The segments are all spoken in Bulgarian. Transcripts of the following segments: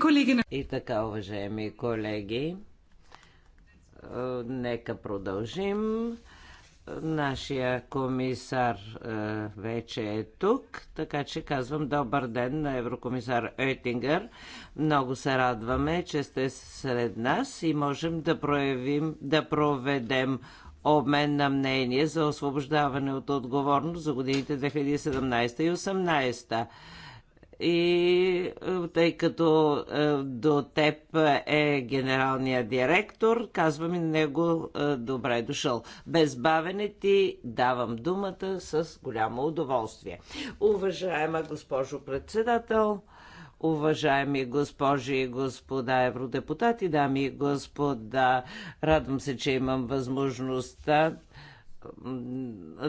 колеги И така, уважаеми колеги, е, нека продължим. Нашия комисар е, вече е тук, така че казвам добър ден на еврокомисар Ойтингър. Много се радваме, че сте сред нас и можем да, проявим, да проведем обмен на мнение за освобождаване от отговорност за годините 2017 и 2018 и е, тъй като е, до теб е генералният директор, казвам и него е, добре е дошъл. Без бавене ти давам думата с голямо удоволствие. Уважаема госпожо председател, Уважаеми госпожи и господа евродепутати, дами и господа, радвам се, че имам възможността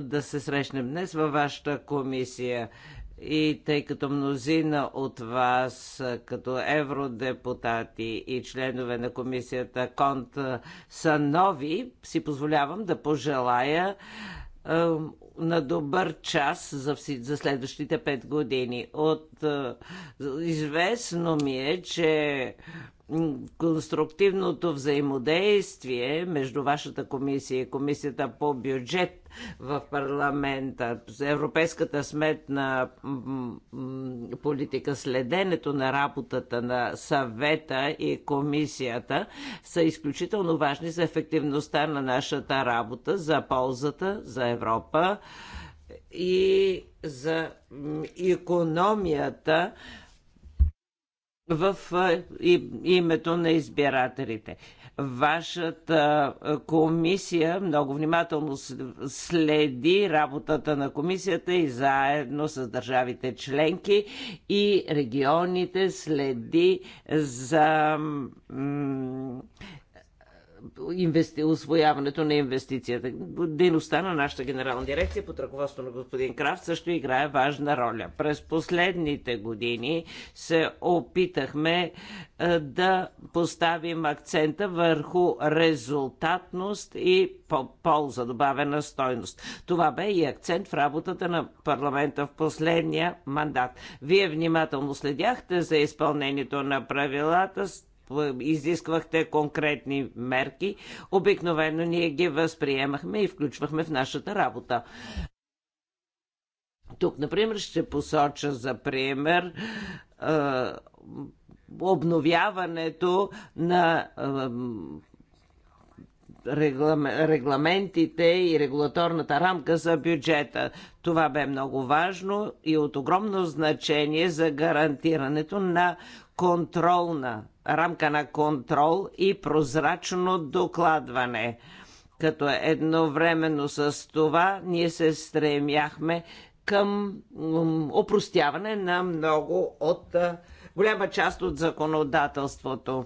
да се срещнем днес във вашата комисия. И тъй като мнозина от вас, като евродепутати и членове на комисията Конт са нови, си позволявам да пожелая е, на добър час за, вси, за следващите пет години. От, е, известно ми е, че конструктивното взаимодействие между вашата комисия и комисията по бюджет в парламента. Европейската сметна политика, следенето на работата на съвета и комисията са изключително важни за ефективността на нашата работа, за ползата, за Европа и за економията в името на избирателите. Вашата комисия много внимателно следи работата на комисията и заедно с държавите членки и регионите следи за инвести... освояването на инвестицията. Дейността на нашата генерална дирекция под ръководство на господин Крафт също играе важна роля. През последните години се опитахме е, да поставим акцента върху резултатност и полза, добавена стойност. Това бе и акцент в работата на парламента в последния мандат. Вие внимателно следяхте за изпълнението на правилата, изисквахте конкретни мерки. Обикновено ние ги възприемахме и включвахме в нашата работа. Тук, например, ще посоча за пример обновяването на регламентите и регулаторната рамка за бюджета. Това бе много важно и от огромно значение за гарантирането на контролна рамка на контрол и прозрачно докладване. Като едновременно с това ние се стремяхме към опростяване на много от голяма част от законодателството.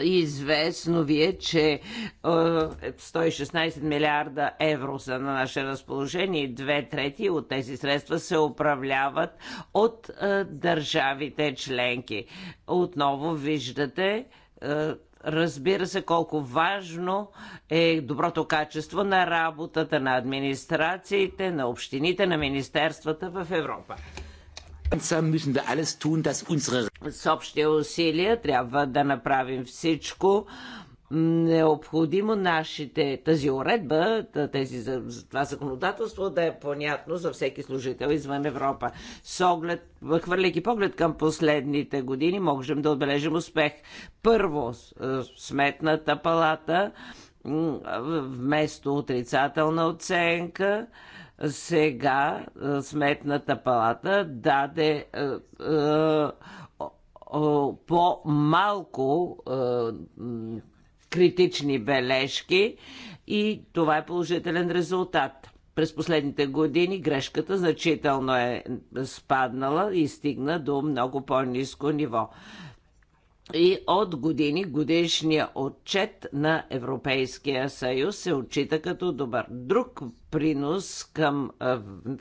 Известно ви е, че 116 е, милиарда евро са на наше разположение и две трети от тези средства се управляват от е, държавите членки. Отново виждате е, разбира се колко важно е доброто качество на работата на администрациите, на общините, на министерствата в Европа. С общи усилия трябва да направим всичко, необходимо нашите, тази уредба, тези, това законодателство да е понятно за всеки служител извън Европа. С оглед, хвърляйки поглед към последните години, можем да отбележим успех. Първо, е, сметната палата, вместо отрицателна оценка, сега е, Сметната палата даде е, е, по-малко критични бележки и това е положителен резултат. През последните години грешката значително е спаднала и стигна до много по-низко ниво и от години годишния отчет на Европейския съюз се отчита като добър. Друг принос към,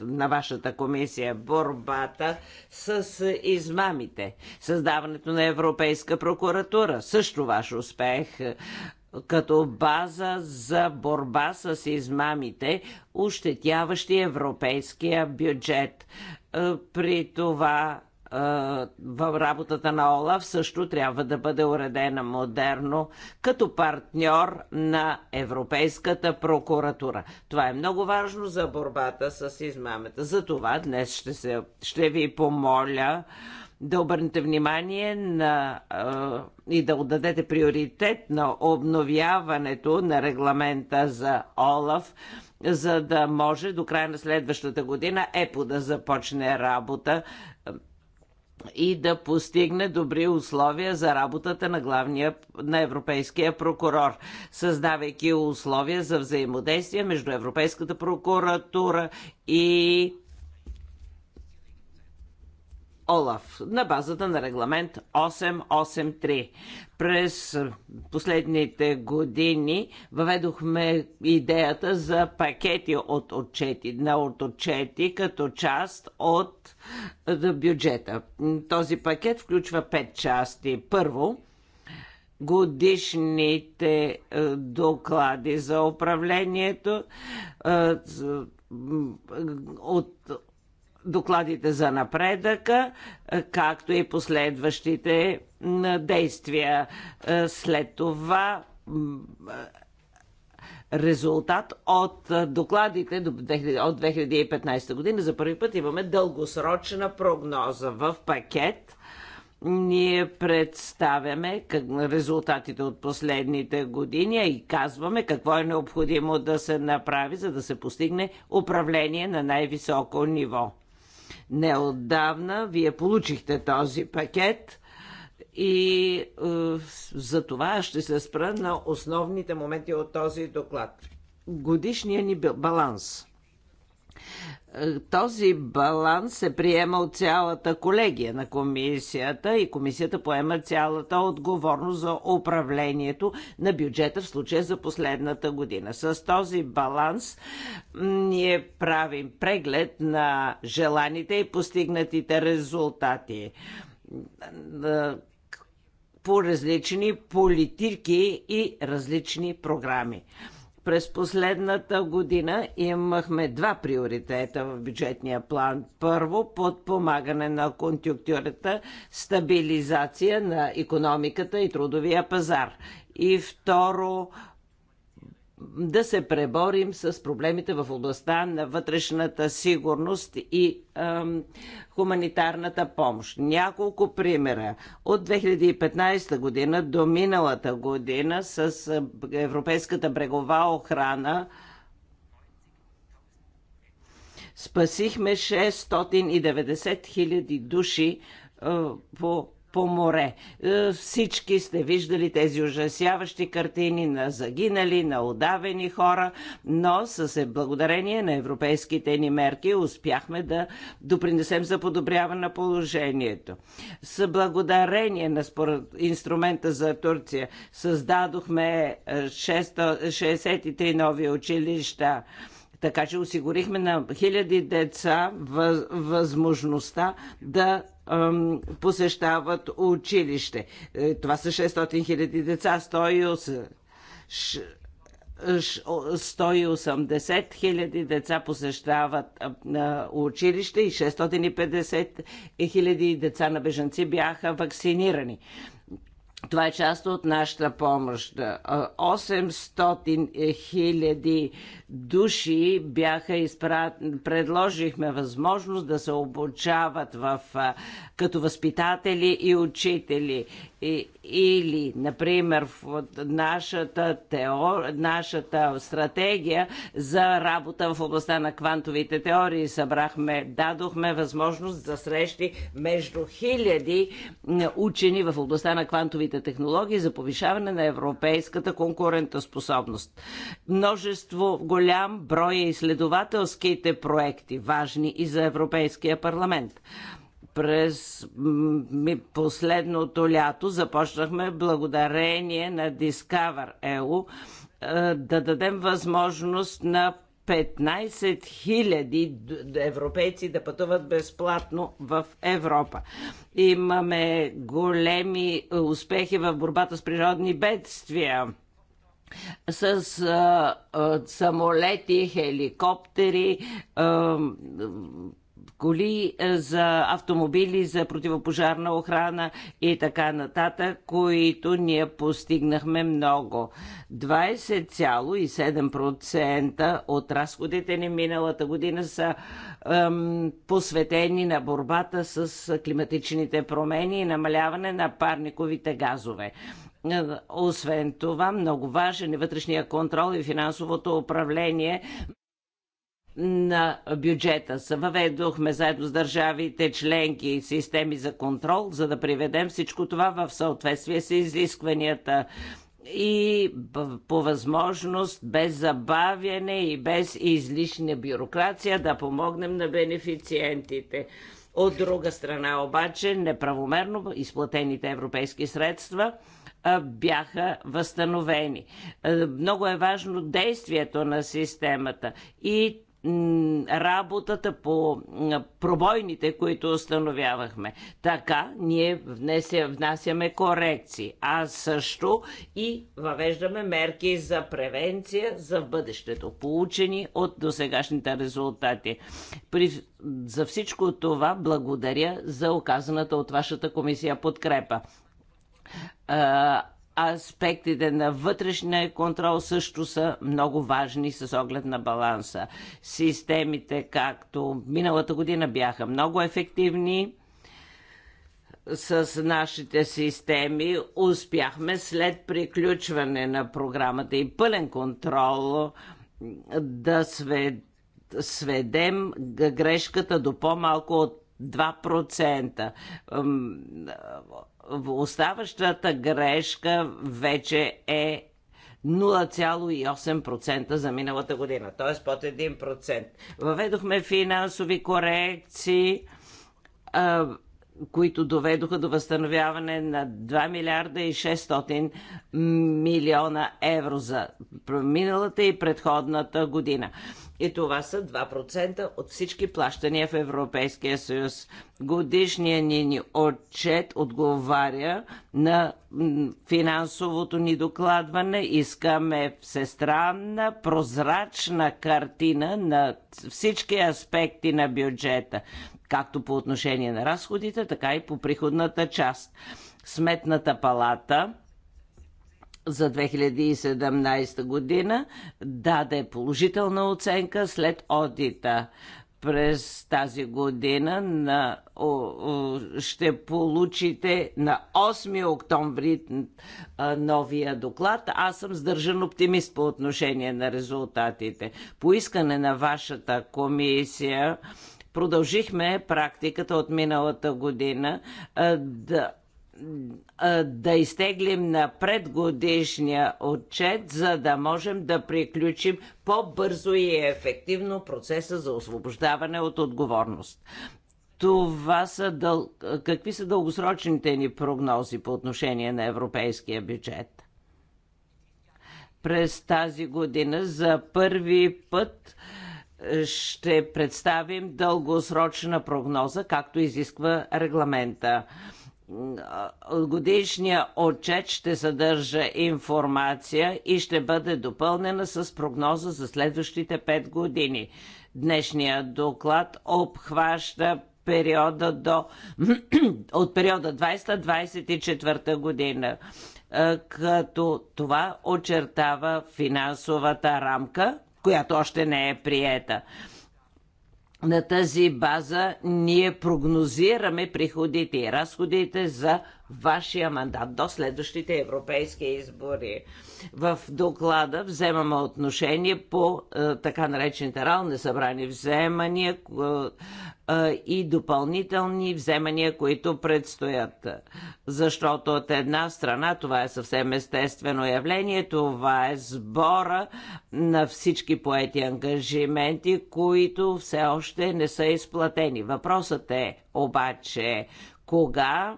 на вашата комисия борбата с измамите, създаването на Европейска прокуратура, също ваш успех като база за борба с измамите, ощетяващи европейския бюджет. При това в работата на ОЛАВ също трябва да бъде уредена модерно като партньор на Европейската прокуратура. Това е много важно за борбата с измамата. За това днес ще, се, ще ви помоля да обърнете внимание на, е, и да отдадете приоритет на обновяването на регламента за ОЛАВ, за да може до края на следващата година ЕПО да започне работа и да постигне добри условия за работата на главния на европейския прокурор, създавайки условия за взаимодействие между Европейската прокуратура и ОЛАФ на базата на регламент 883. През последните години въведохме идеята за пакети от отчети, на от отчети като част от е, бюджета. Този пакет включва пет части. Първо, годишните е, доклади за управлението, е, от докладите за напредъка, е, както и последващите действия. Е, след това е, резултат от докладите от 2015 година. За първи път имаме дългосрочна прогноза в пакет. Ние представяме резултатите от последните години и казваме какво е необходимо да се направи, за да се постигне управление на най-високо ниво. Неотдавна вие получихте този пакет и е, за това ще се спра на основните моменти от този доклад. Годишния ни баланс. Този баланс се приема от цялата колегия на комисията и комисията поема цялата отговорност за управлението на бюджета в случая за последната година. С този баланс ние правим преглед на желаните и постигнатите резултати по различни политики и различни програми. През последната година имахме два приоритета в бюджетния план. Първо, подпомагане на конъюнктурата, стабилизация на економиката и трудовия пазар. И второ, да се преборим с проблемите в областта на вътрешната сигурност и ем, хуманитарната помощ. Няколко примера. От 2015 година до миналата година с Европейската брегова охрана спасихме 690 хиляди души е, по по море. Е, всички сте виждали тези ужасяващи картини на загинали, на удавени хора, но с благодарение на европейските ни мерки успяхме да допринесем за подобряване на положението. С благодарение на инструмента за Турция създадохме 63 е, нови училища. Така че осигурихме на хиляди деца възможността да посещават училище. Е, това са 600 хиляди деца, 180 хиляди деца посещават училище и 650 хиляди деца на бежанци бяха вакцинирани. Това е част от нашата помощ. 800 хиляди души бяха изпрат... Предложихме възможност да се обучават в... като възпитатели и учители или, например, в нашата, теор... нашата стратегия за работа в областта на квантовите теории събрахме, дадохме възможност за срещи между хиляди учени в областта на квантовите технологии за повишаване на европейската конкурентоспособност. Множество, голям брой изследователските проекти, важни и за Европейския парламент през последното лято започнахме благодарение на Discover EU е, да дадем възможност на 15 000 европейци да пътуват безплатно в Европа. Имаме големи успехи в борбата с природни бедствия с а, а, самолети, хеликоптери, а, коли е, за автомобили за противопожарна охрана и така нататък, които ние постигнахме много. 20,7% от разходите ни миналата година са ем, посветени на борбата с климатичните промени и намаляване на парниковите газове. Е, освен това, много важен е вътрешния контрол и финансовото управление на бюджета. Въведохме заедно с държавите членки и системи за контрол, за да приведем всичко това в съответствие с изискванията и по възможност без забавяне и без излишна бюрокрация да помогнем на бенефициентите. От друга страна обаче неправомерно изплатените европейски средства бяха възстановени. Много е важно действието на системата и работата по пробойните, които установявахме. Така ние внесе, внасяме корекции, а също и въвеждаме мерки за превенция за бъдещето, получени от досегашните резултати. При, за всичко това благодаря за оказаната от вашата комисия подкрепа аспектите на вътрешния контрол също са много важни с оглед на баланса. Системите, както миналата година, бяха много ефективни с нашите системи успяхме след приключване на програмата и пълен контрол да сведем грешката до по-малко от 2% оставащата грешка вече е 0,8% за миналата година, т.е. под 1%. Въведохме финансови корекции, които доведоха до възстановяване на 2 милиарда и 600 милиона евро за миналата и предходната година. И това са 2% от всички плащания в Европейския съюз. Годишният ни, ни отчет отговаря на финансовото ни докладване. Искаме всестранна, прозрачна картина на всички аспекти на бюджета, както по отношение на разходите, така и по приходната част. Сметната палата за 2017 година даде положителна оценка след одита през тази година на, о, о, ще получите на 8 октомври а, новия доклад. Аз съм сдържан оптимист по отношение на резултатите. По искане на вашата комисия продължихме практиката от миналата година а, да да изтеглим на предгодишния отчет, за да можем да приключим по-бързо и ефективно процеса за освобождаване от отговорност. Това са дъл... Какви са дългосрочните ни прогнози по отношение на европейския бюджет? През тази година за първи път е, ще представим дългосрочна прогноза, както изисква регламента годишния отчет ще съдържа информация и ще бъде допълнена с прогноза за следващите 5 години. Днешният доклад обхваща периода до, от периода 20-24 година, е, като това очертава финансовата рамка, която още не е приета. На тази база ние прогнозираме приходите и разходите за вашия мандат до следващите европейски избори. В доклада вземаме отношение по е, така наречените рални събрани вземания е, е, и допълнителни вземания, които предстоят. Защото от една страна това е съвсем естествено явление, това е сбора на всички поети ангажименти, които все още не са изплатени. Въпросът е обаче кога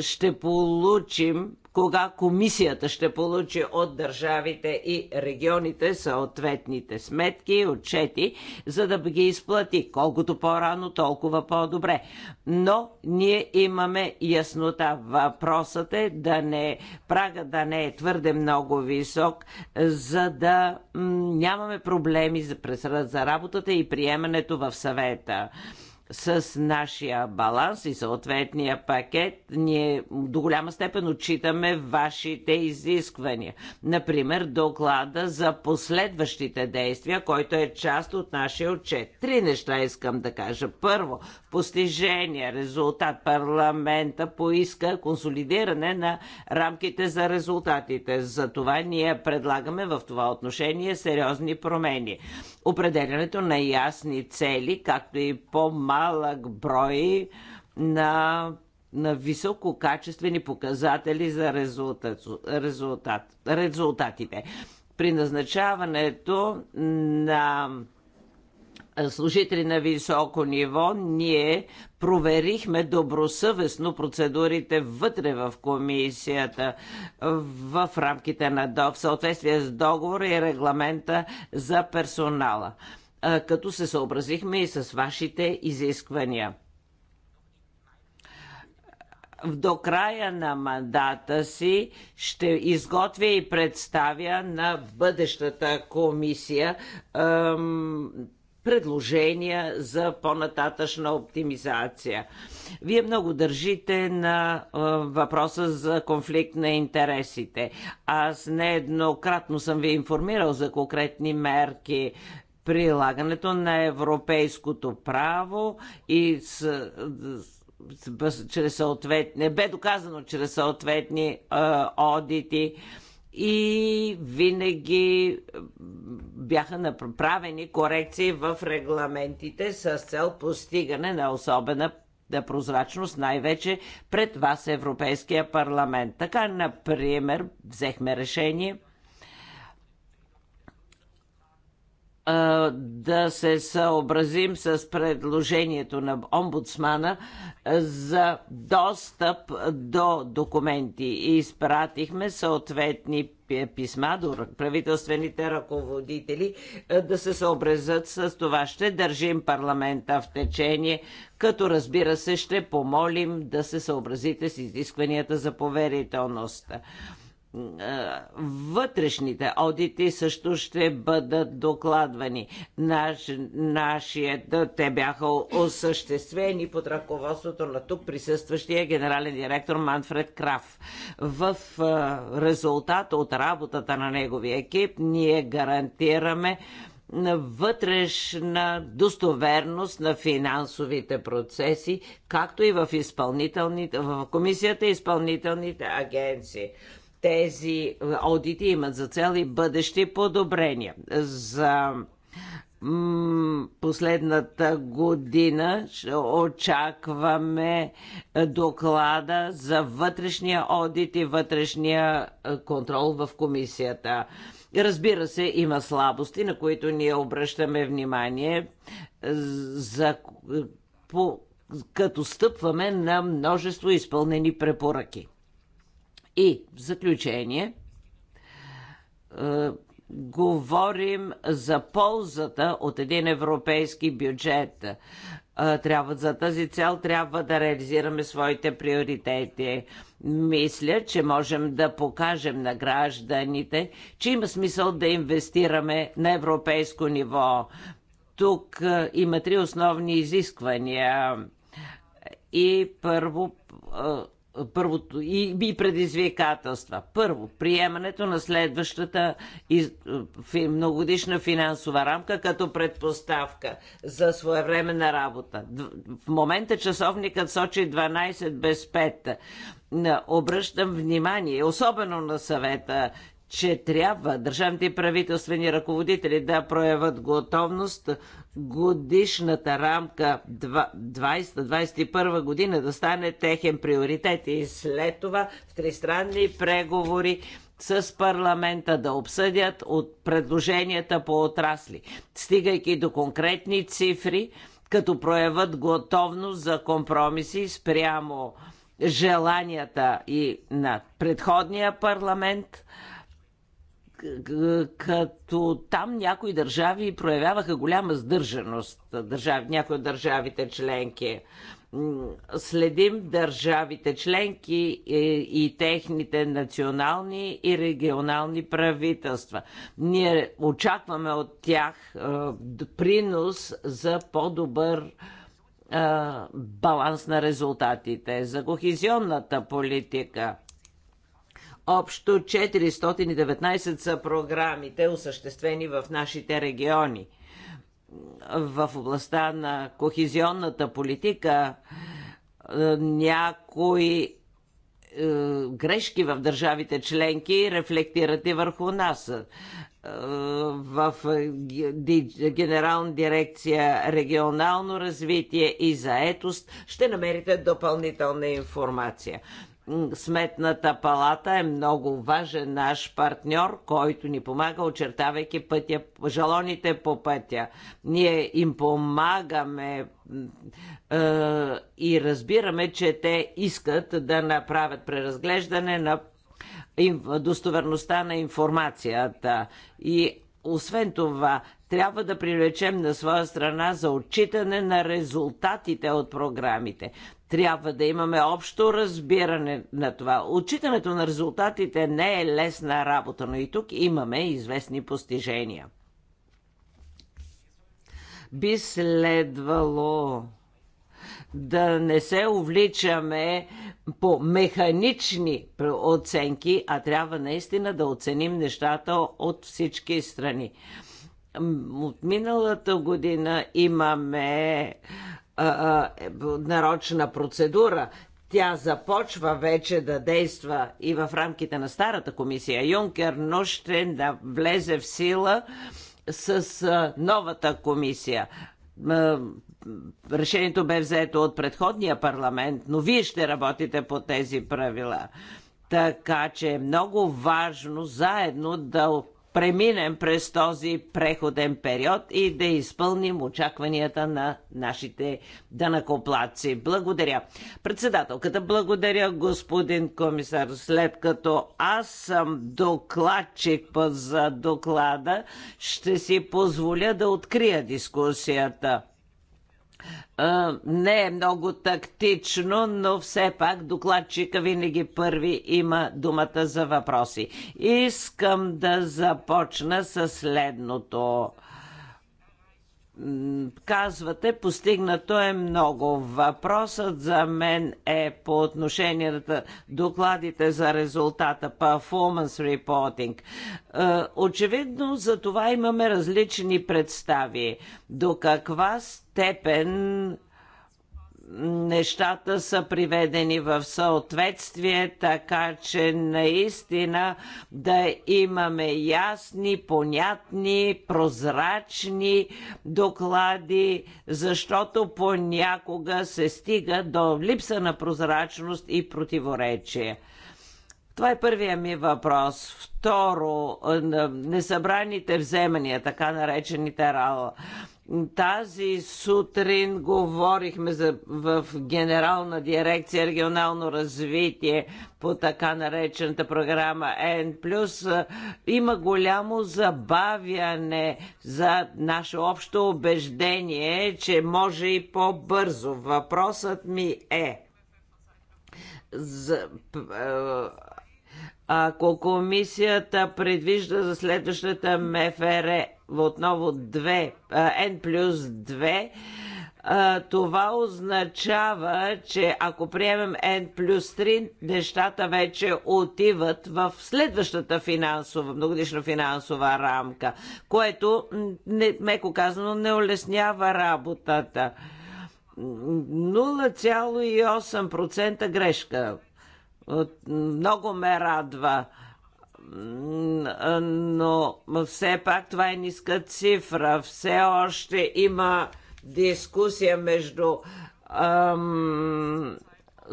ще получим, кога комисията ще получи от държавите и регионите съответните сметки и отчети, за да ги изплати. Колкото по-рано, толкова по-добре. Но ние имаме яснота. Въпросът е да не прага да не е твърде много висок, за да нямаме проблеми за, за работата и приемането в съвета с нашия баланс и съответния пакет, ние до голяма степен отчитаме вашите изисквания. Например, доклада за последващите действия, който е част от нашия отчет. Три неща искам да кажа. Първо, постижения. Резултат парламента поиска консолидиране на рамките за резултатите. Затова ние предлагаме в това отношение сериозни промени. Определянето на ясни цели, както и по-малък брой на на висококачествени показатели за резултат, резултат, резултатите. При назначаването на служители на високо ниво, ние проверихме добросъвестно процедурите вътре в комисията в рамките на ДО, в съответствие с договора и регламента за персонала, като се съобразихме и с вашите изисквания до края на мандата си ще изготвя и представя на бъдещата комисия предложения за по-нататъчна оптимизация. Вие много държите на въпроса за конфликт на интересите. Аз нееднократно съм ви информирал за конкретни мерки прилагането на европейското право и с, с, с чрез съответни, бе доказано чрез съответни одити и винаги бяха направени корекции в регламентите с цел постигане на особена да прозрачност най-вече пред вас Европейския парламент. Така, например, взехме решение да се съобразим с предложението на омбудсмана за достъп до документи. И изпратихме съответни писма до правителствените ръководители да се съобразят с това. Ще държим парламента в течение, като разбира се ще помолим да се съобразите с изискванията за поверителността. Е, вътрешните одити също ще бъдат докладвани. Наш, нашият, те бяха осъществени под ръководството на тук присъстващия генерален директор Манфред Краф. В е, резултат от работата на неговия екип ние гарантираме на вътрешна достоверност на финансовите процеси, както и в, изпълнителните, в комисията и изпълнителните агенции. Тези аудити имат за цел и бъдещи подобрения. За последната година очакваме доклада за вътрешния одит и вътрешния контрол в комисията. Разбира се, има слабости, на които ние обръщаме внимание, за, по, като стъпваме на множество изпълнени препоръки. И в заключение, е, говорим за ползата от един европейски бюджет. Е, трябва за тази цел трябва да реализираме своите приоритети. Мисля, че можем да покажем на гражданите, че има смисъл да инвестираме на европейско ниво. Тук е, има три основни изисквания. И първо първото и, и предизвикателства. Първо, приемането на следващата из, фи, многодишна финансова рамка като предпоставка за своевременна работа. В момента часовникът сочи 12 без 5. Обръщам внимание, особено на съвета, че трябва държавните правителствени ръководители да проявят готовност годишната рамка 2021 година да стане техен приоритет и след това в тристранни преговори с парламента да обсъдят от предложенията по отрасли, стигайки до конкретни цифри, като проявят готовност за компромиси спрямо желанията и на предходния парламент – като там някои държави проявяваха голяма сдържаност, държав, някои от държавите членки. Следим държавите членки и, и техните национални и регионални правителства. Ние очакваме от тях е, принос за по-добър е, баланс на резултатите. За кохезионната политика Общо 419 са програмите, осъществени в нашите региони. В областта на кохезионната политика е, някои е, грешки в държавите членки рефлектират и върху нас. Е, в Генерална дирекция регионално развитие и заетост ще намерите допълнителна информация. Сметната палата е много важен наш партньор, който ни помага, очертавайки пътя, жалоните по пътя. Ние им помагаме е, и разбираме, че те искат да направят преразглеждане на достоверността на информацията. И освен това, трябва да привлечем на своя страна за отчитане на резултатите от програмите. Трябва да имаме общо разбиране на това. Отчитането на резултатите не е лесна работа, но и тук имаме известни постижения. Би следвало да не се увличаме по механични оценки, а трябва наистина да оценим нещата от всички страни. От миналата година имаме а, а, нарочна процедура. Тя започва вече да действа и в рамките на старата комисия Юнкер, но ще да влезе в сила с а, новата комисия. Решението бе взето от предходния парламент, но вие ще работите по тези правила. Така че е много важно заедно да преминем през този преходен период и да изпълним очакванията на нашите данакоплаци. Благодаря. Председателката, благодаря господин комисар. След като аз съм докладчик за доклада, ще си позволя да открия дискусията не е много тактично, но все пак докладчика винаги първи има думата за въпроси. Искам да започна с следното казвате, постигнато е много. Въпросът за мен е по отношение на докладите за резултата, performance reporting. Е, очевидно за това имаме различни представи. До каква степен нещата са приведени в съответствие, така че наистина да имаме ясни, понятни, прозрачни доклади, защото понякога се стига до липса на прозрачност и противоречие. Това е първия ми въпрос. Второ, несъбраните вземания, така наречените РАО. Тази сутрин говорихме за, в Генерална дирекция регионално развитие по така наречената програма N+. Има голямо забавяне за наше общо убеждение, че може и по-бързо. Въпросът ми е за, е, ако комисията предвижда за следващата МФР отново 2, N плюс 2, това означава, че ако приемем N плюс 3, нещата вече отиват в следващата финансова, многодишна финансова рамка, което, меко казано, не улеснява работата. 0,8% грешка. Много ме радва но все пак това е ниска цифра. Все още има дискусия между ам,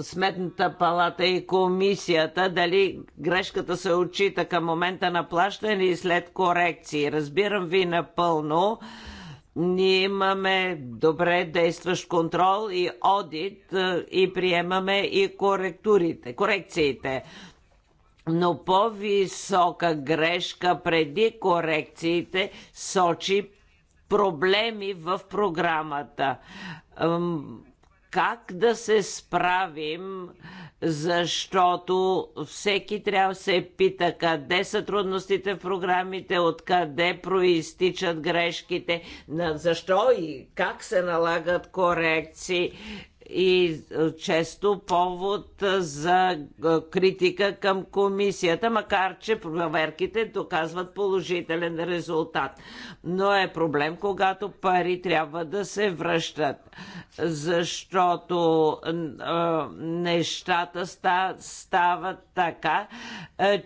Сметната палата и комисията дали грешката се отчита към момента на плащане и след корекции. Разбирам ви напълно. Ние имаме добре действащ контрол и одит е, и приемаме и корекциите но по-висока грешка преди корекциите сочи проблеми в програмата. Как да се справим, защото всеки трябва да се пита къде са трудностите в програмите, откъде проистичат грешките, защо и как се налагат корекции и е, често повод е, за е, критика към комисията, макар че проверките доказват положителен резултат. Но е проблем, когато пари трябва да се връщат, защото нещата стават така,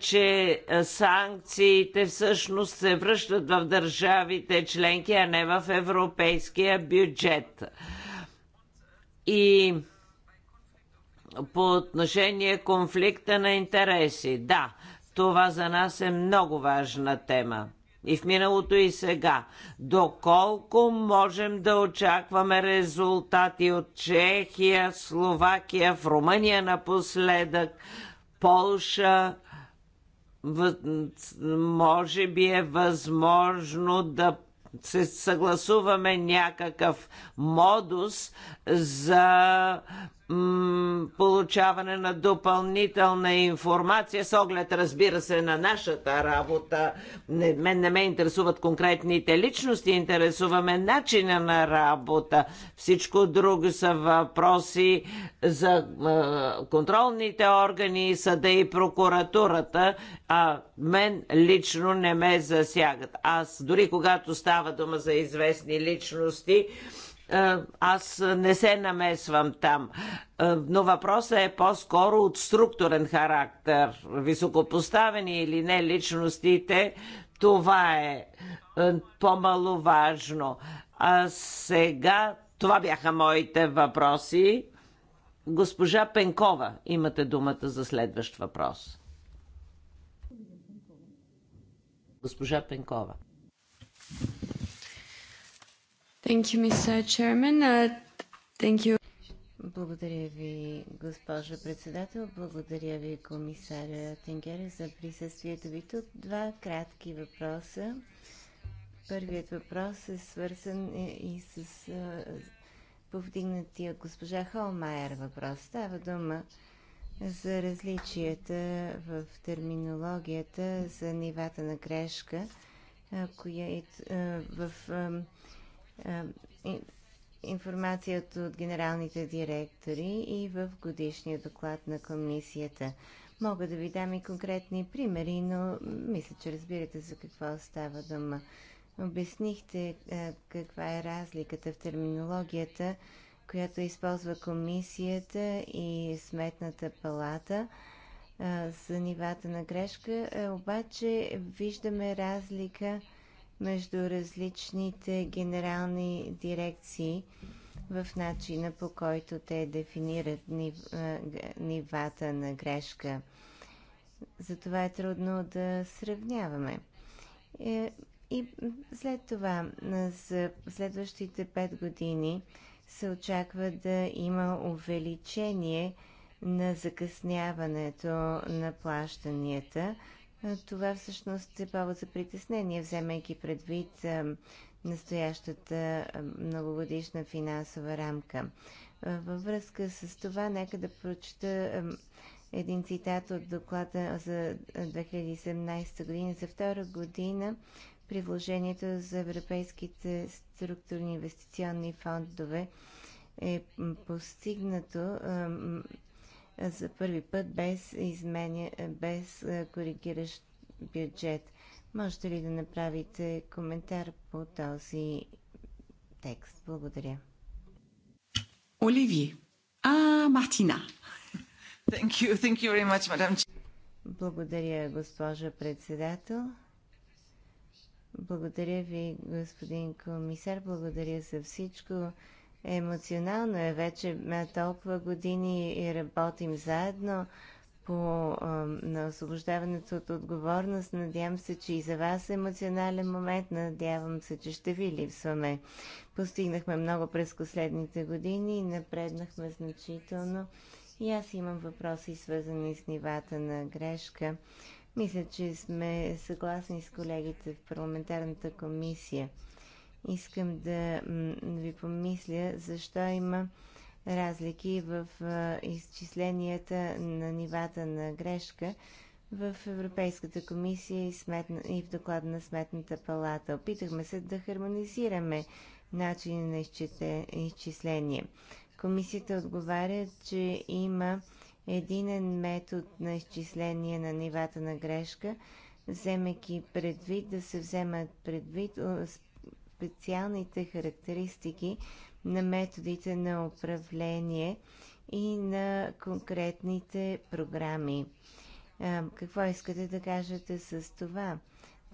че санкциите всъщност се връщат в държавите членки, а не в европейския бюджет. И по отношение конфликта на интереси. Да, това за нас е много важна тема. И в миналото и сега. Доколко можем да очакваме резултати от Чехия, Словакия, в Румъния напоследък, Полша, може би е възможно да се съгласуваме някакъв модус за получаване на допълнителна информация с оглед, разбира се, на нашата работа. Не, мен не ме интересуват конкретните личности, интересуваме начина на работа. Всичко друго са въпроси за е, контролните органи, съда и прокуратурата, а мен лично не ме засягат. Аз дори когато става дума за известни личности, е, аз не се намесвам там. Е, но въпросът е по-скоро от структурен характер. Високопоставени или не личностите, това е, е по-маловажно. А сега това бяха моите въпроси. Госпожа Пенкова, имате думата за следващ въпрос. Госпожа Пенкова. Thank you, Mr. Chairman. Uh, thank you. Благодаря ви, госпожо председател. Благодаря ви, комисаря Тенгере, за присъствието ви тук. Два кратки въпроса. Първият въпрос е свързан и с повдигнатия госпожа Холмайер въпрос. Става дума за различията в терминологията за нивата на грешка, коя е в е, информацията от генералните директори и в годишния доклад на комисията. Мога да ви дам и конкретни примери, но мисля, че разбирате за какво става дума. Обяснихте е, каква е разликата в терминологията, която използва комисията и сметната палата е, за нивата на грешка, обаче виждаме разлика между различните генерални дирекции в начина по който те дефинират нивата на грешка. Затова е трудно да сравняваме. Е, и след това, за следващите 5 години, се очаква да има увеличение на закъсняването на плащанията е, това всъщност е повод за притеснение, вземайки предвид е, настоящата е, многогодишна финансова рамка. Във връзка с това, нека да прочета един цитат от доклада за 2017 година. За втора година приложението за европейските структурни инвестиционни фондове е постигнато за първи път без, изменя, без коригиращ бюджет. Можете ли да направите коментар по този текст? Благодаря. Оливие. А, Мартина. Thank you, thank you very much, madam. Благодаря, госпожа председател. Благодаря ви, господин комисар. Благодаря за всичко. Е емоционално е Вече толкова години и работим заедно по, на освобождаването от отговорност. Надявам се, че и за вас е емоционален момент. Надявам се, че ще ви липсваме. Постигнахме много през последните години и напреднахме значително. И аз имам въпроси, свързани с нивата на грешка. Мисля, че сме съгласни с колегите в парламентарната комисия. Искам да ви помисля защо има разлики в изчисленията на нивата на грешка в Европейската комисия и, сметна, и в доклада на Сметната палата. Опитахме се да хармонизираме начини на изчисление. Комисията отговаря, че има единен метод на изчисление на нивата на грешка, вземайки предвид да се вземат предвид специалните характеристики на методите на управление и на конкретните програми. Какво искате да кажете с това,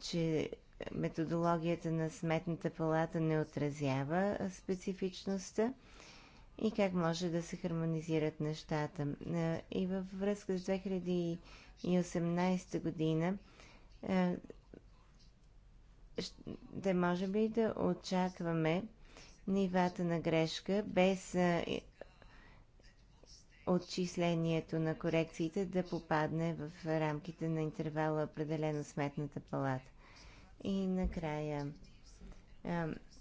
че методологията на Сметната палата не отразява специфичността и как може да се хармонизират нещата? И във връзка с 2018 година ще може би да очакваме нивата на грешка без отчислението на корекциите да попадне в рамките на интервала определено сметната палата. И накрая,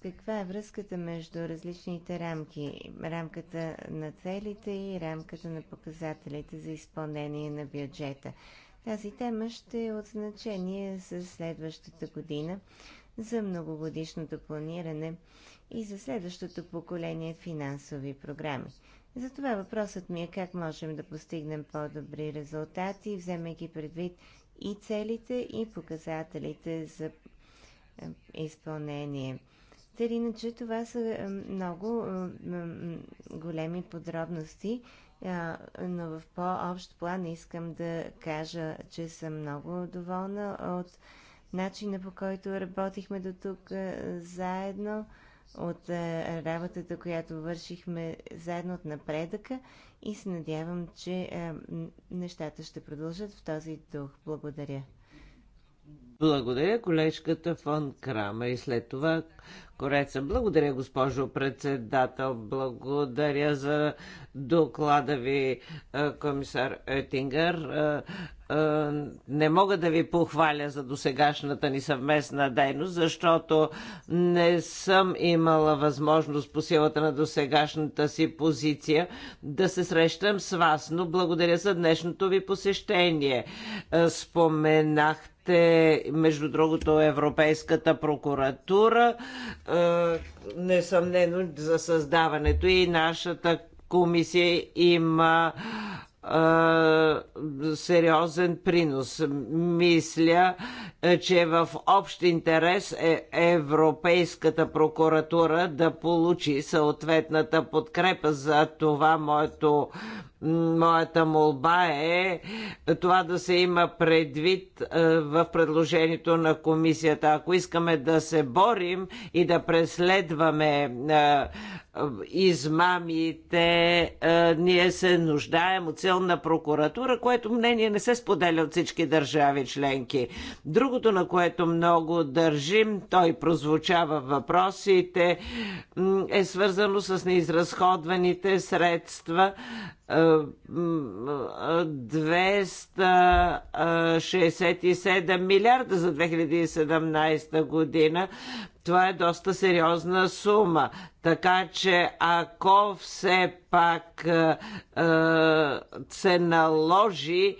каква е връзката между различните рамки? Рамката на целите и рамката на показателите за изпълнение на бюджета. Тази тема ще е от значение за следващата година, за многогодишното планиране и за следващото поколение финансови програми. Затова въпросът ми е как можем да постигнем по-добри резултати, вземайки предвид и целите, и показателите за е, изпълнение. Та иначе това са е, много е, големи подробности, но в по-общ план искам да кажа, че съм много доволна от начина по който работихме до тук заедно, от работата, която вършихме заедно от напредъка и се надявам, че нещата ще продължат в този дух. Благодаря. Благодаря колежката фон Крама и след това Кореца. Благодаря, госпожо председател. Благодаря за доклада ви, е, комисар Етингър. Е, е, не мога да ви похваля за досегашната ни съвместна дейност, защото не съм имала възможност по силата на досегашната си позиция да се срещам с вас, но благодаря за днешното ви посещение. Споменахте споменахте, между другото, Европейската прокуратура, е, несъмнено за създаването и нашата комисия има е, сериозен принос. Мисля, е, че в общ интерес е Европейската прокуратура да получи съответната подкрепа. За това моето Моята молба е това да се има предвид е, в предложението на комисията. Ако искаме да се борим и да преследваме е, измамите, е, ние се нуждаем от силна прокуратура, което мнение не се споделя от всички държави членки. Другото, на което много държим, той прозвучава в въпросите, е свързано с неизразходваните средства 267 е, милиарда за 2017 година. Това е доста сериозна сума. Така че ако все пак е, е, се наложи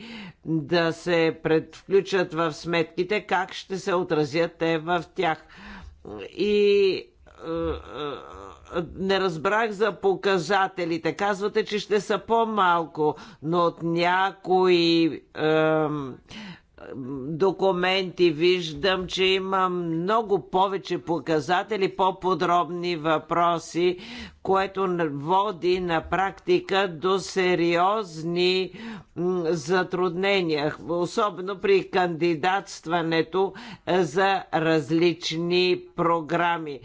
да се предвключат в сметките, как ще се отразят те в тях? И не разбрах за показателите. Казвате, че ще са по-малко, но от някои е, документи виждам, че има много повече показатели, по-подробни въпроси, което води на практика до сериозни затруднения, особено при кандидатстването за различни програми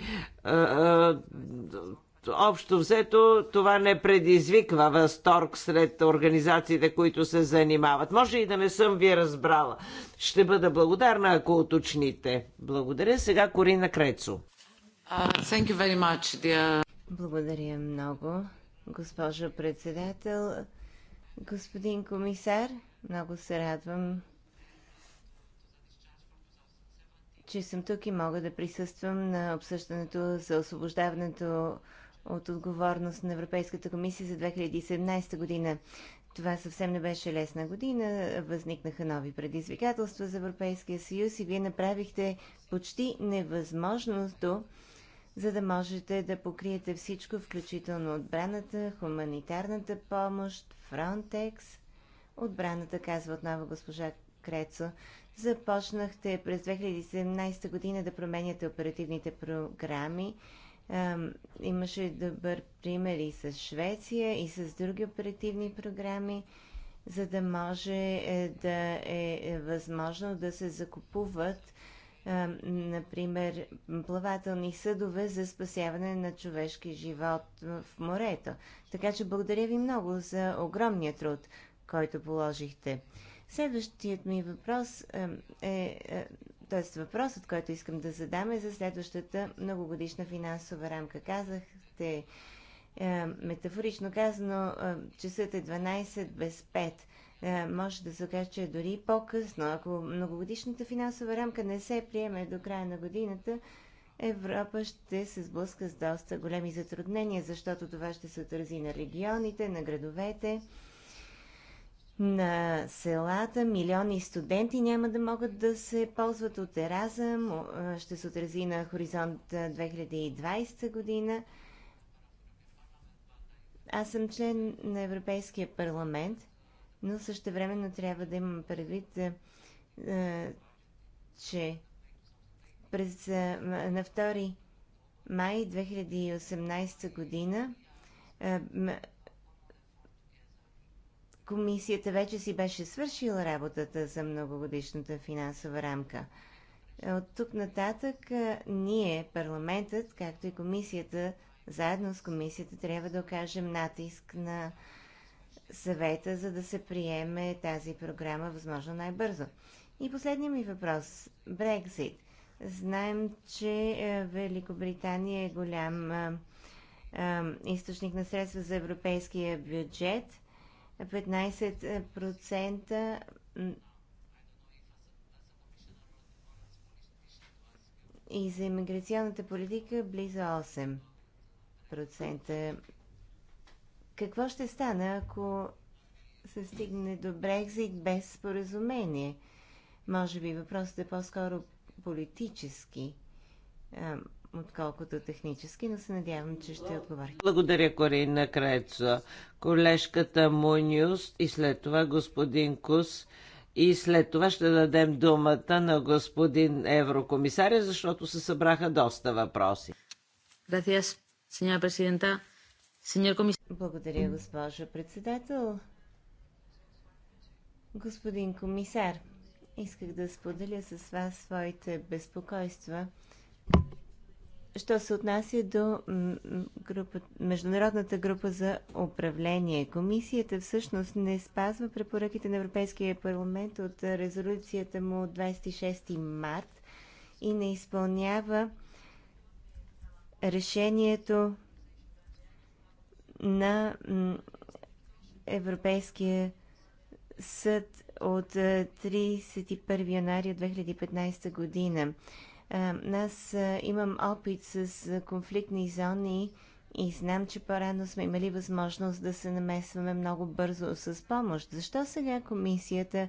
общо взето това не предизвиква възторг сред организациите, които се занимават. Може и да не съм ви разбрала. Ще бъда благодарна, ако уточните. Благодаря. Сега Корина Крецо. thank you very much, dear... Благодаря много, госпожо председател. Господин комисар, много се радвам, че съм тук и мога да присъствам на обсъждането за освобождаването от отговорност на Европейската комисия за 2017 година. Това съвсем не беше лесна година. Възникнаха нови предизвикателства за Европейския съюз и вие направихте почти невъзможното, за да можете да покриете всичко, включително отбраната, хуманитарната помощ, Фронтекс. Отбраната, казва отново госпожа Крецо. Започнахте през 2017 година да променяте оперативните програми. Имаше добър пример и с Швеция, и с други оперативни програми, за да може е, да е, е възможно да се закупуват например, плавателни съдове за спасяване на човешки живот в морето. Така че благодаря ви много за огромния труд, който положихте. Следващият ми въпрос е, т.е. въпросът, който искам да задам е за следващата многогодишна финансова рамка. Казахте, метафорично казано, часът е 12 без 5 може да се окаже, че е дори по-късно. Ако многогодишната финансова рамка не се приеме до края на годината, Европа ще се сблъска с доста големи затруднения, защото това ще се отрази на регионите, на градовете, на селата, милиони студенти няма да могат да се ползват от Еразъм, ще се отрази на хоризонт 2020 година. Аз съм член на Европейския парламент, но също времено трябва да имам предвид, че през, на 2 май 2018 година комисията вече си беше свършила работата за многогодишната финансова рамка. От тук нататък ние, парламентът, както и комисията, заедно с комисията, трябва да окажем натиск на съвета, за да се приеме тази програма възможно най-бързо. И последният ми въпрос. Брекзит. Знаем, че Великобритания е голям източник на средства за европейския бюджет – 15% и за иммиграционната политика близо 8%. Какво ще стане, ако се стигне до Брекзит без споразумение? Може би въпросът е по-скоро политически отколкото технически, но се надявам, че ще отговоря. Благодаря, Корина Крецо. Колежката Муниус и след това господин Кус. И след това ще дадем думата на господин еврокомисаря, защото се събраха доста въпроси. Благодаря, госпожа председател. Господин комисар, исках да споделя с вас своите безпокойства – що се отнася до група, Международната група за управление. Комисията всъщност не спазва препоръките на Европейския парламент от резолюцията му от 26 март и не изпълнява решението на Европейския съд от 31 януаря 2015 година. Е, аз е, имам опит с е, конфликтни зони и знам, че по-рано сме имали възможност да се намесваме много бързо с помощ. Защо сега комисията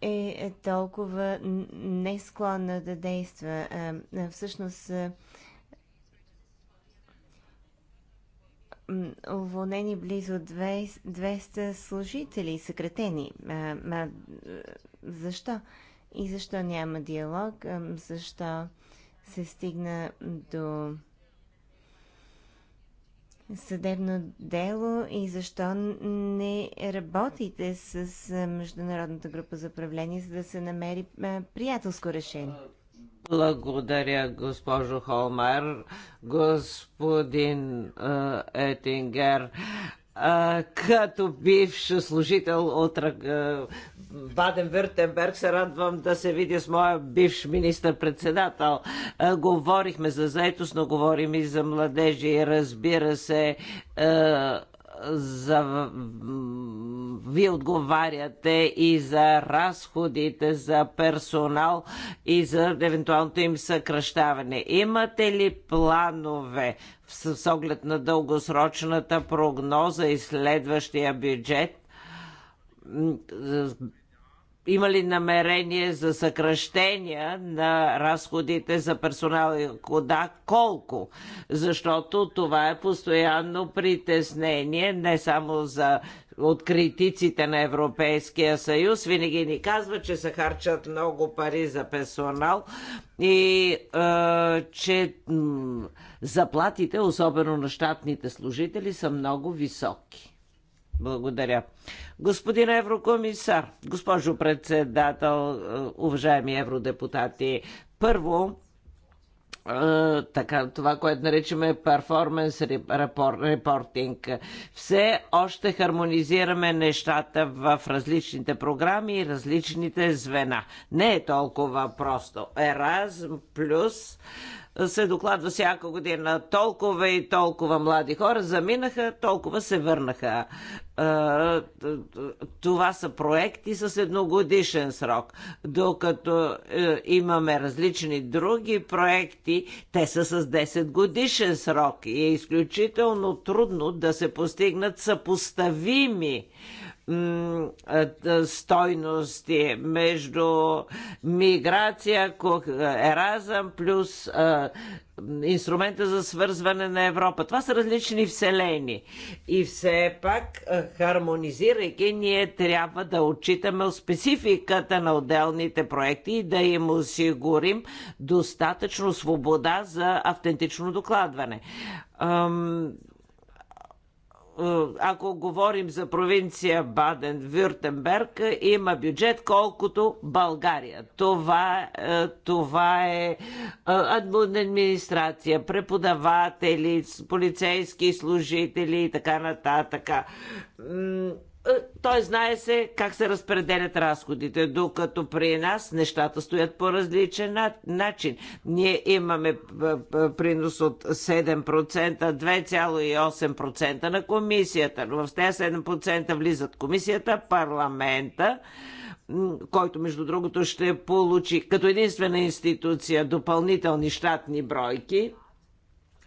е толкова несклонна да действа? Всъщност, уволнени близо 200 служители, съкратени. Защо? И защо няма диалог? Защо се стигна до съдебно дело и защо не работите с Международната група за управление, за да се намери приятелско решение? Благодаря, госпожо Холмар. Господин Етингер, като бивш служител от Баден-Вюртенберг се радвам да се видя с моя бивш министр-председател. Говорихме за заетост, но говорим и за младежи. Разбира се, за... Вие отговаряте и за разходите за персонал и за евентуалното им съкръщаване. Имате ли планове с, оглед на дългосрочната прогноза и следващия бюджет? има ли намерение за съкръщения на разходите за персонал и кода, колко? Защото това е постоянно притеснение не само за от критиците на Европейския съюз. Винаги ни казва, че се харчат много пари за персонал и е, че заплатите, особено на щатните служители, са много високи. Благодаря. Господин еврокомисар, госпожо председател, е, уважаеми евродепутати, първо, е, така, това, което наричаме перформанс репортинг. Все още хармонизираме нещата в различните програми и различните звена. Не е толкова просто. Еразм плюс се докладва всяка година. Толкова и толкова млади хора заминаха, толкова се върнаха. Е, това са проекти с едногодишен срок. Докато е, имаме различни други проекти, те са с 10 годишен срок и е изключително трудно да се постигнат съпоставими стойности между миграция, еразъм плюс инструмента за свързване на Европа. Това са различни вселени. И все пак, хармонизирайки, ние трябва да отчитаме спецификата на отделните проекти и да им осигурим достатъчно свобода за автентично докладване. Е, ако говорим за провинция Баден-Вюртенберг, има бюджет колкото България. Това, е, това е, е администрация, преподаватели, полицейски служители и така нататък е, той знае се как се разпределят разходите, докато при нас нещата стоят по различен начин. Ние имаме е, е, принос от 7%, 2,8% на комисията. В тези 7% влизат комисията, парламента, който между другото ще получи като единствена институция допълнителни щатни бройки,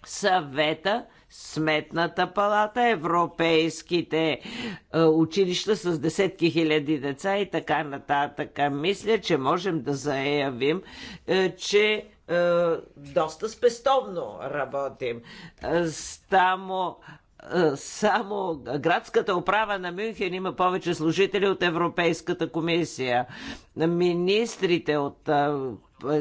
съвета – Сметната палата, европейските е, училища с десетки хиляди деца и така нататък. Мисля, че можем да заявим, е, че е, доста спестовно работим. Стамо само градската управа на Мюнхен има повече служители от Европейската комисия. Министрите от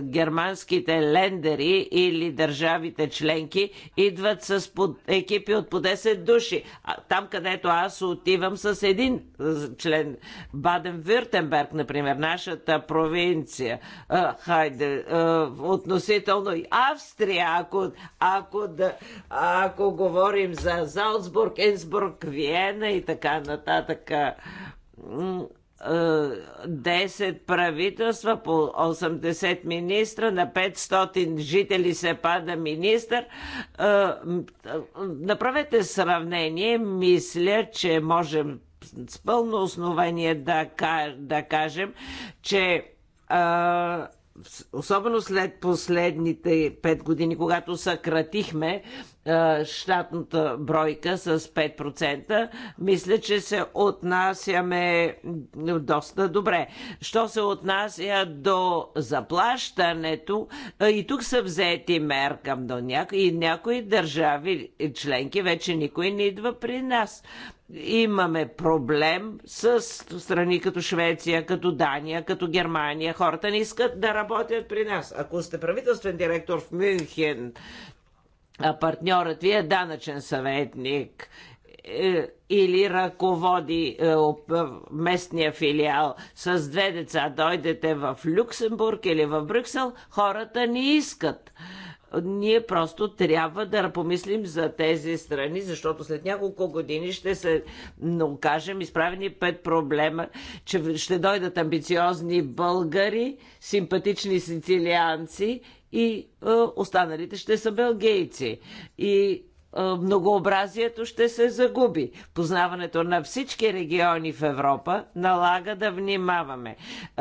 германските лендери или държавите членки идват с под, екипи от по 10 души. А, там, където аз отивам с един член. Баден-Вюртенберг, например, нашата провинция. А, хайде, а, относително и Австрия, ако, ако, да, ако говорим за Залцбург, Инсбург, Виена и така нататък 10 правителства по 80 министра, на 500 жители се пада министър. Направете сравнение. Мисля, че можем с пълно основание да, да кажем, че особено след последните 5 години, когато съкратихме е, щатната бройка с 5%, мисля, че се отнасяме доста добре. Що се отнася до заплащането, е, и тук са взети мерка до някои, и някои държави членки, вече никой не идва при нас имаме проблем с страни като Швеция, като Дания, като Германия. Хората не искат да работят при нас. Ако сте правителствен директор в Мюнхен а партньорът ви е данъчен съветник е, или ръководи е, е, местния филиал с две деца, дойдете в Люксембург или в Брюксел, хората ни искат. Ние просто трябва да помислим за тези страни, защото след няколко години ще се окажем изправени пред проблема, че ще дойдат амбициозни българи, симпатични сицилианци и останалите ще са белгейци. И многообразието ще се загуби. Познаването на всички региони в Европа налага да внимаваме.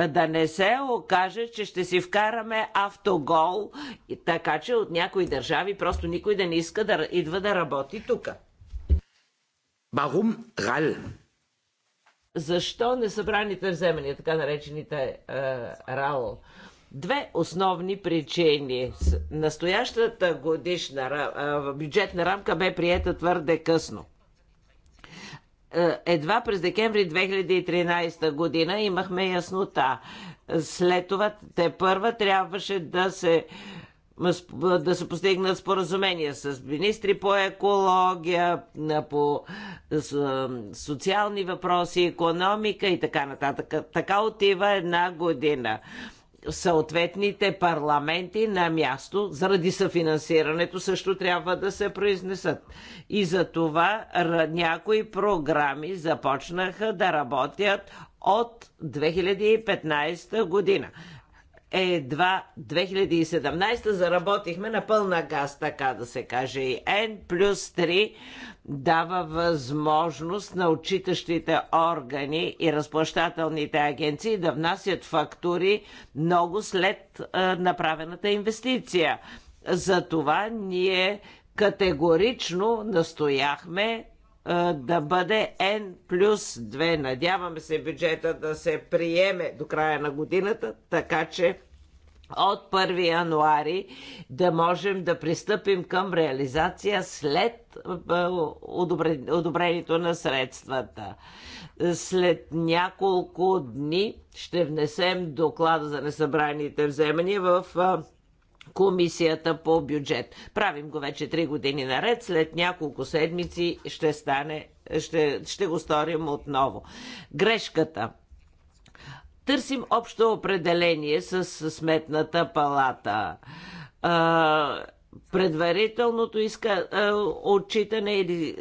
Да не се окаже, че ще си вкараме автогол, така че от някои държави просто никой да не иска да идва да работи тук. Барум Рал? Защо несъбраните вземания, така наречените е, РАЛ? Две основни причини. Настоящата годишна бюджетна рамка бе приета твърде късно е, едва през декември 2013 година имахме яснота. След това те първа трябваше да се да се постигнат споразумения с министри по екология, по социални въпроси, економика и така нататък. Така отива една година съответните парламенти на място, заради съфинансирането също трябва да се произнесат. И за това някои програми започнаха да работят от 2015 година едва 2017 заработихме на пълна газ, така да се каже. И N плюс 3 дава възможност на отчитащите органи и разплащателните агенции да внасят фактури много след а, направената инвестиция. Затова ние категорично настояхме да бъде N плюс 2. Надяваме се бюджета да се приеме до края на годината, така че от 1 януари да можем да пристъпим към реализация след одобрението на средствата. След няколко дни ще внесем доклада за несъбраните вземания в Комисията по бюджет. Правим го вече три години наред. След няколко седмици ще стане, ще, ще го сторим отново. Грешката търсим общо определение с сметната палата. А, предварителното иска а, отчитане или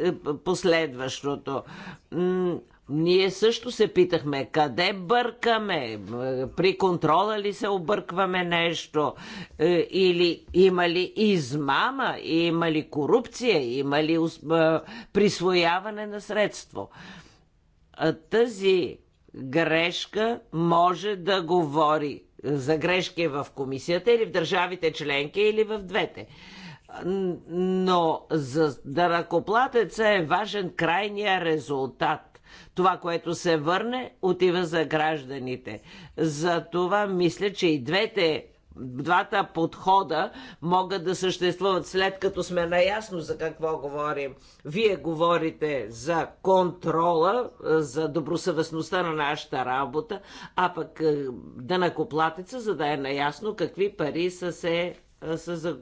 последващото. Ние също се питахме къде бъркаме, при контрола ли се объркваме нещо, е, или има ли измама, има ли корупция, има ли е, присвояване на средство. Тази грешка може да говори за грешки в комисията или в държавите членки или в двете но за дъракоплатеца е важен крайния резултат. Това, което се върне, отива за гражданите. За това мисля, че и двете двата подхода могат да съществуват след като сме наясно за какво говорим. Вие говорите за контрола, за добросъвестността на нашата работа, а пък е, да накоплатеца, за да е наясно какви пари са се е, са за,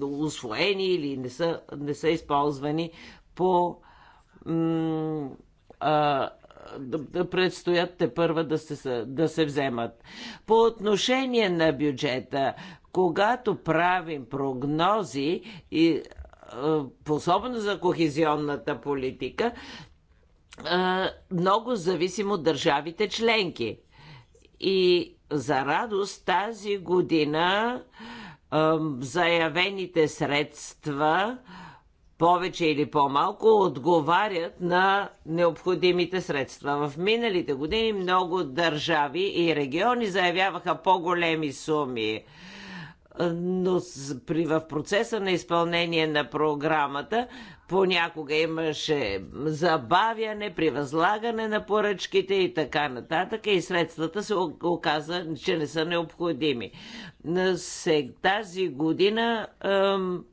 е, усвоени или не са, не са използвани по а, предстоят те първа да се, да се вземат. По отношение на бюджета, когато правим прогнози и особено за кохезионната политика, много зависим от държавите членки. И за радост тази година заявените средства повече или по-малко отговарят на необходимите средства. В миналите години много държави и региони заявяваха по-големи суми но при, в процеса на изпълнение на програмата понякога имаше забавяне при възлагане на поръчките и така нататък и средствата се оказа, че не са необходими. На Тази година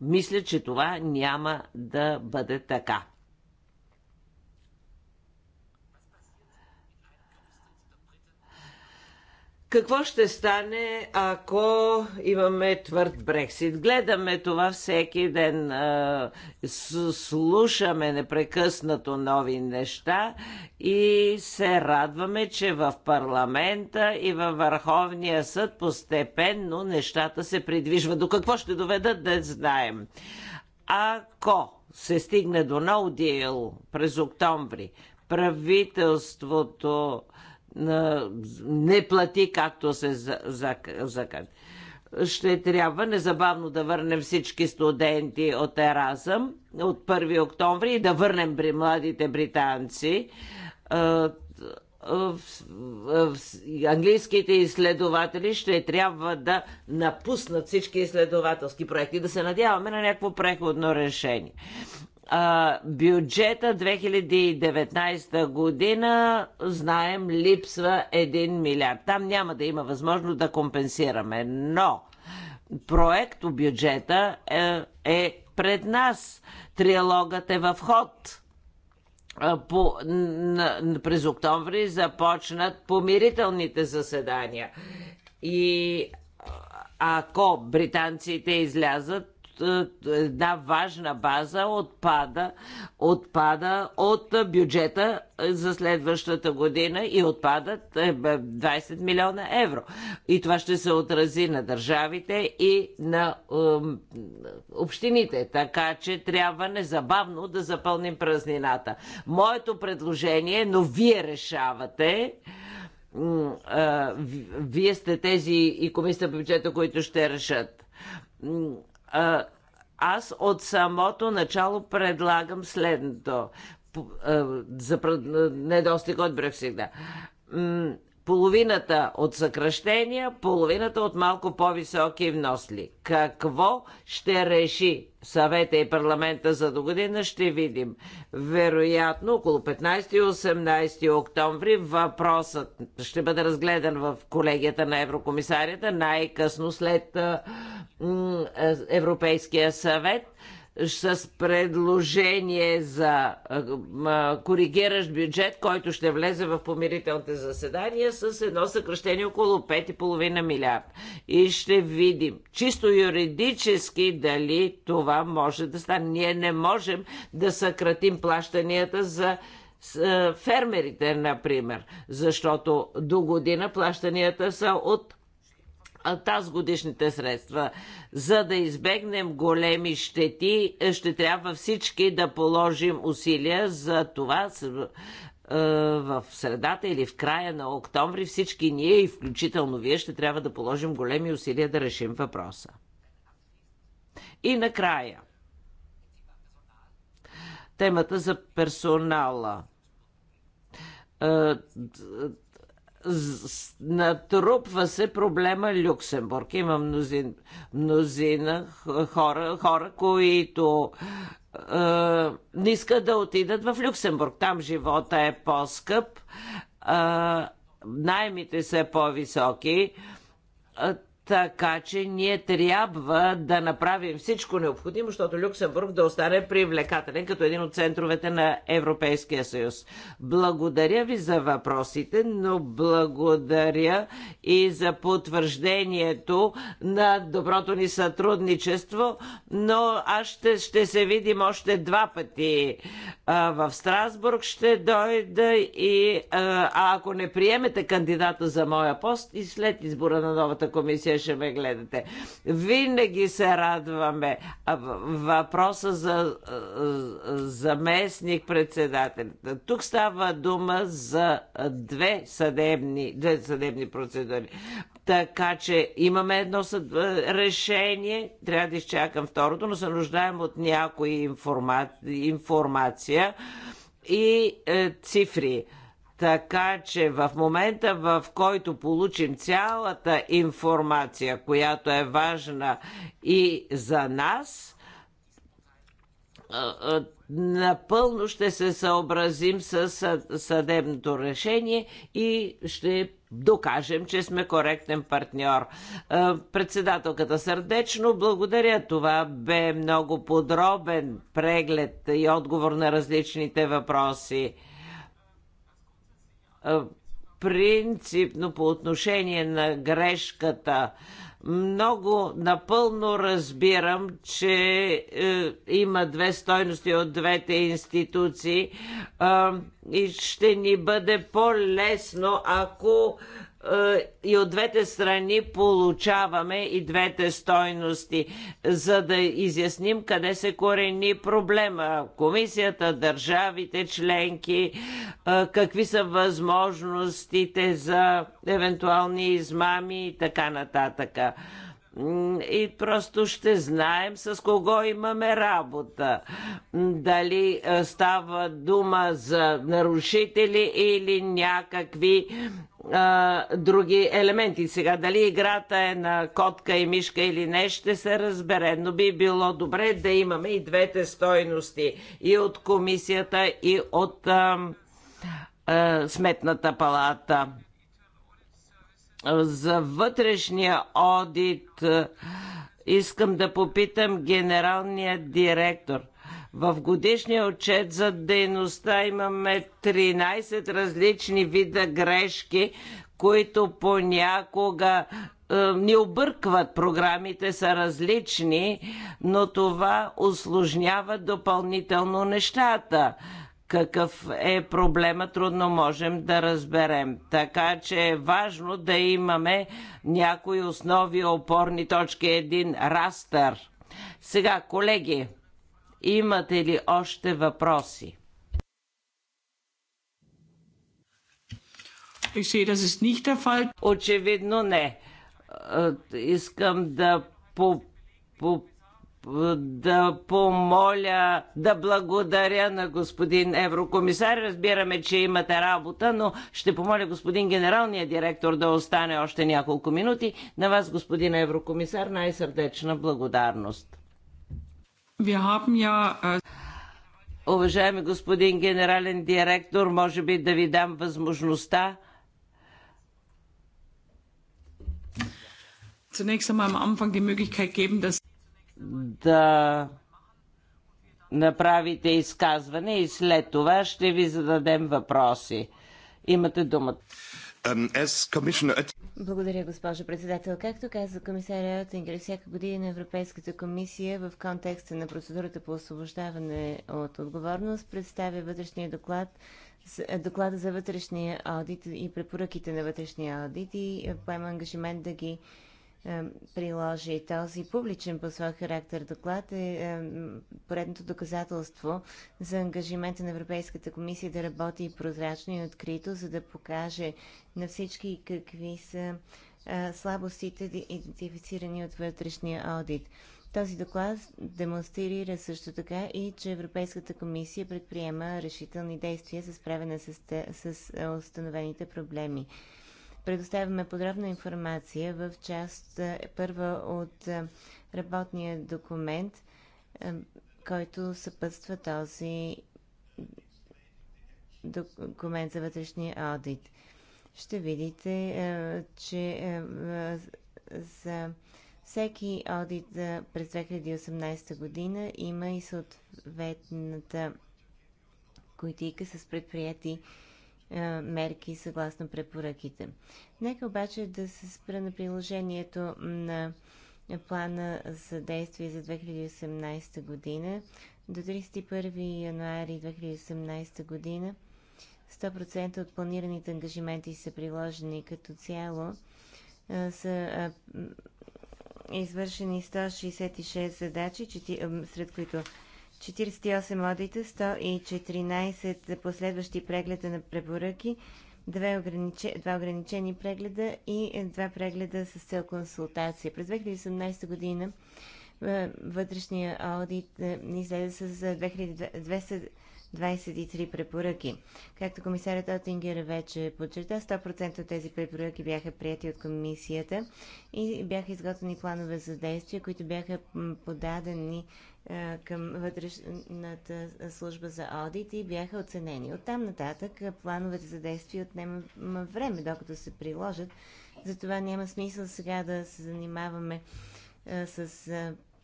мисля, че това няма да бъде така. Какво ще стане, ако имаме твърд Брексит? Гледаме това всеки ден, слушаме непрекъснато нови неща и се радваме, че в парламента и във Върховния съд постепенно нещата се придвижват. До какво ще доведат, да знаем. Ако се стигне до ноу no през октомври, правителството не плати както се закаже. Ще трябва незабавно да върнем всички студенти от Еразъм от 1 октомври и да върнем при младите британци е, е, е, английските изследователи ще трябва да напуснат всички изследователски проекти. Да се надяваме на някакво преходно решение а, бюджета 2019 година, знаем, липсва 1 милиард. Там няма да има възможност да компенсираме, но проект бюджета е, е пред нас. Триалогът е в ход по, през октомври започнат помирителните заседания. И ако британците излязат, е, една важна база отпада, отпада от бюджета за следващата година и отпадат 20 е, милиона евро. И това ще се отрази на държавите и на е, общините, така че трябва незабавно да запълним празнината. Моето предложение, е, но вие решавате, вие сте тези и комисията по бюджета, които ще решат аз от самото начало предлагам следното за недостиг от бревсигна половината от съкръщения, половината от малко по-високи вносли. Какво ще реши съвета и парламента за до година, ще видим. Вероятно, около 15 и 18 октомври въпросът ще бъде разгледан в колегията на еврокомисарията най-късно след Европейския съвет – с предложение за коригиращ бюджет, който ще влезе в помирителните заседания с едно съкръщение около 5,5 милиард. И ще видим чисто юридически дали това може да стане. Ние не можем да съкратим плащанията за фермерите, например, защото до година плащанията са от тази годишните средства. За да избегнем големи щети, е, ще трябва всички да положим усилия за това е, в средата или в края на октомври всички ние и включително вие ще трябва да положим големи усилия да решим въпроса. И накрая. Темата за персонала е, натрупва се проблема Люксембург. Има мнозин, мнозина хора, хора които е, не искат да отидат в Люксембург. Там живота е по-скъп, е, наймите са по-високи. Е, така че ние трябва да направим всичко необходимо, защото Люксембург да остане привлекателен като един от центровете на Европейския съюз. Благодаря ви за въпросите, но благодаря и за потвърждението на доброто ни сътрудничество, но аз ще, ще се видим още два пъти. А, в Страсбург ще дойда и а, ако не приемете кандидата за моя пост и след избора на новата комисия, ще ме гледате. Винаги се радваме. Въпроса за заместник председател. Тук става дума за две съдебни, две съдебни процедури. Така че имаме едно решение, трябва да изчакам второто, но се нуждаем от някои информация и е, цифри. Така че в момента, в който получим цялата информация, която е важна и за нас, напълно ще се съобразим с съдебното решение и ще докажем, че сме коректен партньор. Председателката сърдечно благодаря. Това бе много подробен преглед и отговор на различните въпроси принципно по отношение на грешката. Много напълно разбирам, че е, има две стойности от двете институции е, и ще ни бъде по-лесно, ако е, и от двете страни получаваме и двете стойности, за да изясним къде се корени проблема. Комисията, държавите, членки, е, какви са възможностите за евентуални измами и така нататък. И просто ще знаем с кого имаме работа. Дали е, става дума за нарушители или някакви а, други елементи. Сега дали играта е на котка и мишка или не, ще се разбере, но би било добре да имаме и двете стойности и от комисията, и от а, а, сметната палата. За вътрешния одит искам да попитам генералния директор. В годишния отчет за дейността имаме 13 различни вида грешки, които понякога е, ни объркват. Програмите са различни, но това осложнява допълнително нещата. Какъв е проблема, трудно можем да разберем. Така че е важно да имаме някои основи опорни точки, един растър. Сега, колеги, Имате ли още въпроси? Очевидно не. Е, искам да по, по, да помоля, да благодаря на господин еврокомисар. Разбираме, че имате работа, но ще помоля господин генералния директор да остане още няколко минути. На вас, господин еврокомисар, най-сърдечна благодарност. Äh, Уважаеми господин генерален директор, може би да ви дам възможността да направите изказване и след това ще ви зададем въпроси. Имате думата. Um, благодаря, госпожо председател. Както каза комисаря Отенгер, всяка година Европейската комисия в контекста на процедурата по освобождаване от отговорност представя вътрешния доклад доклада за вътрешния аудит и препоръките на вътрешния аудит и е, поема ангажимент да ги е, приложи. Този публичен по своя характер доклад е, е поредното доказателство за ангажимента на Европейската комисия да работи прозрачно и открито, за да покаже на всички какви са е, слабостите, идентифицирани от вътрешния аудит. Този доклад демонстрира също така и, че Европейската комисия предприема решителни действия за справяне с, с установените проблеми предоставяме подробна информация в част е, първа от е, работния документ, е, който съпътства този документ за вътрешния аудит. Ще видите, че за всеки аудит през 2018 година има и съответната политика с предприяти е, мерки съгласно препоръките. Нека обаче да се спра на приложението на плана за действие за 2018 година. До 31 януари 2018 година 100% от планираните ангажименти са приложени като цяло. Е, са е, извършени 166 задачи, сред които 48 одита, 114 последващи прегледа на препоръки, 2, ограниче, ограничени прегледа и 2 прегледа с цел консултация. През 2018 година е, вътрешния аудит е, излезе с 2200 е, 23 препоръки. Както комисарят Отингер вече подчерта, 100% от тези препоръки бяха прияти от комисията и бяха изготвени планове за действия, които бяха подадени към вътрешната служба за аудит и бяха оценени. От там нататък плановете за действие отнема време, докато се приложат. Затова няма смисъл сега да се занимаваме с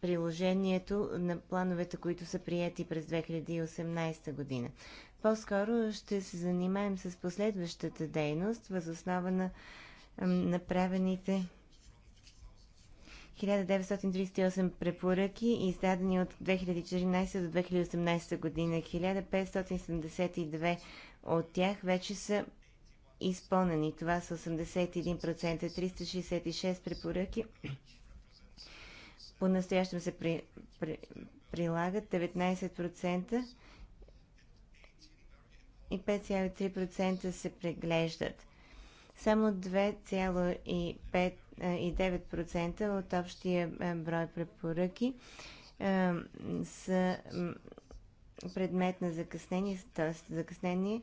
приложението на плановете, които са прияти през 2018 година. По-скоро ще се занимаем с последващата дейност, възоснова на направените 1938 препоръки, издадени от 2014 до 2018 година. 1572 от тях вече са изпълнени. Това са 81%, 366 препоръки по-настоящем се при, при, прилагат 19% и 5,3% се преглеждат. Само 2,9% от общия брой препоръки е, са предмет на закъснение, т.е. закъснение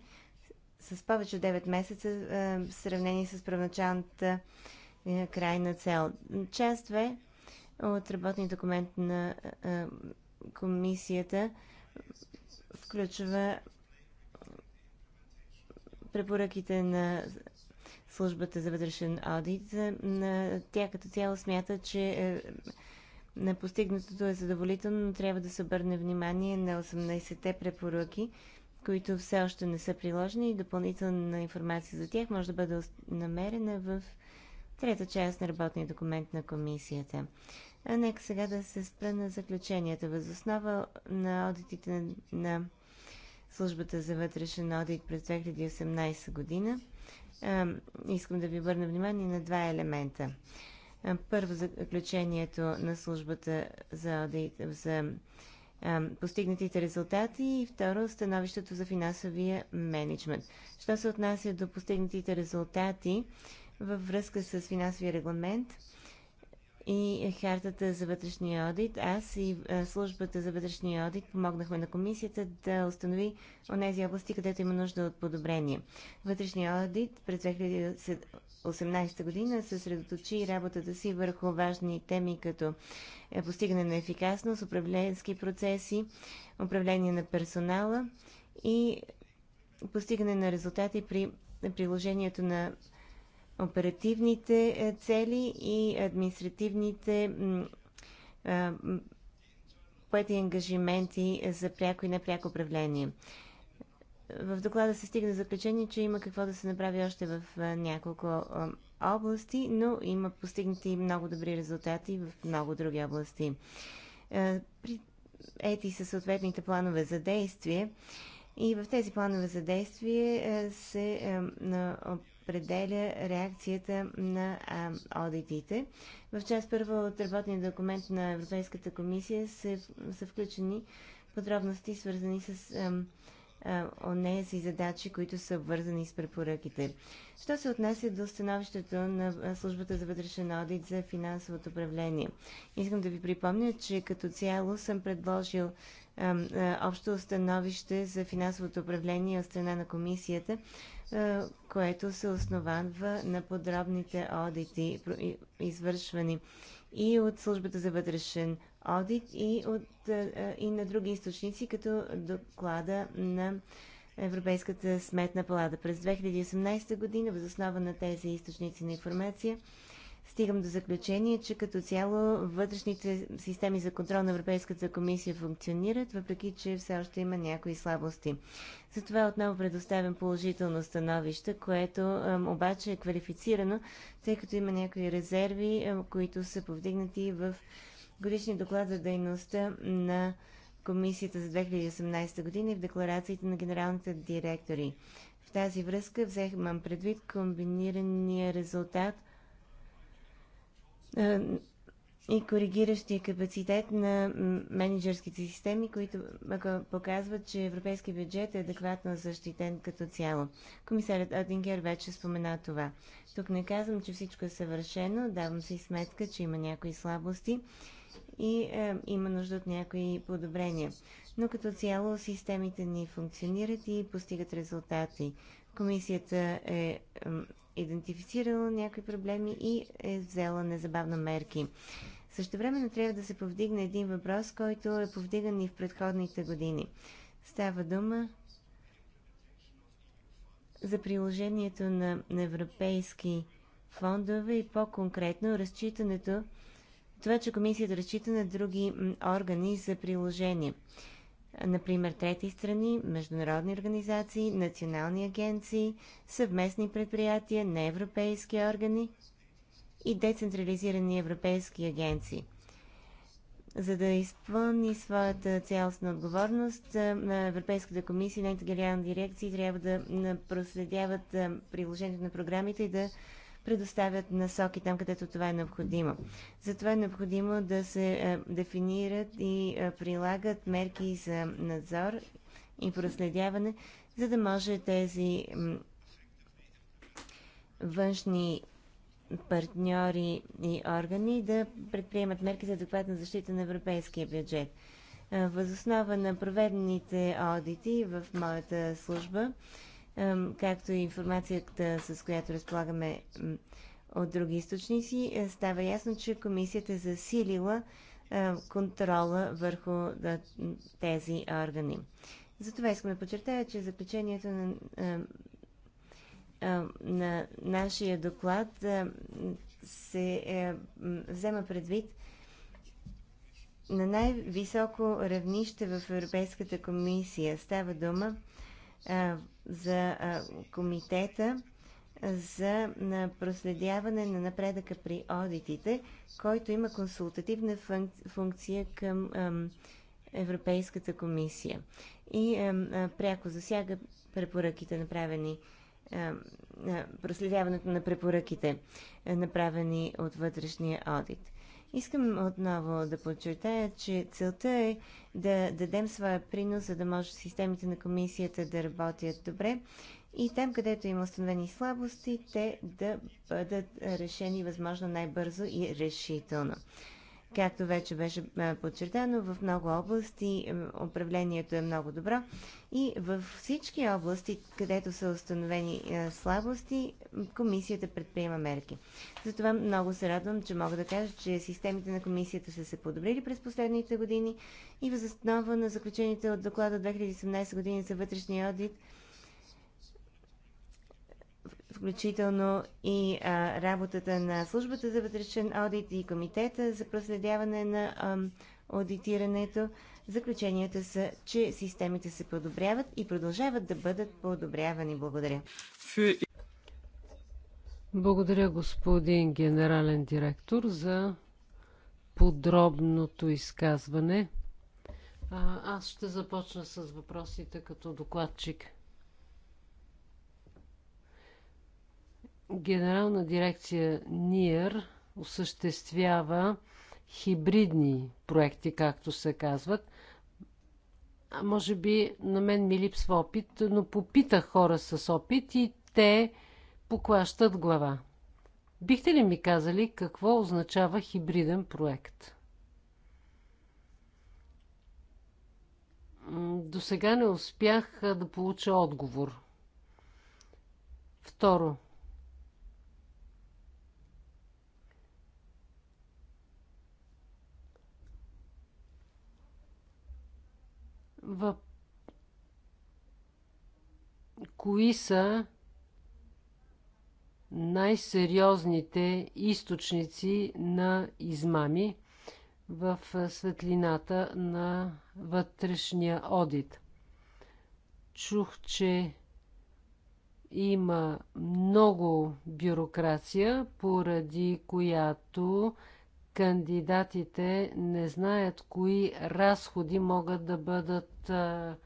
с повече от 9 месеца в сравнение с правоначалната крайна цел. Част 2 от работния документ на комисията включва препоръките на службата за вътрешен аудит. На тя като цяло смята, че е, на постигнатото е задоволително, но трябва да се обърне внимание на 18-те препоръки, които все още не са приложени и допълнителна информация за тях може да бъде намерена в трета част на работния документ на комисията. А нека сега да се спра на заключенията. Възоснова на одитите на службата за вътрешен одит през 2018 година, а, искам да ви обърна внимание на два елемента. А, първо, заключението на службата за одит за постигнатите резултати и второ, становището за финансовия менеджмент. Що се отнася до постигнатите резултати, във връзка с финансовия регламент и хартата за вътрешния одит. Аз и службата за вътрешния одит помогнахме на комисията да установи онези области, където има нужда от подобрение. Вътрешния одит през 2018 година съсредоточи работата си върху важни теми, като е, постигане на ефикасност, управленски процеси, управление на персонала и постигане на резултати при приложението на оперативните е, цели и административните поети ангажименти за пряко и непряко управление. В доклада се стигна заключение, че има какво да се направи още в няколко области, но има постигнати много добри резултати в много други области. При ети са съответните планове за действие и в тези планове за действие се определя реакцията на а, одитите. В част първа от работния документ на Европейската комисия се, са включени подробности, свързани с а, а, онези задачи, които са вързани с препоръките. Що се отнася до становището на Службата за вътрешен одит за финансовото управление? Искам да ви припомня, че като цяло съм предложил е, общо становище за финансовото управление от страна на комисията, е, което се основава на подробните одити, извършвани и от службата за вътрешен одит и, от, е, и на други източници, като доклада на Европейската сметна палата. През 2018 година, възоснова на тези източници на информация, стигам до заключение, че като цяло вътрешните системи за контрол на Европейската комисия функционират, въпреки че все още има някои слабости. Затова отново предоставям положително становище, което обаче е квалифицирано, тъй като има някои резерви, които са повдигнати в годишния доклад за дейността на Комисията за 2018 година и в декларациите на генералните директори. В тази връзка взехме предвид комбинирания резултат – е, и коригиращия капацитет на менеджерските системи, които показват, че европейски бюджет е адекватно защитен като цяло. Комисарят Одингер вече спомена това. Тук не казвам, че всичко е съвършено, давам си сметка, че има някои слабости и е, има нужда от някои подобрения. Но като цяло системите ни функционират и постигат резултати. Комисията е, е идентифицирала някои проблеми и е взела незабавно мерки. Също времено трябва да се повдигне един въпрос, който е повдиган и в предходните години. Става дума за приложението на, на европейски фондове и по-конкретно разчитането, това, че комисията разчита на други органи за приложение например трети страни, международни организации, национални агенции, съвместни предприятия, неевропейски органи и децентрализирани европейски агенции. За да изпълни своята цялостна отговорност, Европейската комисия и нейните генерални дирекции трябва да проследяват приложението на програмите и да предоставят насоки там, където това е необходимо. Затова е необходимо да се е, дефинират и е, прилагат мерки за надзор и проследяване, за да може тези външни партньори и органи да предприемат мерки за адекватна защита на европейския бюджет. Е, Възоснова на проведените аудити в моята служба както и информацията, с която разполагаме от други източници, е, става ясно, че комисията е засилила контрола върху тези органи. Затова искам да подчертая, че заключението на, на нашия доклад се е, взема предвид на най-високо равнище в Европейската комисия. Става дума за комитета за проследяване на напредъка при одитите, който има консултативна функция към Европейската комисия и пряко засяга препоръките направени проследяването на препоръките, направени от вътрешния одит. Искам отново да подчертая, че целта е да дадем своя принос, за да може системите на комисията да работят добре и там, където има установени слабости, те да бъдат решени възможно най-бързо и решително. Както вече беше подчертано, в много области управлението е много добро и във всички области, където са установени слабости, комисията предприема мерки. Затова много се радвам, че мога да кажа, че системите на комисията са се подобрили през последните години и възоснова на заключенията от доклада 2017 години за вътрешния одит – включително и а, работата на службата за вътрешен аудит и комитета за проследяване на а, аудитирането. Заключенията са, че системите се подобряват и продължават да бъдат подобрявани. Благодаря. Благодаря, господин генерален директор, за подробното изказване. А, аз ще започна с въпросите като докладчик. Генерална дирекция НИР осъществява хибридни проекти, както се казват. А може би на мен ми липсва опит, но попитах хора с опит и те поклащат глава. Бихте ли ми казали какво означава хибриден проект? До сега не успях да получа отговор. Второ, В... Кои са най-сериозните източници на измами в светлината на вътрешния одит. Чух, че има много бюрокрация, поради която кандидатите не знаят кои разходи могат да бъдат а,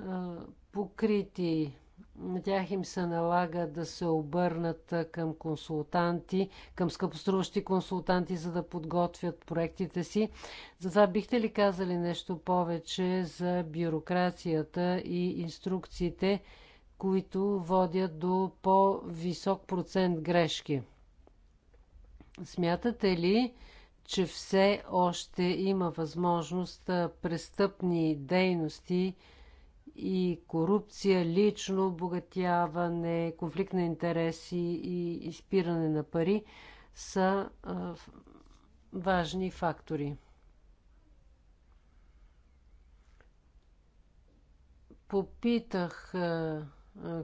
а, покрити. На тях им се налага да се обърнат към консултанти, към скъпоструващи консултанти, за да подготвят проектите си. Затова бихте ли казали нещо повече за бюрокрацията и инструкциите, които водят до по-висок процент грешки? Смятате ли, че все още има възможност престъпни дейности и корупция, лично обогатяване, конфликт на интереси и изпиране на пари са важни фактори. Попитах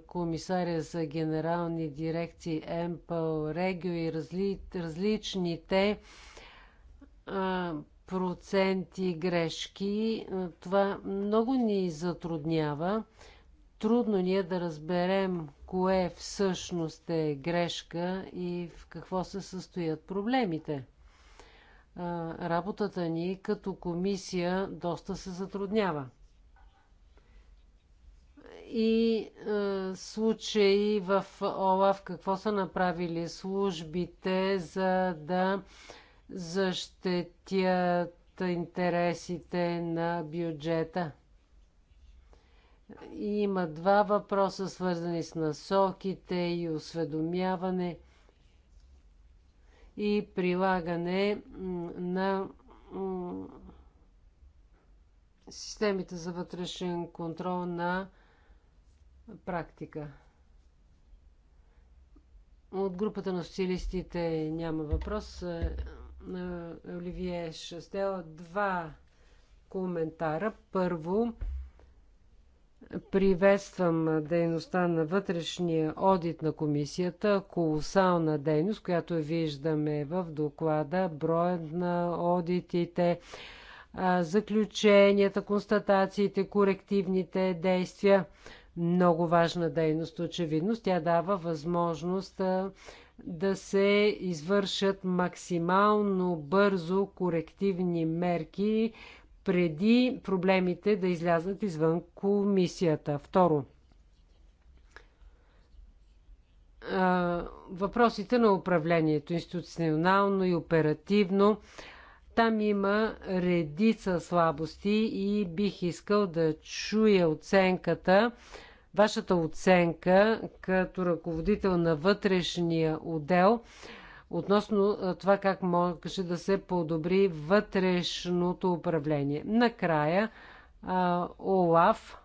комисаря за генерални дирекции МПЛ, Регио и разли, различните а, проценти грешки. Това много ни затруднява. Трудно ни е да разберем кое всъщност е грешка и в какво се състоят проблемите. А, работата ни като комисия доста се затруднява и е, случаи в ОЛАВ, какво са направили службите, за да защитят интересите на бюджета. И има два въпроса, свързани с насоките и осведомяване и прилагане на системите за вътрешен контрол на практика. От групата на социалистите няма въпрос. Оливие Шастел, два коментара. Първо, приветствам дейността на вътрешния одит на комисията, колосална дейност, която виждаме в доклада, броят на одитите, заключенията, констатациите, корективните действия много важна дейност. Очевидно, тя дава възможност да се извършат максимално бързо корективни мерки преди проблемите да излязат извън комисията. Второ, въпросите на управлението, институционално и оперативно, там има редица слабости и бих искал да чуя оценката, вашата оценка като ръководител на вътрешния отдел относно това как може да се подобри вътрешното управление. Накрая, ОЛАФ,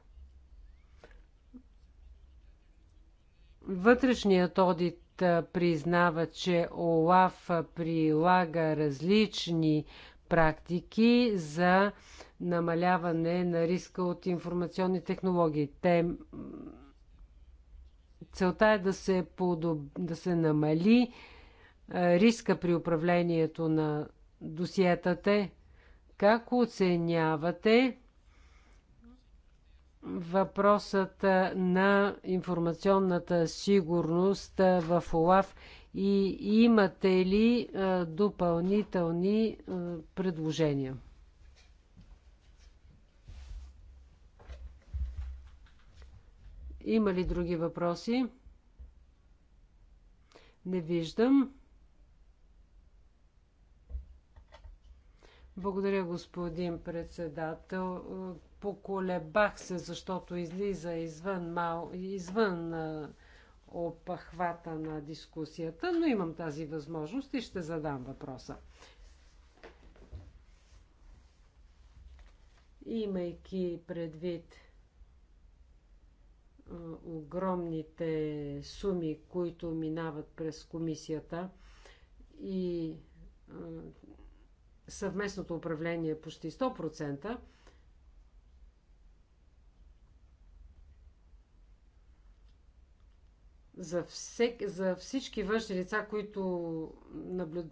вътрешният одит признава, че ОЛАФ прилага различни практики за намаляване на риска от информационни технологии. Те... Целта е да се, подоб... да се намали риска при управлението на досиетата. Как оценявате въпросът на информационната сигурност в ОЛАФ и имате ли допълнителни предложения? Има ли други въпроси? Не виждам. Благодаря, господин председател. Поколебах се, защото излиза извън, мал, извън а, опахвата на дискусията, но имам тази възможност и ще задам въпроса. Имайки предвид огромните суми, които минават през комисията и съвместното управление почти 100%, за, всек, за всички външни лица, които наблюд...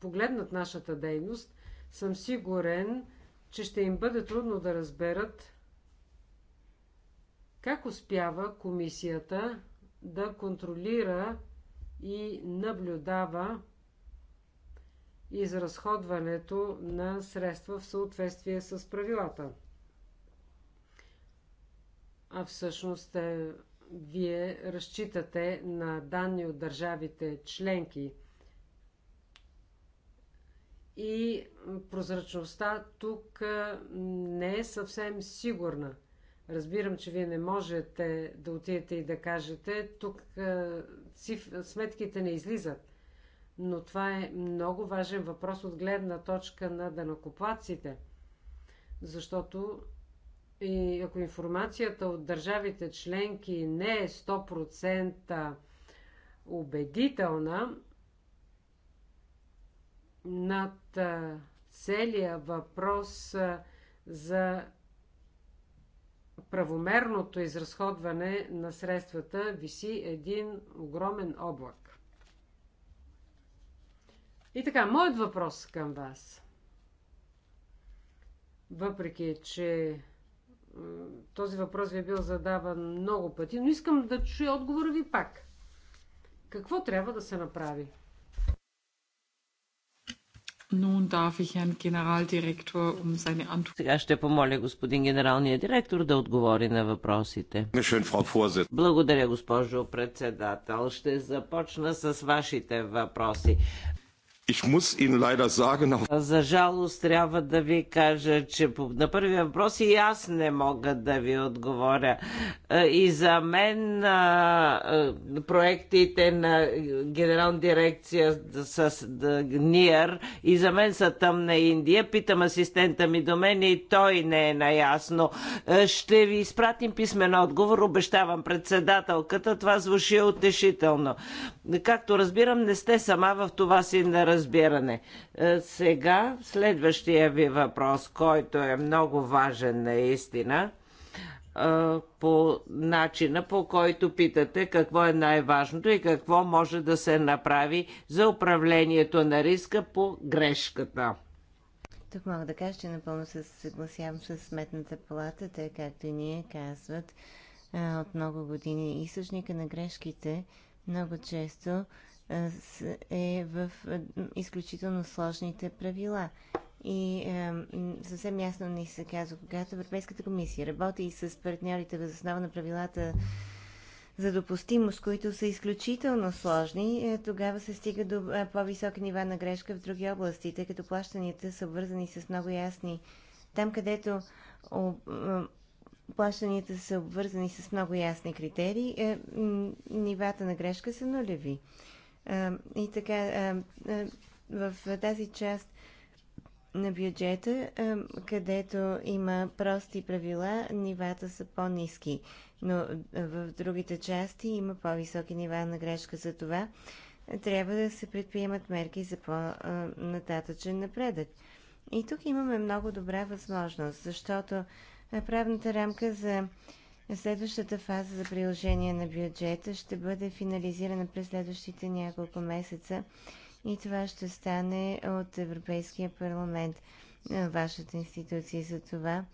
погледнат нашата дейност, съм сигурен, че ще им бъде трудно да разберат как успява комисията да контролира и наблюдава изразходването на средства в съответствие с правилата. А всъщност е вие разчитате на данни от държавите членки. И прозрачността тук не е съвсем сигурна. Разбирам, че вие не можете да отидете и да кажете, тук циф... сметките не излизат. Но това е много важен въпрос от гледна точка на данакоплаците, защото и ако информацията от държавите членки не е 100% убедителна, над целия въпрос за правомерното изразходване на средствата виси един огромен облак. И така, моят въпрос към вас. Въпреки, че този въпрос ви е бил задаван много пъти, но искам да чуя отговора ви пак. Какво трябва да се направи? Nun darf ich Herrn Generaldirektor um seine Antwort. Сега ще помоля господин генералния директор да отговори на въпросите. Е Благодаря, госпожо председател. Ще започна с вашите въпроси. Ich muss Ihnen leider sagen... За жалост трябва да ви кажа, че на първия въпрос и аз не мога да ви отговоря. Е, и за мен проектите на Генерална дирекция с НИР и за мен са тъмна Индия. Питам асистента ми до мен и той не е наясно. Е, ще ви изпратим писмен отговор, обещавам председателката. Това звучи утешително. Както разбирам, не сте сама в това си наразумение разбиране. Е, сега следващия ви въпрос, който е много важен наистина е, по начина, по който питате какво е най-важното и какво може да се направи за управлението на риска по грешката. Тук мога да кажа, че напълно се съгласявам с Сметната палата, тъй както и ние казват е, от много години. Източника на грешките много често е в е, изключително сложните правила. И е, съвсем ясно ни се казва, когато Европейската комисия работи и с партньорите въз основа на правилата за допустимост, които са изключително сложни, е, тогава се стига до е, по-високи нива на грешка в други области, тъй като плащанията са обвързани с много ясни. Там, където плащанията са обвързани с много ясни критерии, е, нивата на грешка са нулеви. И така, в тази част на бюджета, където има прости правила, нивата са по-низки, но в другите части има по-високи нива на грешка. За това трябва да се предприемат мерки за по-нататъчен напредък. И тук имаме много добра възможност, защото правната рамка за Следващата фаза за приложение на бюджета ще бъде финализирана през следващите няколко месеца и това ще стане от Европейския парламент, е, вашата институция. За това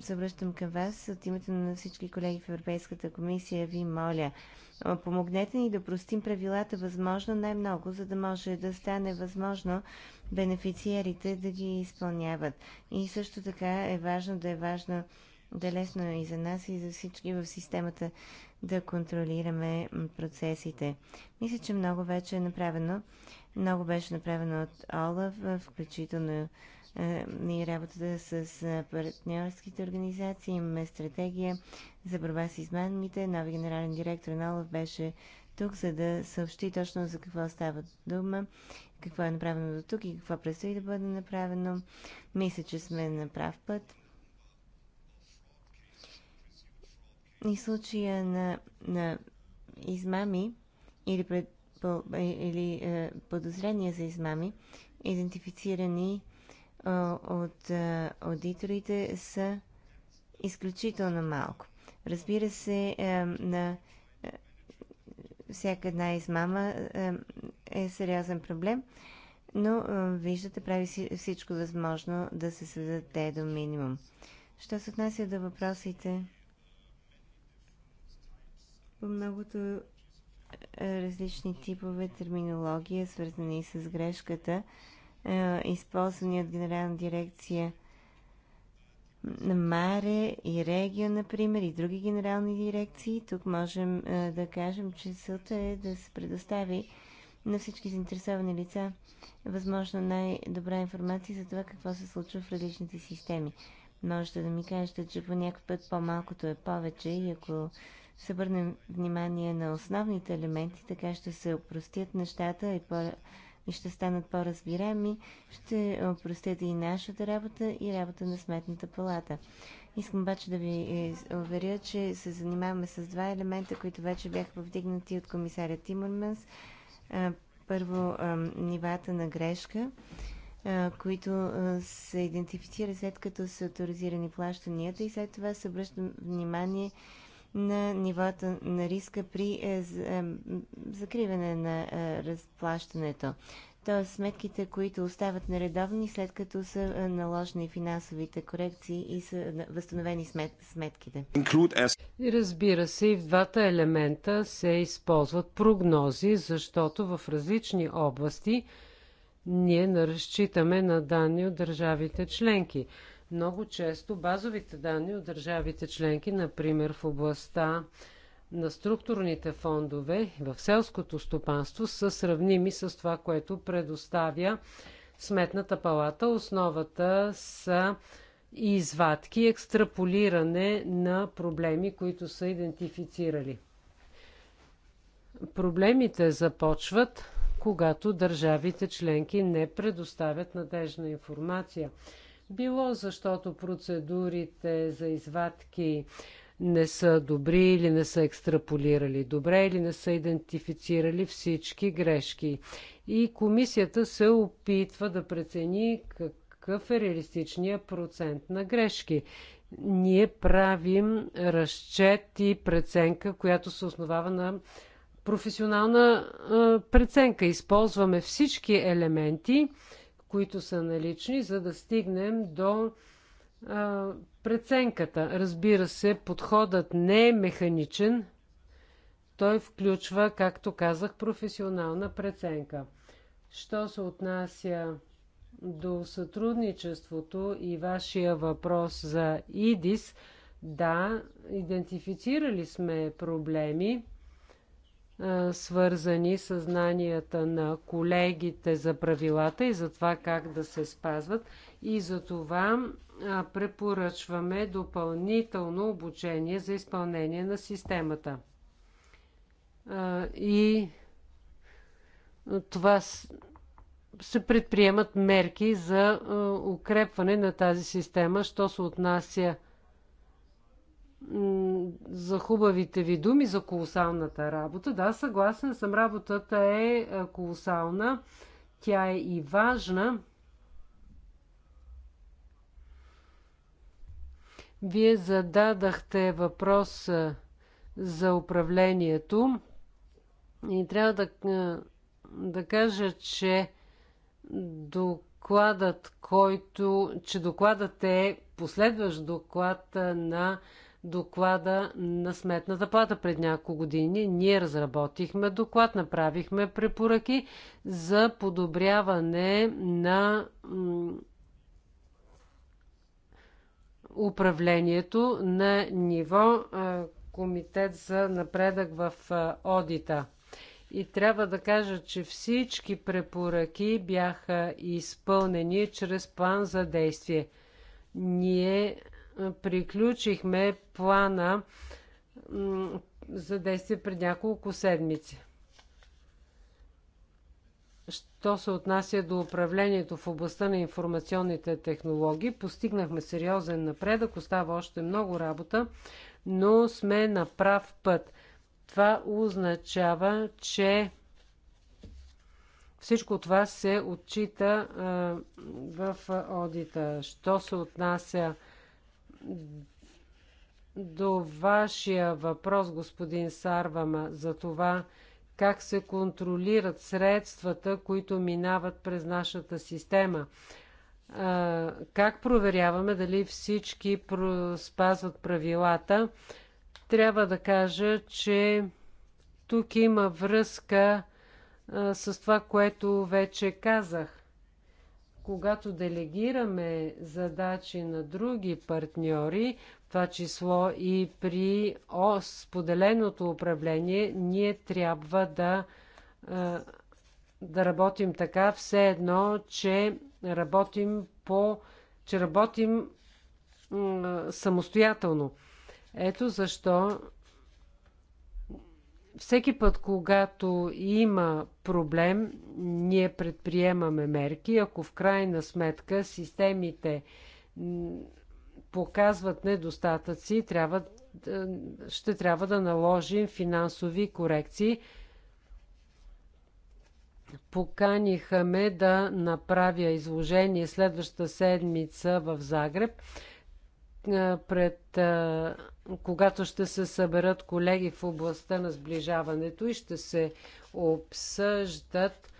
се връщам към вас от името на всички колеги в Европейската комисия. Ви моля, помогнете ни да простим правилата възможно най-много, за да може да стане възможно бенефициерите да ги изпълняват. И също така е важно да е важно да е лесно е и за нас, и за всички в системата да контролираме процесите. Мисля, че много вече е направено. Много беше направено от Олаф, включително е, и работата с е, партньорските организации. Имаме стратегия за борба с измамите. Нови генерален директор на Олаф беше тук, за да съобщи точно за какво става дума, какво е направено до тук и какво предстои да бъде направено. Мисля, че сме на прав път. и случая на, на измами или, пред, по, е, или е, подозрения за измами, идентифицирани е, от е, аудиторите, са изключително малко. Разбира се, е, на е, всяка една измама е, е сериозен проблем, но е, виждате, прави всичко възможно да се създаде до минимум. Що се отнася до въпросите? по многото различни типове терминология, свързани с грешката, използвани от Генерална дирекция на Маре и Регио, например, и други генерални дирекции. Тук можем да кажем, че целта е да се предостави на всички заинтересовани лица възможно най-добра информация за това какво се случва в различните системи. Можете да ми кажете, че по някакъв път по-малкото е повече и ако се върнем внимание на основните елементи, така ще се опростят нещата и, по, и ще станат по-разбираеми, ще опростят и нашата работа и работа на Сметната палата. Искам обаче да ви е, уверя, че се занимаваме с два елемента, които вече бяха повдигнати от комисаря Тимърманс. Първо, нивата на грешка, които се идентифицира след като са авторизирани плащанията и след това се обръща внимание на нивата на риска при е, е, закриване на е, разплащането. Т.е. сметките, които остават нередовни, след като са наложени финансовите корекции и са възстановени смет, сметките. Разбира се, и в двата елемента се използват прогнози, защото в различни области ние разчитаме на данни от държавите членки. Много често базовите данни от държавите членки, например в областта на структурните фондове в селското стопанство, са сравними с това, което предоставя Сметната палата. Основата са и извадки, и екстраполиране на проблеми, които са идентифицирали. Проблемите започват, когато държавите членки не предоставят надежна информация – било защото процедурите за извадки не са добри или не са екстраполирали добре или не са идентифицирали всички грешки. И комисията се опитва да прецени какъв е реалистичният процент на грешки. Ние правим разчет и преценка, която се основава на професионална преценка. Използваме всички елементи които са налични, за да стигнем до а, преценката. Разбира се, подходът не е механичен. Той включва, както казах, професионална преценка. Що се отнася до сътрудничеството и вашия въпрос за ИДИС, да, идентифицирали сме проблеми свързани с знанията на колегите за правилата и за това как да се спазват. И за това препоръчваме допълнително обучение за изпълнение на системата. И това се предприемат мерки за укрепване на тази система, що се отнася за хубавите ви думи, за колосалната работа. Да, съгласен съм, работата е, е колосална. Тя е и важна. Вие зададахте въпрос е, за управлението и трябва да, е, да кажа, че докладът, който, че докладът е последващ доклад на доклада на Сметната плата пред няколко години. Ние разработихме доклад, направихме препоръки за подобряване на управлението на ниво Комитет за напредък в одита. И трябва да кажа, че всички препоръки бяха изпълнени чрез план за действие. Ние приключихме плана за действие пред няколко седмици. Що се отнася до управлението в областта на информационните технологии, постигнахме сериозен напредък, остава още много работа, но сме на прав път. Това означава, че всичко това се отчита в одита. Що се отнася до вашия въпрос, господин Сарвама, за това как се контролират средствата, които минават през нашата система. Как проверяваме дали всички спазват правилата? Трябва да кажа, че тук има връзка с това, което вече казах когато делегираме задачи на други партньори, това число и при споделеното управление, ние трябва да, да работим така, все едно, че работим по че работим самостоятелно. Ето защо всеки път, когато има проблем, ние предприемаме мерки. Ако в крайна сметка системите показват недостатъци, трябва, ще трябва да наложим финансови корекции. Поканиха ме да направя изложение следващата седмица в Загреб пред когато ще се съберат колеги в областта на сближаването и ще се обсъждат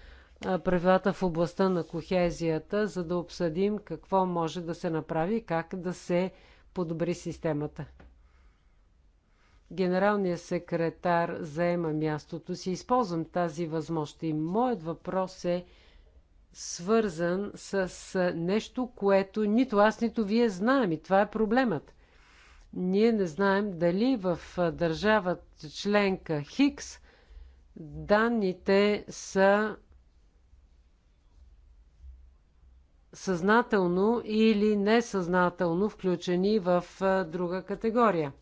правилата в областта на кохезията, за да обсъдим какво може да се направи и как да се подобри системата. Генералният секретар заема мястото си. Използвам тази възможност. И моят въпрос е свързан с нещо, което нито аз, нито вие знаем. И това е проблемът. Ние не знаем дали в държавата членка Хикс данните са съзнателно или несъзнателно включени в друга категория.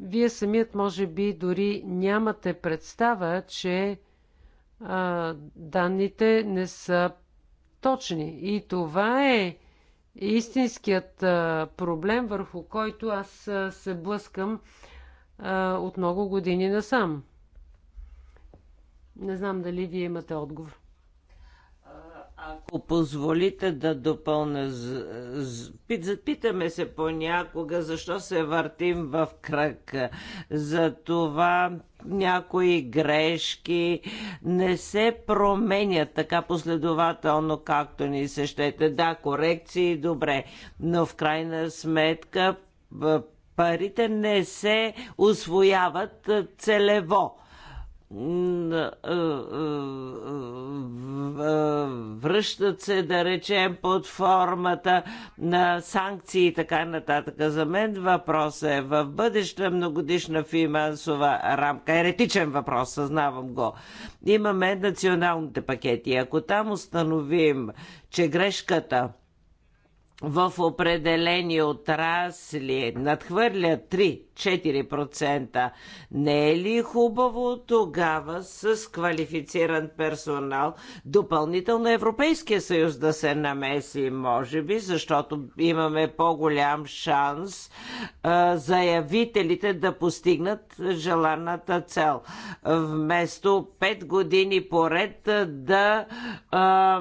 Вие самият може би дори нямате представа, че а, данните не са точни. И това е истинският а, проблем, върху който аз а, се блъскам а, от много години насам. Не знам дали вие имате отговор. Ако позволите да допълня, запитаме се понякога защо се въртим в кръг. За това някои грешки не се променят така последователно, както ни се щете. Да, корекции, добре, но в крайна сметка парите не се освояват целево връщат се, да речем, под формата на санкции и така нататък. За мен въпросът е в бъдеща многодишна финансова рамка. Еретичен въпрос, съзнавам го. Имаме националните пакети. Ако там установим, че грешката в определени отрасли надхвърля 3-4%, не е ли хубаво тогава с квалифициран персонал допълнително Европейския съюз да се намеси, може би, защото имаме по-голям шанс а, заявителите да постигнат желаната цел. Вместо 5 години поред да а,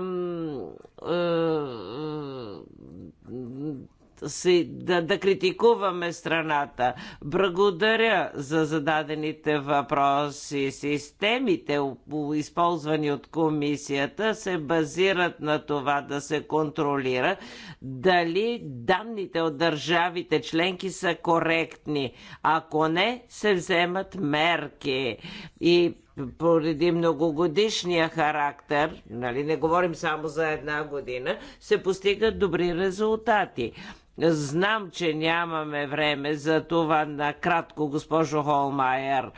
а, си, да, да критикуваме страната. Благодаря за зададените въпроси. Системите, използвани от комисията, се базират на това да се контролира дали данните от държавите членки са коректни. Ако не, се вземат мерки. И поради многогодишния характер, нали, не говорим само за една година, се постигат добри резултати. Знам, че нямаме време за това накратко, госпожо Холмайер.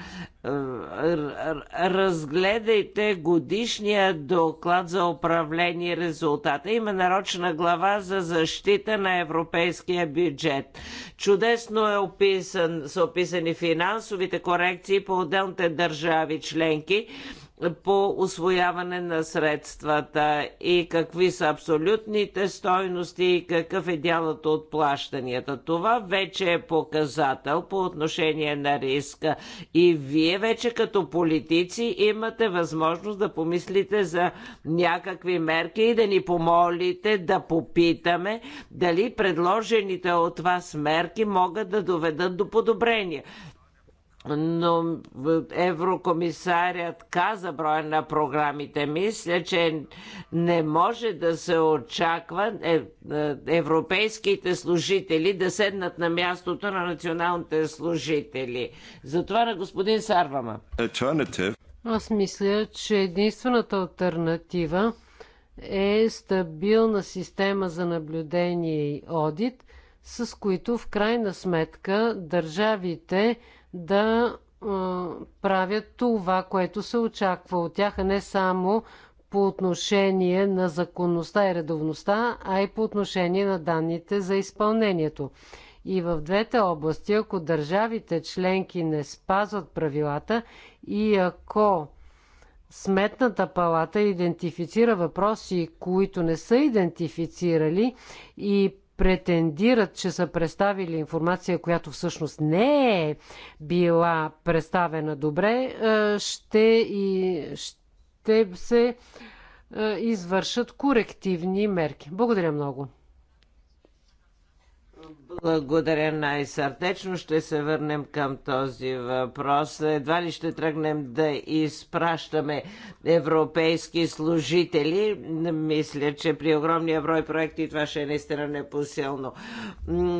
Разгледайте годишния доклад за управление резултата. Има нарочна глава за защита на европейския бюджет. Чудесно е описан, са описани финансовите корекции по отделните държави членки по освояване на средствата и какви са абсолютните стойности и какъв е дялът от плащанията. Това вече е показател по отношение на риска и вие вече като политици имате възможност да помислите за някакви мерки и да ни помолите да попитаме дали предложените от вас мерки могат да доведат до подобрение но еврокомисарят каза броя на програмите. Мисля, че не може да се очаква е, е, европейските служители да седнат на мястото на националните служители. Затова на господин Сарвама. Аз мисля, че единствената альтернатива е стабилна система за наблюдение и одит, с които в крайна сметка държавите да правят това, което се очаква от тях, а не само по отношение на законността и редовността, а и по отношение на данните за изпълнението. И в двете области, ако държавите членки не спазват правилата и ако Сметната палата идентифицира въпроси, които не са идентифицирали и претендират, че са представили информация, която всъщност не е била представена добре, е, ще, и, ще се е, извършат корективни мерки. Благодаря много. Благодаря най-сърдечно. Ще се върнем към този въпрос. Едва ли ще тръгнем да изпращаме европейски служители? Мисля, че при огромния брой проекти това ще е наистина непосилно.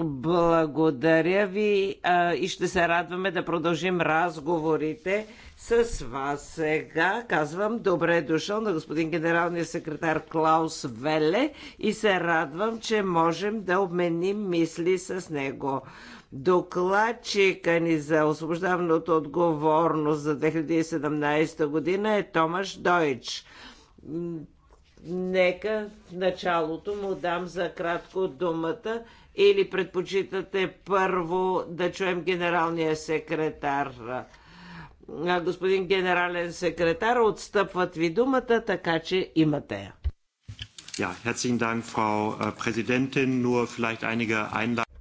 Благодаря ви и ще се радваме да продължим разговорите с вас сега. Казвам добре дошъл на господин генералния секретар Клаус Веле и се радвам, че можем да обменим мисли с с него. Докладчика ни за освобождаването отговорност за 2017 година е Томаш Дойч. Нека в началото му дам за кратко думата или предпочитате първо да чуем генералния секретар? Господин генерален секретар, отстъпват ви думата, така че имате я. Ja, herzlichen Dank, Frau äh, Präsidentin. Nur vielleicht einige Einladungen.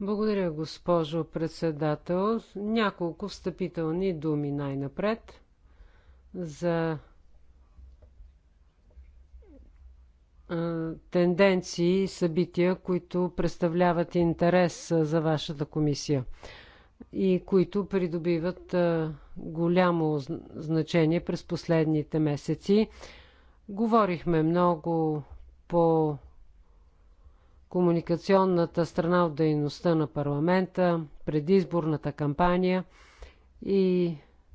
Благодаря, госпожо председател. Няколко встъпителни думи най-напред за тенденции и събития, които представляват интерес за вашата комисия и които придобиват голямо значение през последните месеци. Говорихме много по комуникационната страна от дейността на парламента, предизборната кампания и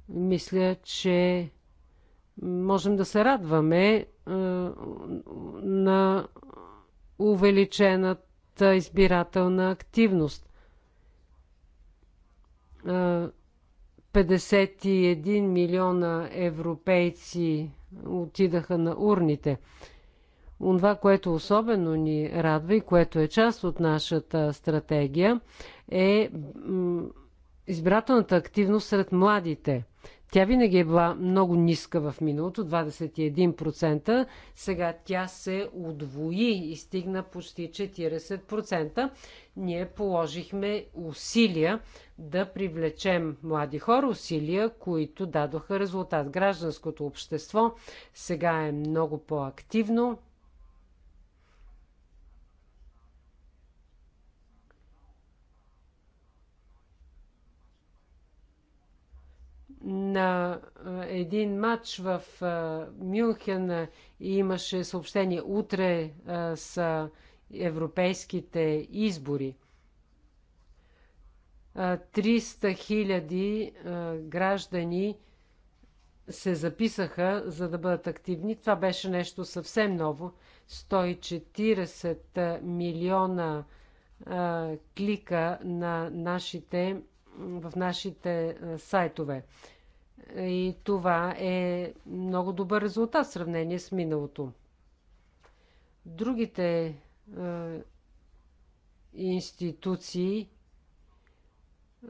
мисля, че можем да се радваме е, на увеличената избирателна активност. 51 е, милиона европейци отидаха на урните. Онова, което особено ни радва и което е част от нашата стратегия, е избирателната активност сред младите. Тя винаги е била много ниска в миналото, 21%. Сега тя се удвои и стигна почти 40%. Ние положихме усилия да привлечем млади хора, усилия, които дадоха резултат. Гражданското общество сега е много по-активно, на един матч в Мюнхен имаше съобщение утре с европейските избори. 300 хиляди граждани се записаха, за да бъдат активни. Това беше нещо съвсем ново. 140 милиона клика на нашите, в нашите сайтове. И това е много добър резултат в сравнение с миналото. Другите е, институции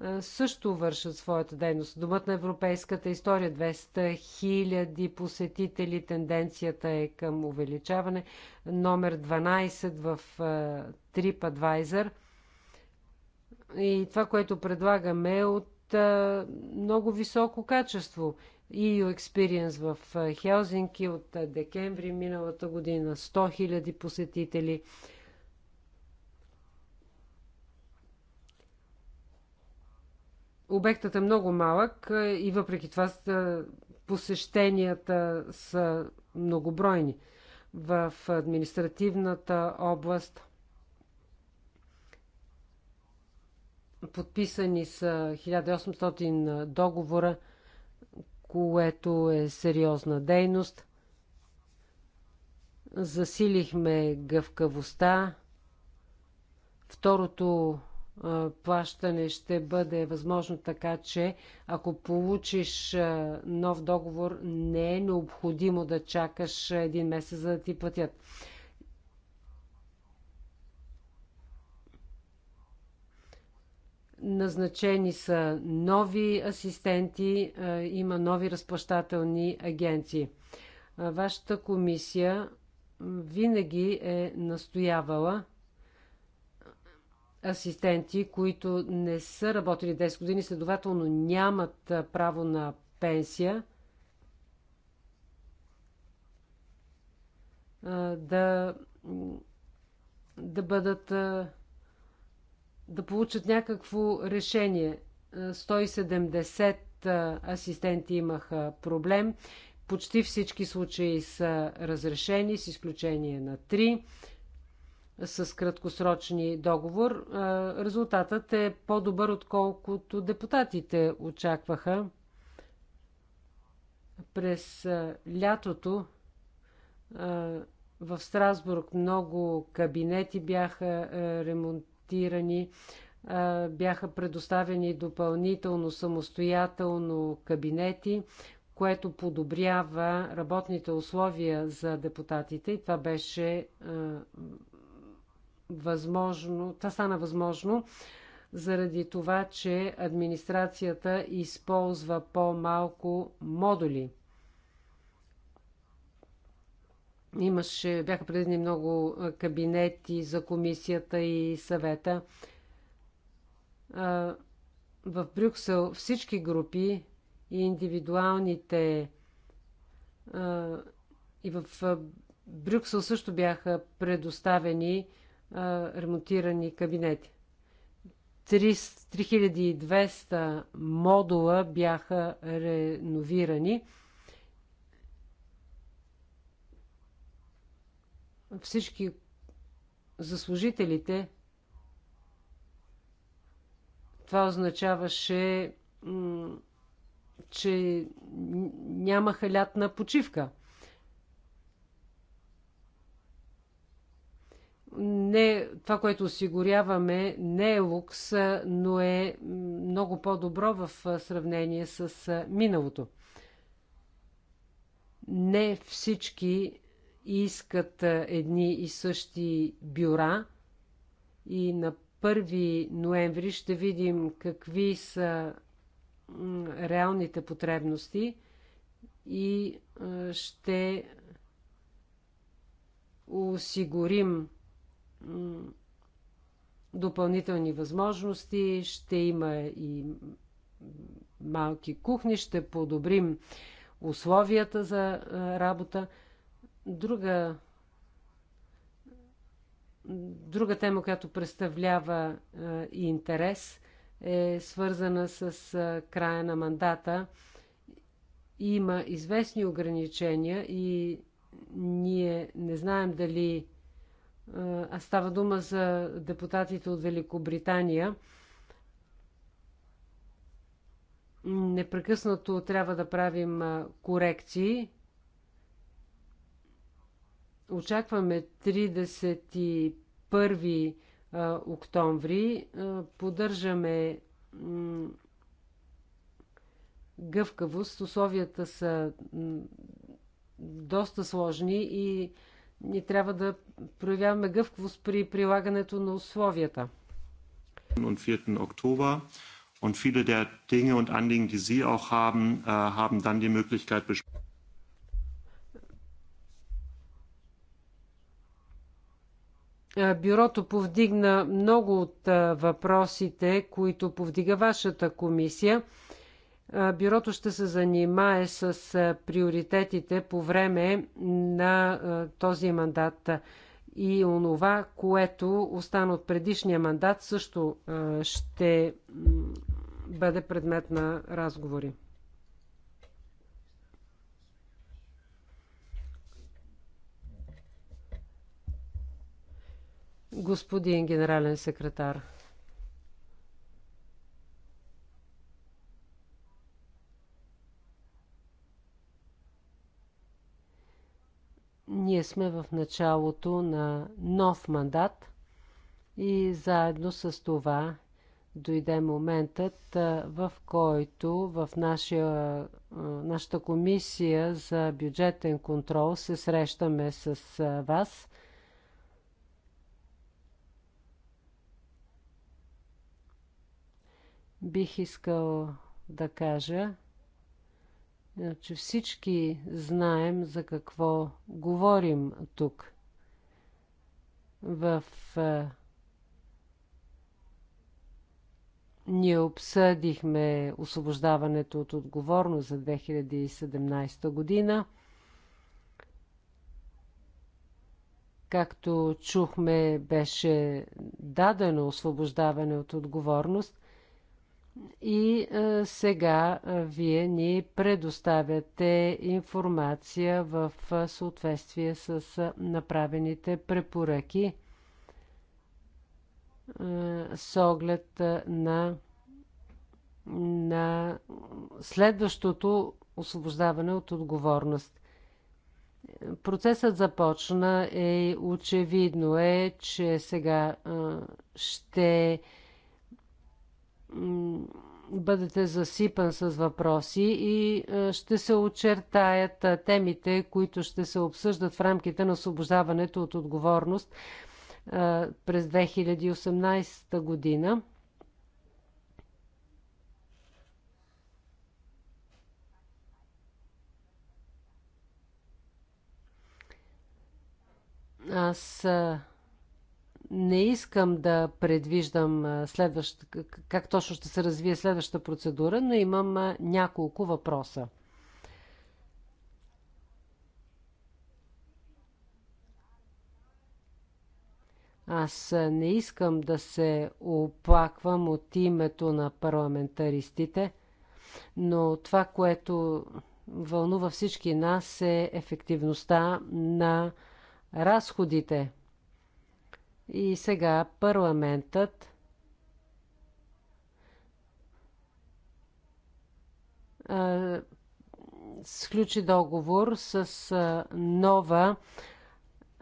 е, също вършат своята дейност. Домът на европейската история 200 000 посетители, тенденцията е към увеличаване. Номер 12 в е, TripAdvisor – и това, което предлагаме от много високо качество. EU Experience в Хелзинки от декември миналата година. 100 000 посетители. Обектът е много малък и въпреки това посещенията са многобройни. В административната област – Подписани са 1800 договора, което е сериозна дейност. Засилихме гъвкавостта. Второто плащане ще бъде възможно така, че ако получиш нов договор, не е необходимо да чакаш един месец, за да ти платят. Назначени са нови асистенти, има нови разплащателни агенции. Вашата комисия винаги е настоявала асистенти, които не са работили 10 години, следователно нямат право на пенсия, да, да бъдат да получат някакво решение. 170 е, е, асистенти имаха проблем. Почти всички случаи са разрешени, с изключение на 3 с краткосрочни договор. Е, резултатът е по-добър, отколкото депутатите очакваха. През лятото в Страсбург много кабинети бяха ремонтирани адаптирани. бяха предоставени допълнително самостоятелно кабинети, което подобрява работните условия за депутатите и това беше възможно, това стана възможно заради това, че администрацията използва по-малко модули. Имаше, бяха предвидени много кабинети за комисията и съвета. В Брюксел всички групи и индивидуалните и в Брюксел също бяха предоставени ремонтирани кабинети. 3200 модула бяха реновирани всички заслужителите, това означаваше, че нямаха лятна почивка. Не, това, което осигуряваме, не е лукс, но е много по-добро в сравнение с миналото. Не всички искат едни и същи бюра и на 1 ноември ще видим какви са реалните потребности и ще осигурим допълнителни възможности, ще има и малки кухни, ще подобрим условията за работа. Друга, друга тема, която представлява е, и интерес, е свързана с е, края на мандата. Има известни ограничения и ние не знаем дали е, а става дума за депутатите от Великобритания. Непрекъснато трябва да правим корекции. Очакваме 31 октомври. Поддържаме гъвкавост. Условията са доста сложни и ни трябва да проявяваме гъвкавост при прилагането на условията. Und 4. Oktober. Und viele der Dinge und Anliegen, die Sie auch haben, äh, haben dann die Möglichkeit, Бюрото повдигна много от въпросите, които повдига вашата комисия. Бюрото ще се занимае с приоритетите по време на този мандат и онова, което остана от предишния мандат, също ще бъде предмет на разговори. господин генерален секретар. Ние сме в началото на нов мандат и заедно с това дойде моментът, в който в нашия, нашата комисия за бюджетен контрол се срещаме с вас Бих искал да кажа, е, че всички знаем за какво говорим тук. В е, ние обсъдихме освобождаването от отговорност за 2017 година. Както чухме, беше дадено освобождаване от отговорност, и е, сега е, вие ни предоставяте информация в е, съответствие с направените препоръки с оглед на, на следващото освобождаване от отговорност. Процесът започна е очевидно е, че сега ще бъдете засипан с въпроси и е, ще се очертаят е, темите, които ще се обсъждат в рамките на освобождаването от отговорност е, през 2018 година. Аз не искам да предвиждам следваща. как точно ще се развие следващата процедура, но имам няколко въпроса. Аз не искам да се оплаквам от името на парламентаристите, но това, което вълнува всички нас е ефективността на разходите – и сега парламентът а, сключи договор с а, нова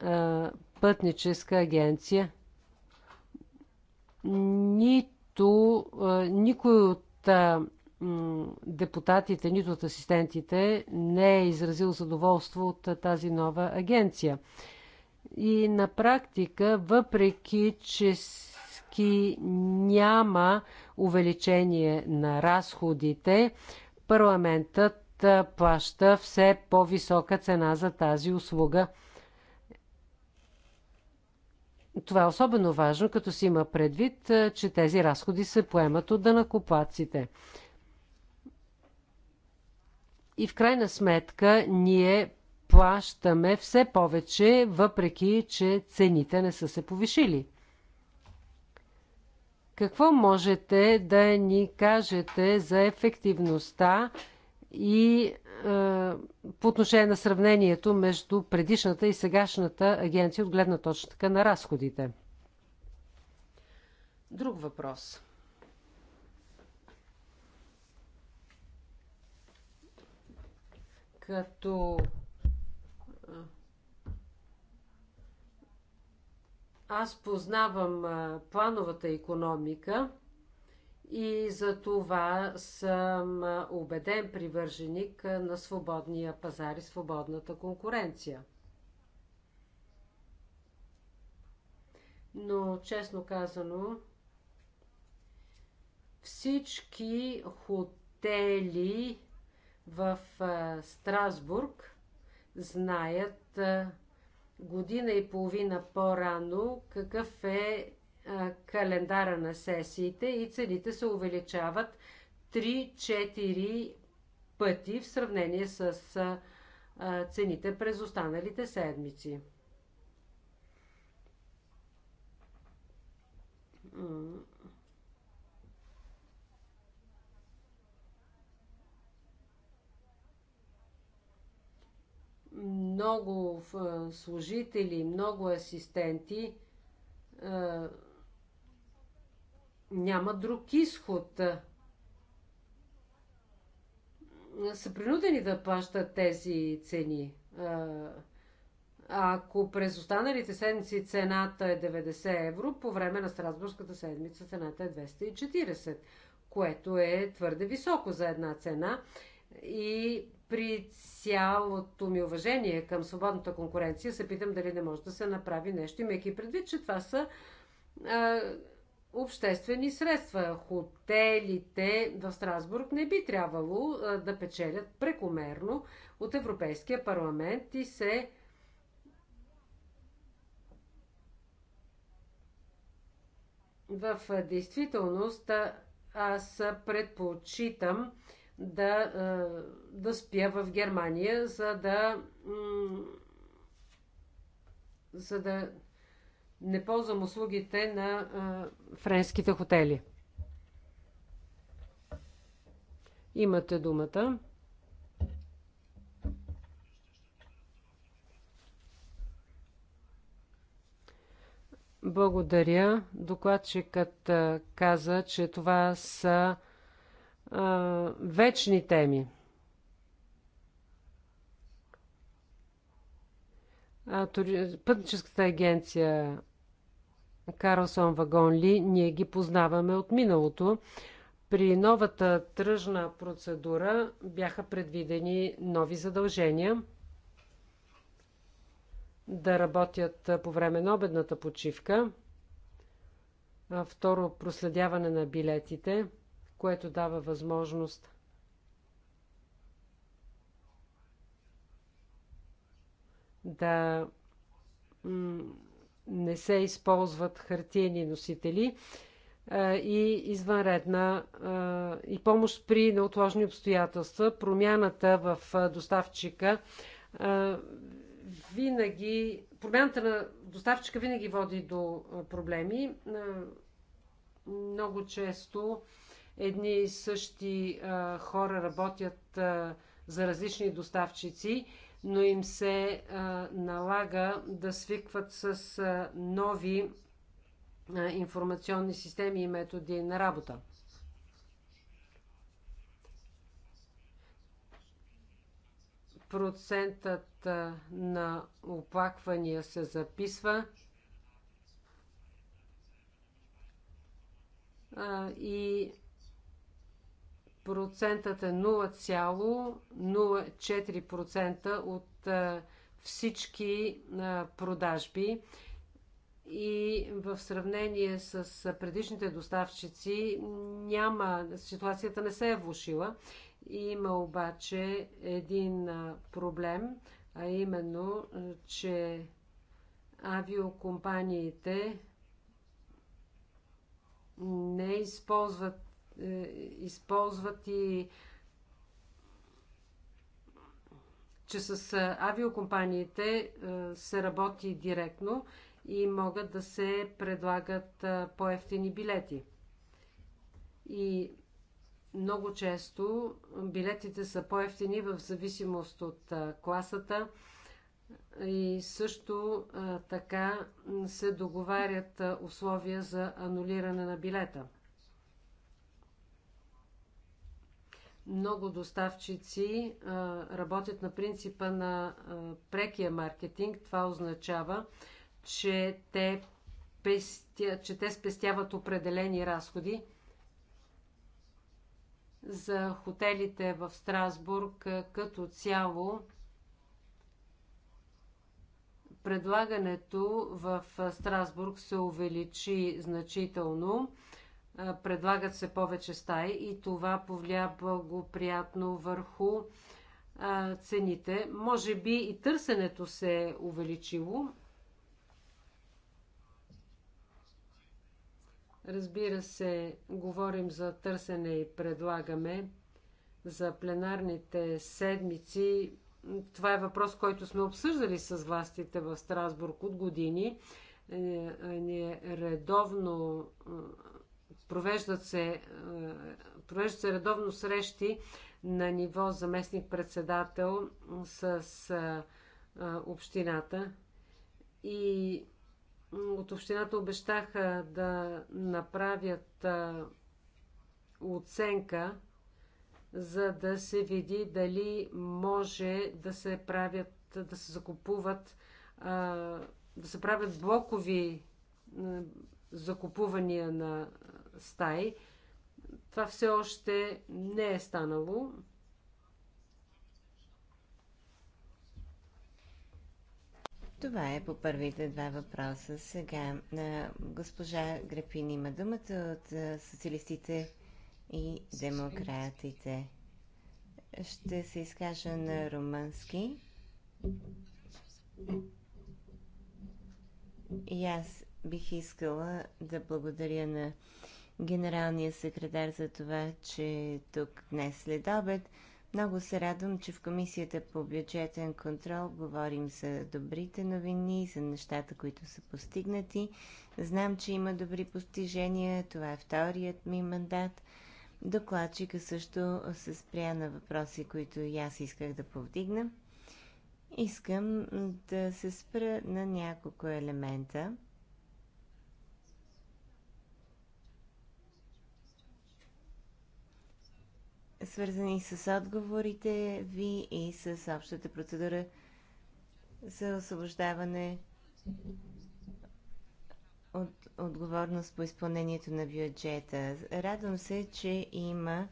а, пътническа агенция. Нито никой от депутатите, нито от асистентите не е изразил задоволство от тази нова агенция. И на практика, въпреки че няма увеличение на разходите, парламентът плаща все по-висока цена за тази услуга. Това е особено важно, като си има предвид, че тези разходи се поемат от дънакоплаците. И в крайна сметка ние плащаме все повече, въпреки че цените не са се повишили. Какво можете да ни кажете за ефективността и е, по отношение на сравнението между предишната и сегашната агенция от гледна точка на разходите? Друг въпрос. Като Аз познавам плановата економика и за това съм убеден привърженик на свободния пазар и свободната конкуренция. Но, честно казано, всички хотели в Страсбург знаят година и половина по-рано какъв е календара на сесиите и цените се увеличават 3-4 пъти в сравнение с цените през останалите седмици. много е, служители, много асистенти е, няма друг изход. Са принудени да плащат тези цени. Е, ако през останалите седмици цената е 90 евро, по време на Страсбургската седмица цената е 240, което е твърде високо за една цена и при цялото ми уважение към свободната конкуренция се питам дали не може да се направи нещо, имайки предвид, че това са а, обществени средства. Хотелите в Страсбург не би трябвало а, да печелят прекомерно от Европейския парламент и се в действителност аз предпочитам да, е, да спя в Германия, за да, за да не ползвам услугите на е, френските хотели. Имате думата. Благодаря. Докладчикът е, каза, че това са а, вечни теми. А, тури... Пътническата агенция Карлсон Вагон Ли, ние ги познаваме от миналото. При новата тръжна процедура бяха предвидени нови задължения да работят по време на обедната почивка. Второ, проследяване на билетите – което дава възможност да не се използват хартиени носители и извънредна и помощ при неотложни обстоятелства. Промяната в доставчика винаги промяната на доставчика винаги води до проблеми. Много често едни и същи а, хора работят а, за различни доставчици, но им се а, налага да свикват с а, нови а, информационни системи и методи на работа. Процентът а, на оплаквания се записва. и процентът е 0,04% от всички продажби и в сравнение с предишните доставчици няма, ситуацията не се е влушила. Има обаче един проблем, а именно, че авиокомпаниите не използват е, използват и че с е, авиокомпаниите е, се работи директно и могат да се предлагат по-ефтини билети. И много често билетите са по-ефтини в зависимост от класата и също така се договарят условия за анулиране на билета. Много доставчици а, работят на принципа на а, прекия маркетинг. Това означава, че те, пестя, че те спестяват определени разходи. За хотелите в Страсбург като цяло предлагането в Страсбург се увеличи значително предлагат се повече стаи и това повлия благоприятно върху цените. Може би и търсенето се е увеличило. Разбира се, говорим за търсене и предлагаме за пленарните седмици. Това е въпрос, който сме обсъждали с властите в Страсбург от години. Е, е, ние редовно Провеждат се, е, провеждат се редовно срещи на ниво заместник-председател с е, е, общината и от общината обещаха да направят оценка, за да се види дали може да се правят, да се закупуват, да се правят блокови закупувания на стаи. Това все още не е станало. Това е по първите два въпроса. Сега госпожа Грепин има думата от социалистите и демократите. Ще се изкажа на румънски. И аз бих искала да благодаря на генералния секретар за това, че е тук днес след обед. Много се радвам, че в Комисията по бюджетен контрол говорим за добрите новини, за нещата, които са постигнати. Знам, че има добри постижения. Това е вторият ми мандат. Докладчика също се спря на въпроси, които и аз исках да повдигна. Искам да се спра на няколко елемента. свързани с отговорите ви и с общата процедура за освобождаване от отговорност по изпълнението на бюджета. Радвам се, че има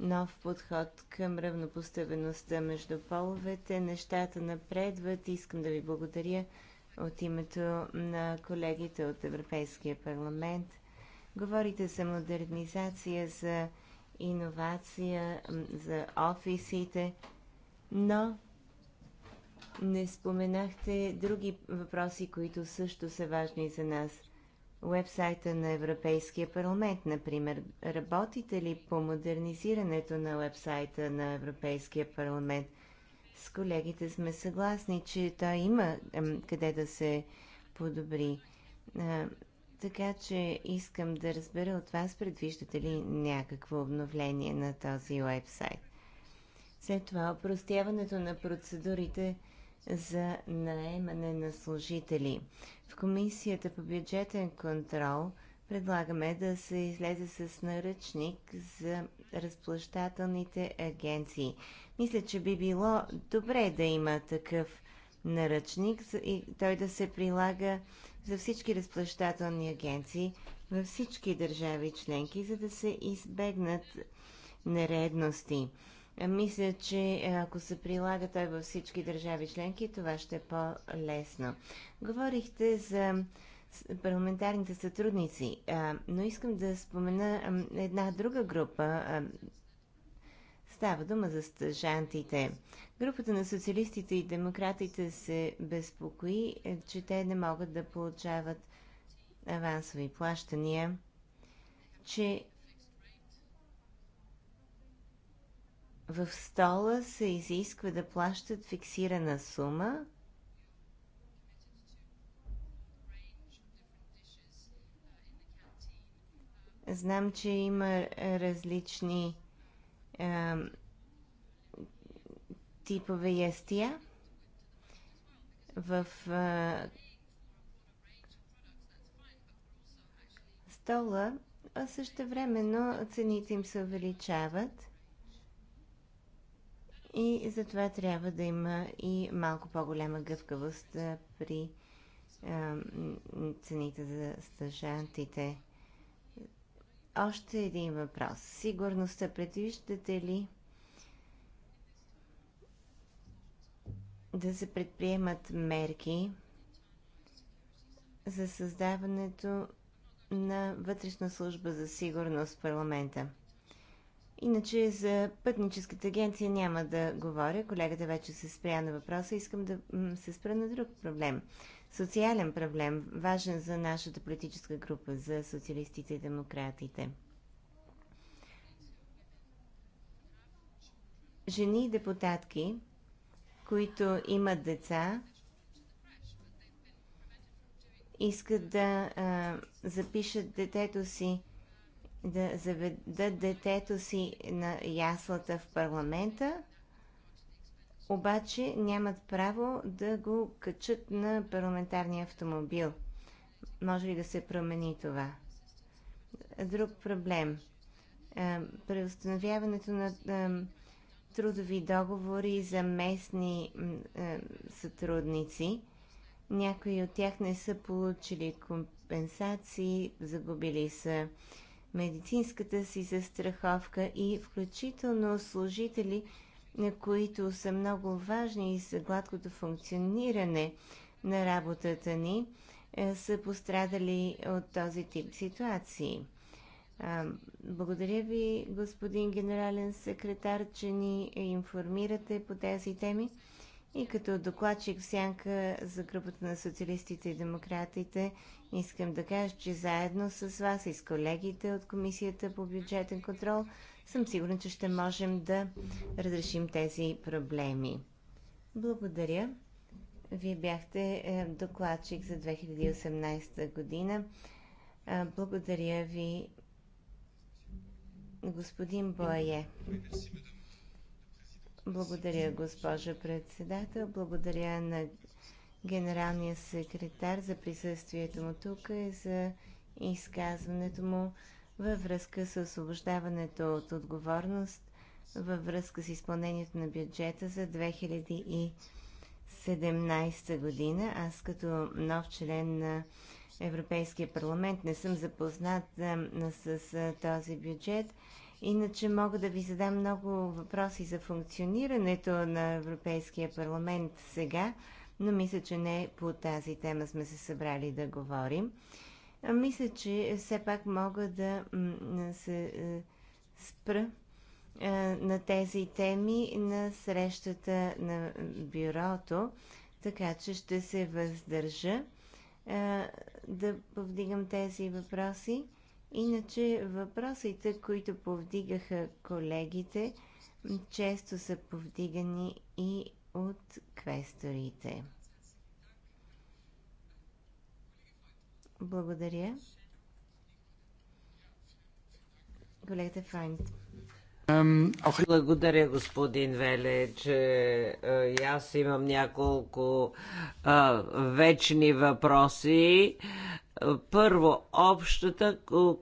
нов подход към равнопоставеността между половете. Нещата напредват. Искам да ви благодаря от името на колегите от Европейския парламент. Говорите за модернизация, за иновация, за офисите, но не споменахте други въпроси, които също са важни за нас. Уебсайта на Европейския парламент, например. Работите ли по модернизирането на уебсайта на Европейския парламент? С колегите сме съгласни, че той има къде да се подобри. Така че искам да разбера от вас, предвиждате ли някакво обновление на този уебсайт. След това опростяването на процедурите за наемане на служители. В Комисията по бюджетен контрол предлагаме да се излезе с наръчник за разплащателните агенции. Мисля, че би било добре да има такъв наръчник и той да се прилага за всички разплащателни агенции във всички държави членки, за да се избегнат нередности. Мисля, че ако се прилага той във всички държави членки, това ще е по-лесно. Говорихте за парламентарните сътрудници, но искам да спомена една друга група Става дума за стъжантите. Групата на социалистите и демократите се безпокои, е, че те не могат да получават авансови плащания, че в стола се изисква да плащат фиксирана сума, Знам, че има различни типове ястия в стола, а също времено цените им се увеличават и затова трябва да има и малко по-голяма гъвкавост при цените за стъжантите. Още един въпрос. Сигурността предвиждате ли да се предприемат мерки за създаването на вътрешна служба за сигурност в парламента? Иначе за пътническата агенция няма да говоря. Колегата вече се спря на въпроса. Искам да се спра на друг проблем социален проблем, важен за нашата политическа група, за социалистите и демократите. Жени и депутатки, които имат деца, искат да а, запишат детето си, да заведат детето си на яслата в парламента, обаче нямат право да го качат на парламентарния автомобил. Може ли да се промени това? Друг проблем. Е, преустановяването на е, трудови договори за местни е, сътрудници. Някои от тях не са получили компенсации, загубили са медицинската си застраховка и включително служители, на които са много важни и за гладкото функциониране на работата ни, е, са пострадали от този тип ситуации. Благодаря ви, господин генерален секретар, че ни информирате по тези теми. И като докладчик в сянка за групата на социалистите и демократите, искам да кажа, че заедно с вас и с колегите от Комисията по бюджетен контрол съм сигурна, че ще можем да разрешим тези проблеми. Благодаря. Вие бяхте е, докладчик за 2018 година. Е, благодаря ви, господин Боае. Благодаря, госпожа председател. Благодаря на генералния секретар за присъствието му тук и за изказването му във връзка с освобождаването от отговорност във връзка с изпълнението на бюджета за 2017 година. Аз като нов член на Европейския парламент не съм запознат с този бюджет Иначе мога да ви задам много въпроси за функционирането на Европейския парламент сега, но мисля, че не по тази тема сме се събрали да говорим. А мисля, че все пак мога да се е, спра е, на тези теми на срещата на бюрото, така че ще се въздържа е, да повдигам тези въпроси. Иначе въпросите, които повдигаха колегите, често са повдигани и от квесторите. Благодаря. Колегата Файнт. Благодаря, господин Веле, че и аз имам няколко а, вечни въпроси. Първо, общата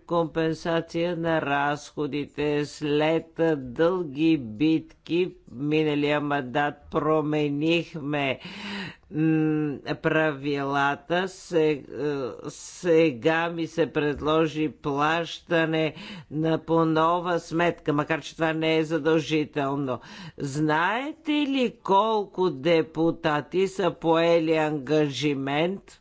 компенсация на разходите след дълги битки миналия мандат променихме правилата. Е, сега ми се предложи плащане на по нова сметка, макар че това не е задължително. Знаете ли колко депутати са поели ангажимент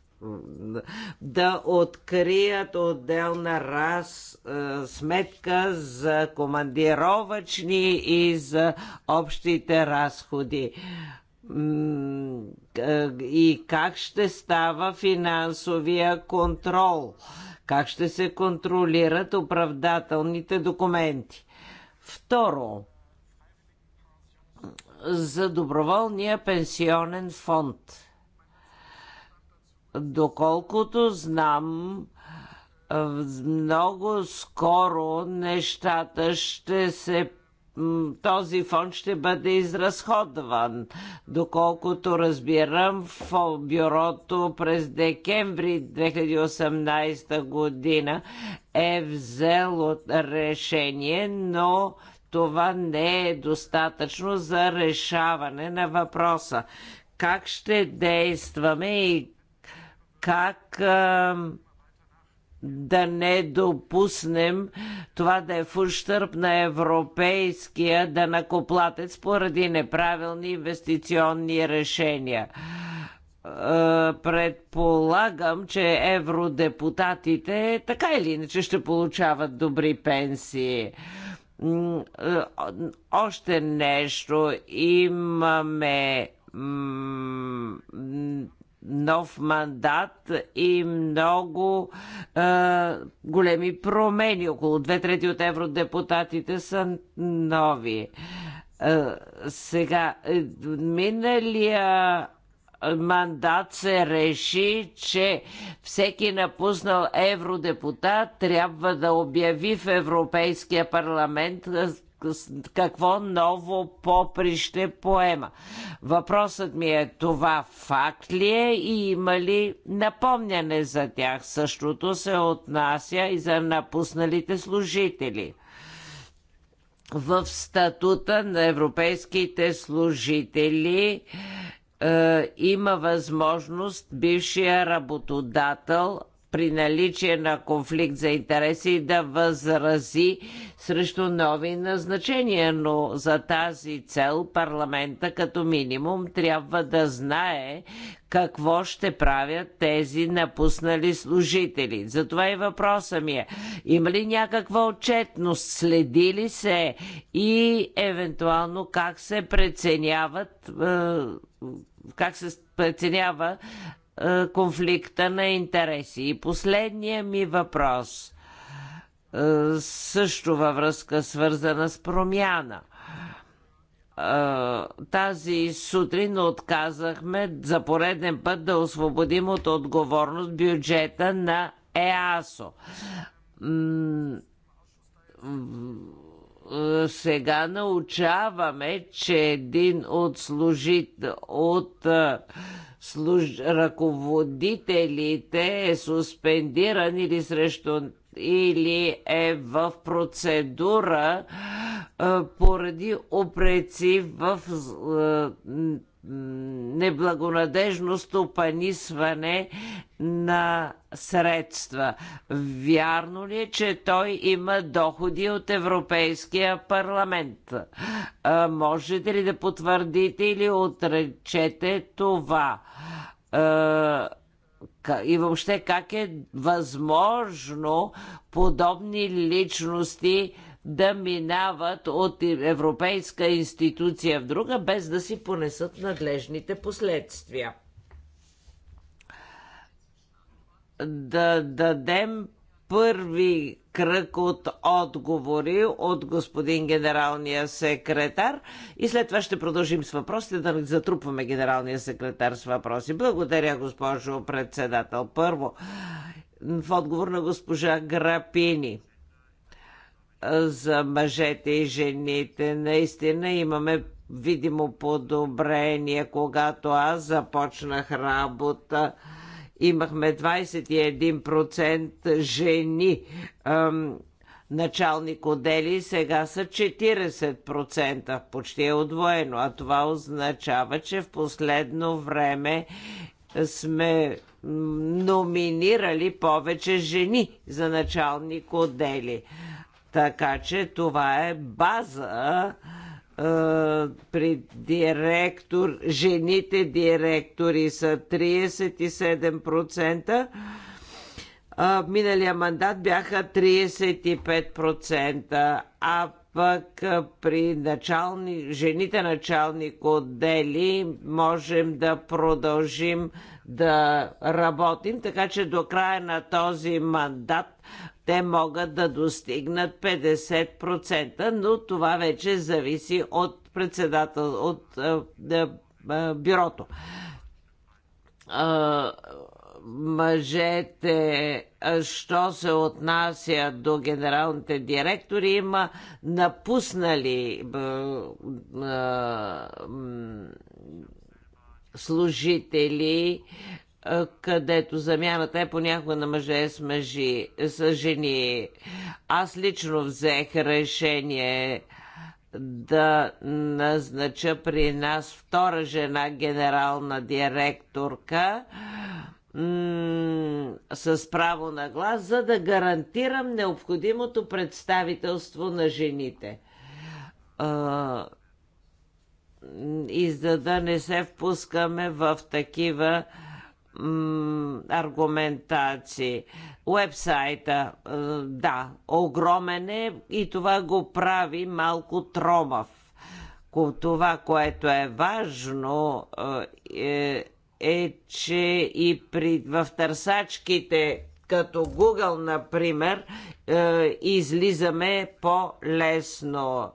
да открият отделна раз е, сметка за командировачни и за общите разходи е, и как ще става финансовия контрол, как ще се контролират оправдателните документи. Второ, за доброволния пенсионен фонд. Доколкото знам, е, много скоро нещата ще се този фонд ще бъде изразходван. Доколкото разбирам, в бюрото през декември 2018 година е взело решение, но това не е достатъчно за решаване на въпроса. Как ще действаме и как да не допуснем това да е в ущърп на европейския данакоплатец поради неправилни инвестиционни решения. Предполагам, че евродепутатите така или иначе ще получават добри пенсии още нещо. Имаме нов мандат и много е, големи промени. Около две трети от евродепутатите са нови. Е, сега, миналия мандат се реши, че всеки напуснал евродепутат трябва да обяви в Европейския парламент какво ново поприще поема. Въпросът ми е това факт ли е и има ли напомняне за тях? Същото се отнася и за напусналите служители в статута на европейските служители е, има възможност бившия работодател при наличие на конфликт за интереси да възрази срещу нови назначения, но за тази цел парламента като минимум трябва да знае какво ще правят тези напуснали служители. Затова и въпроса ми е, има ли някаква отчетност, следи ли се и евентуално как се преценяват, е, как се преценява е, конфликта на интереси. И последния ми въпрос е, също във връзка свързана с промяна е, тази сутрин отказахме за пореден път да освободим от отговорност бюджета на ЕАСО. Сега научаваме, че един от служител от служ... ръководителите е суспендиран или срещу или е в процедура а, поради опреци в а, неблагонадежно стопанисване на средства. Вярно ли е, че той има доходи от Европейския парламент? А, можете ли да потвърдите или отречете това? А, и въобще как е възможно подобни личности да минават от европейска институция в друга, без да си понесат надлежните последствия? да дадем първи кръг от отговори от господин генералния секретар и след това ще продължим с въпросите, да не затрупваме генералния секретар с въпроси. Благодаря, госпожо председател. Първо, в отговор на госпожа Грапини за мъжете и жените. Наистина имаме видимо подобрение, когато аз започнах работа имахме 21% жени ам, началник отдели, сега са 40%, почти е отвоено, а това означава, че в последно време сме номинирали повече жени за началник отдели. Така че това е база при директор, жените директори са 37%, а, миналия мандат бяха 35%, а пък при начални, жените началник отдели можем да продължим да работим, така че до края на този мандат те могат да достигнат 50%, но това вече зависи от председател, от бюрото мъжете, що се отнася до генералните директори, има напуснали служители, където замяната е понякога на мъже с, мъжи, с жени. Аз лично взех решение да назнача при нас втора жена генерална директорка с право на глас, за да гарантирам необходимото представителство на жените. А, и за да не се впускаме в такива а, аргументации. Уебсайта, е, да, огромен е и това го прави малко тромав. Това, което е важно, е, е, е че и при, в търсачките като Google, например, е, излизаме по-лесно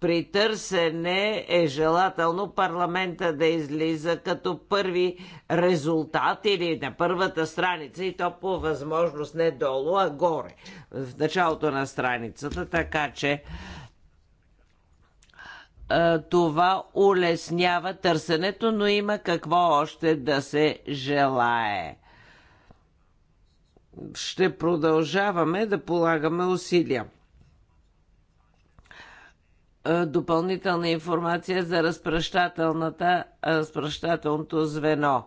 при търсене е желателно парламента да излиза като първи резултат или на първата страница и то по възможност не долу, а горе в началото на страницата, така че това улеснява търсенето, но има какво още да се желае. Ще продължаваме да полагаме усилия е, допълнителна информация за разпращателното е, звено.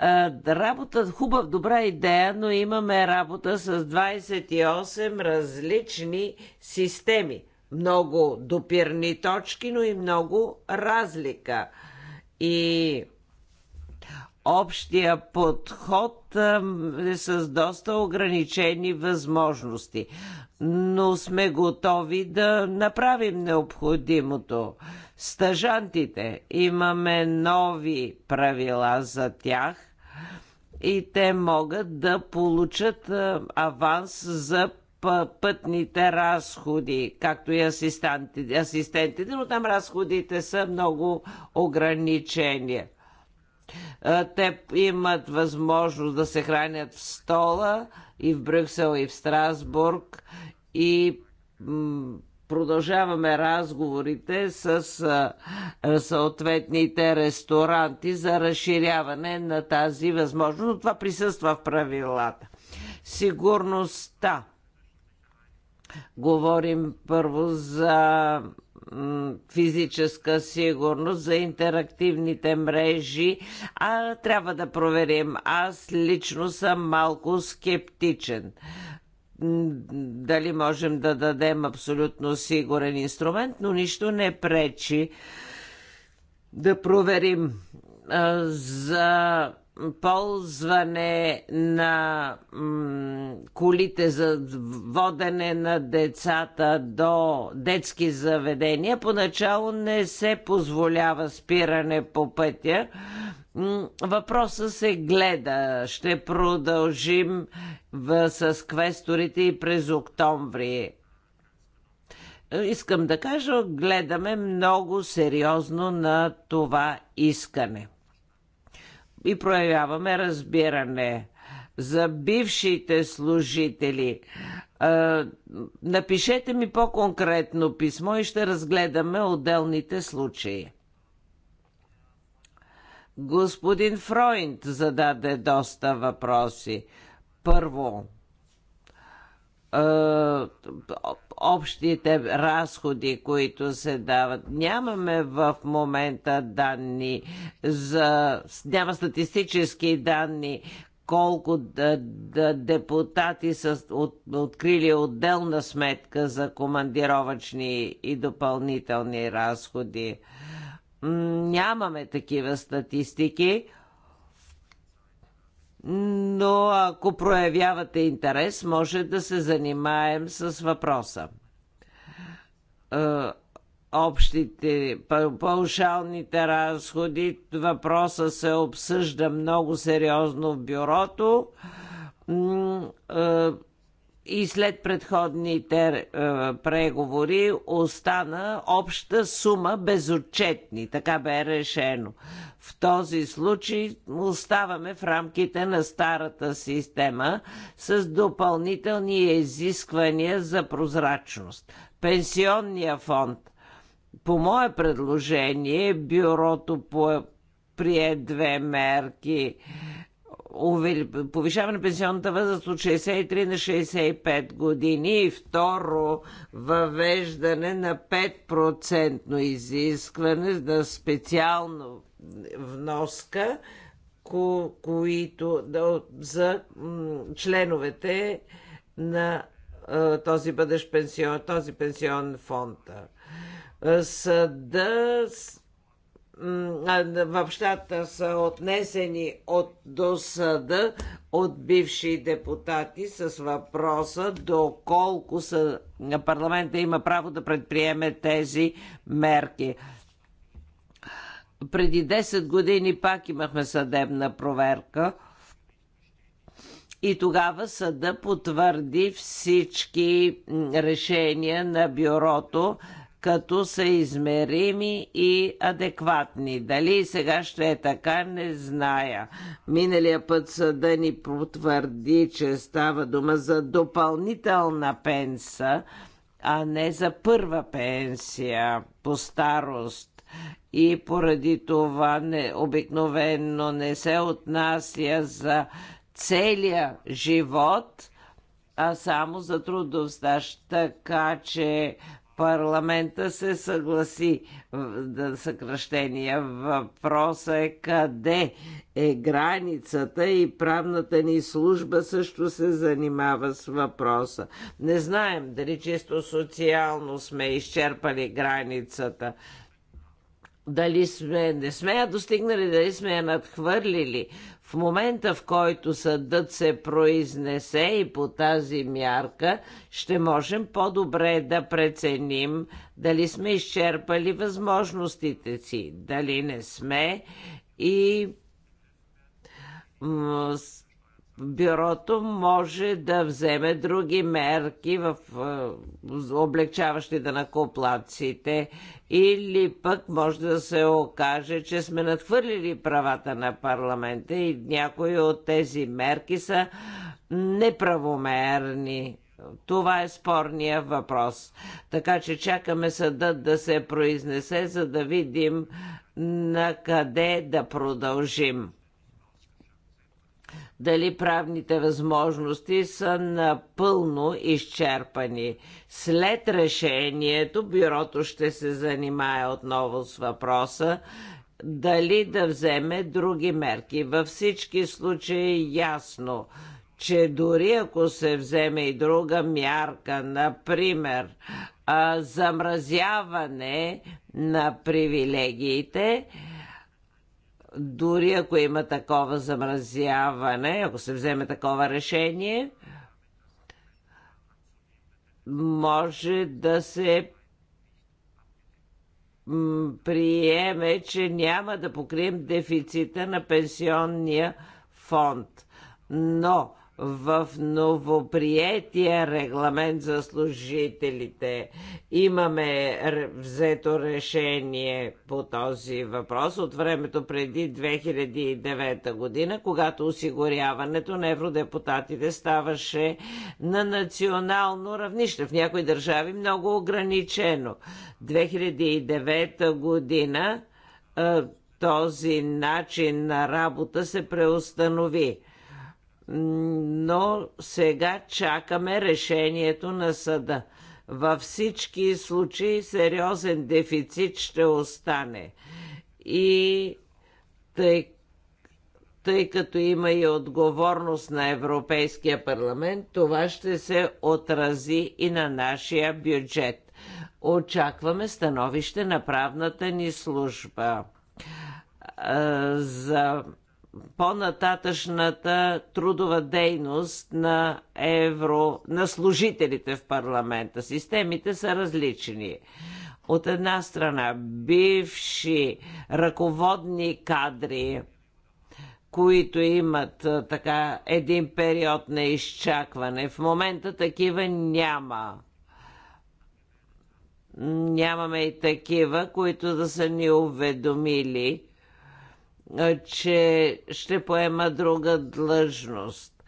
Е, работа, хубав, добра идея, но имаме работа с 28 различни системи. Много допирни точки, но и много разлика. И общия подход е с доста ограничени възможности, но сме готови да направим необходимото. Стажантите имаме нови правила за тях и те могат да получат аванс за пътните разходи, както и асистентите, асистентите, но там разходите са много ограничени. Те имат възможност да се хранят в стола и в Брюксел, и в Страсбург и продължаваме разговорите с съответните ресторанти за разширяване на тази възможност. Но това присъства в правилата. Сигурността. Говорим първо за физическа сигурност, за интерактивните мрежи, а трябва да проверим. Аз лично съм малко скептичен дали можем да дадем абсолютно сигурен инструмент, но нищо не пречи да проверим за ползване на колите за водене на децата до детски заведения. Поначало не се позволява спиране по пътя. Въпросът се гледа. Ще продължим в, с квесторите и през октомври искам да кажа, гледаме много сериозно на това искане и проявяваме разбиране за бившите служители. А, напишете ми по-конкретно писмо и ще разгледаме отделните случаи. Господин Фройнд зададе доста въпроси. Първо, общите разходи, които се дават. Нямаме в момента данни за... Няма статистически данни колко да, да, депутати са от, открили отделна сметка за командировачни и допълнителни разходи. Нямаме такива статистики но ако проявявате интерес, може да се занимаем с въпроса. Е, общите паушалните разходи, въпроса се обсъжда много сериозно в бюрото е, и след предходните е, преговори остана обща сума безотчетни. Така бе решено. В този случай оставаме в рамките на старата система с допълнителни изисквания за прозрачност. Пенсионния фонд. По мое предложение, бюрото по прие две мерки повишаване пенсионната възраст от 63 на 65 години и второ въвеждане на 5% изискване на специално вноска, ко, които да, за членовете на а, този бъдещ пенсион, този пенсионен фонд. Съда в щата са отнесени от, до съда от бивши депутати с въпроса доколко са, парламента има право да предприеме тези мерки преди 10 години пак имахме съдебна проверка и тогава съда потвърди всички решения на бюрото като са измерими и адекватни. Дали сега ще е така, не зная. Миналия път съда ни потвърди, че става дума за допълнителна пенса, а не за първа пенсия по старост и поради това не, обикновенно не се отнася за целия живот, а само за трудов стаж. Така че парламента се съгласи да съкръщения. Въпросът е къде е границата и правната ни служба също се занимава с въпроса. Не знаем дали чисто социално сме изчерпали границата дали сме, не сме я достигнали, дали сме я надхвърлили. В момента, в който съдът се произнесе и по тази мярка, ще можем по-добре да преценим дали сме изчерпали възможностите си, дали не сме и бюрото може да вземе други мерки в е, облегчаващи да накоплаците или пък може да се окаже, че сме надхвърлили правата на парламента и някои от тези мерки са неправомерни. Това е спорния въпрос. Така че чакаме съдът да се произнесе, за да видим на къде да продължим дали правните възможности са напълно изчерпани. След решението бюрото ще се занимае отново с въпроса дали да вземе други мерки. Във всички случаи е ясно, че дори ако се вземе и друга мярка, например замразяване на привилегиите, дори ако има такова замразяване, ако се вземе такова решение, може да се приеме, че няма да покрием дефицита на пенсионния фонд. Но в новоприятия регламент за служителите. Имаме взето решение по този въпрос от времето преди 2009 година, когато осигуряването на евродепутатите ставаше на национално равнище. В някои държави много ограничено. 2009 година този начин на работа се преустанови но сега чакаме решението на съда. Във всички случаи сериозен дефицит ще остане. И тъй, тъй като има и отговорност на Европейския парламент, това ще се отрази и на нашия бюджет. Очакваме становище на правната ни служба за по-нататъчната трудова дейност на евро, на служителите в парламента. Системите са различни. От една страна, бивши ръководни кадри, които имат така един период на изчакване. В момента такива няма. Нямаме и такива, които да са ни уведомили че ще поема друга длъжност.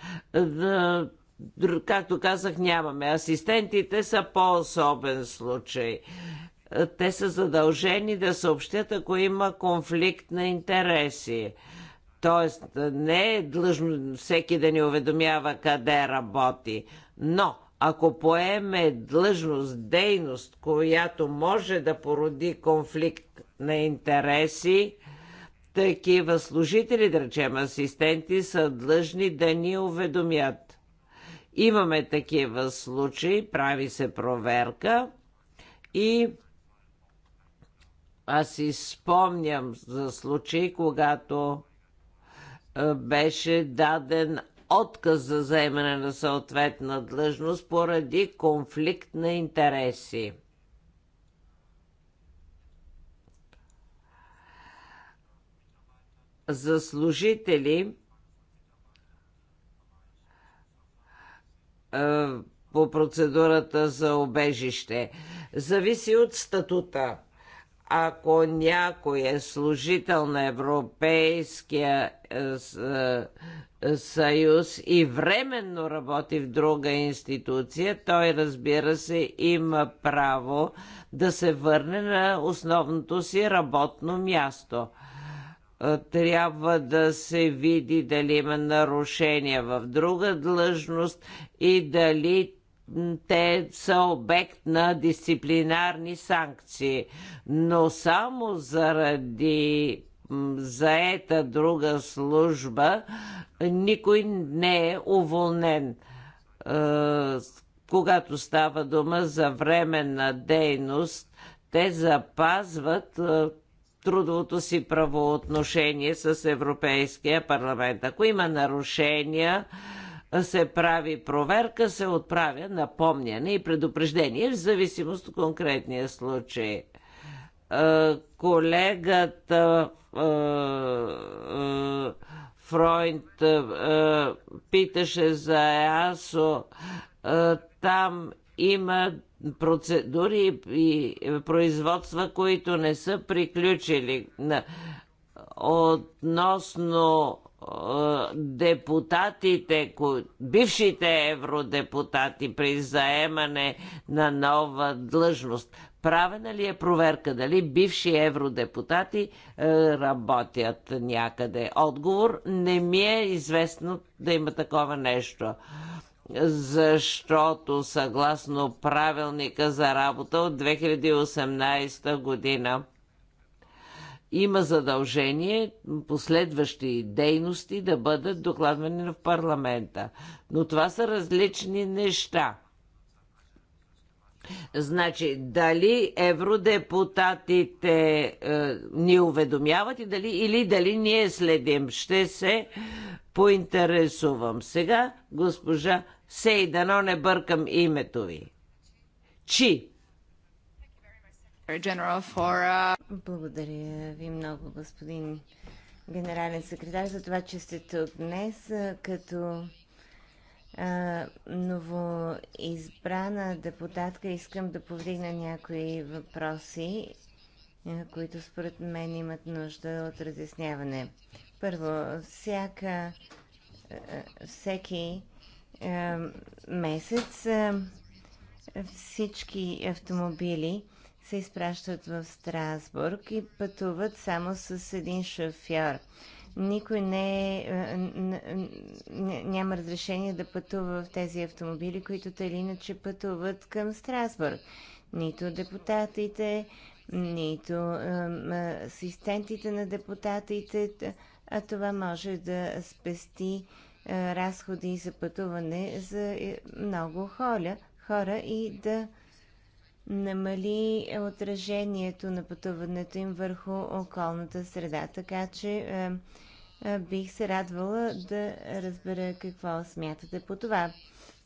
Както казах, нямаме. Асистентите са по-особен случай те са задължени да съобщят, ако има конфликт на интереси. Тоест, не е длъжно всеки да ни уведомява къде работи, но ако поеме длъжност, дейност, която може да породи конфликт на интереси, такива служители, да речем асистенти, са длъжни да ни уведомят. Имаме такива случаи, прави се проверка и аз си спомням за случаи, когато е, беше даден отказ за заемане на съответна длъжност поради конфликт на интереси. за служители е, по процедурата за обежище. Зависи от статута. Ако някой е служител на Европейския е, е, съюз и временно работи в друга институция, той разбира се има право да се върне на основното си работно място – е, трябва да се види дали има нарушения в друга длъжност и дали те са обект на дисциплинарни санкции. Но само заради заета друга служба никой не е уволнен е, когато става дума за временна дейност, те запазват е, трудовото си правоотношение с Европейския парламент. Ако има нарушения, се прави проверка, се отправя напомняне и предупреждение в зависимост от конкретния случай. Колегата Фройнт питаше за ЕАСО. Там има процедури и производства, които не са приключили. Относно е, депутатите, бившите евродепутати при заемане на нова длъжност. Правена ли е проверка дали бивши евродепутати е, работят някъде? Отговор не ми е известно да има такова нещо защото съгласно правилника за работа от 2018 година има задължение последващи дейности да бъдат докладвани в парламента. Но това са различни неща. Значи, дали евродепутатите е, ни уведомяват и дали, или дали ние следим? Ще се поинтересувам. Сега, госпожа Сей, не бъркам името ви. Чи? Uh, Благодаря ви много, господин генерален секретар, за това, че сте тук днес, като новоизбрана депутатка искам да повдигна някои въпроси, които според мен имат нужда от разясняване. Първо, всяка, всеки месец всички автомобили се изпращат в Страсбург и пътуват само с един шофьор. Никой не е, е няма разрешение да пътува в тези автомобили, които те или иначе пътуват към Страсбург. Нито депутатите, нито асистентите на депутатите, а това може да спести разходи за пътуване за е, много холя, хора и да намали отражението на пътуването им върху околната среда. Така че е, бих се радвала да разбера какво смятате по това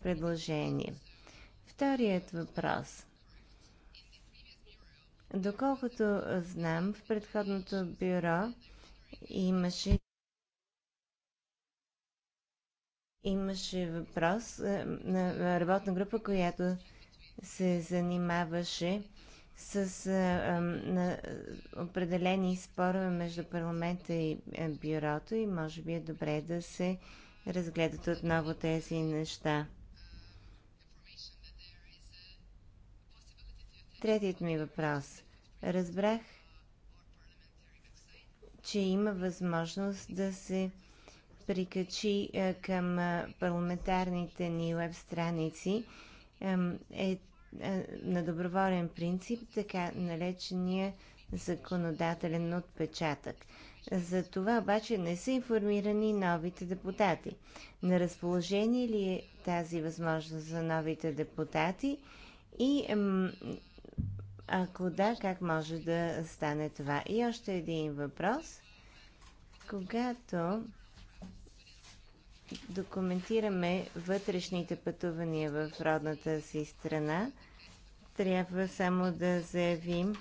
предложение. Вторият въпрос. Доколкото знам, в предходното бюро имаше имаше въпрос е, на работна група, която се занимаваше с а, а, на, определени спорове между парламента и а, е, бюрото и може би е добре да се разгледат отново тези неща. Третият ми въпрос. Разбрах, че има възможност да се прикачи е, към парламентарните ни веб страници е е, на доброволен принцип, така наречения законодателен отпечатък. За това обаче не са информирани новите депутати. На разположение ли е тази възможност за новите депутати и ако да, как може да стане това? И още един въпрос. Когато документираме вътрешните пътувания в родната си страна, трябва само да заявим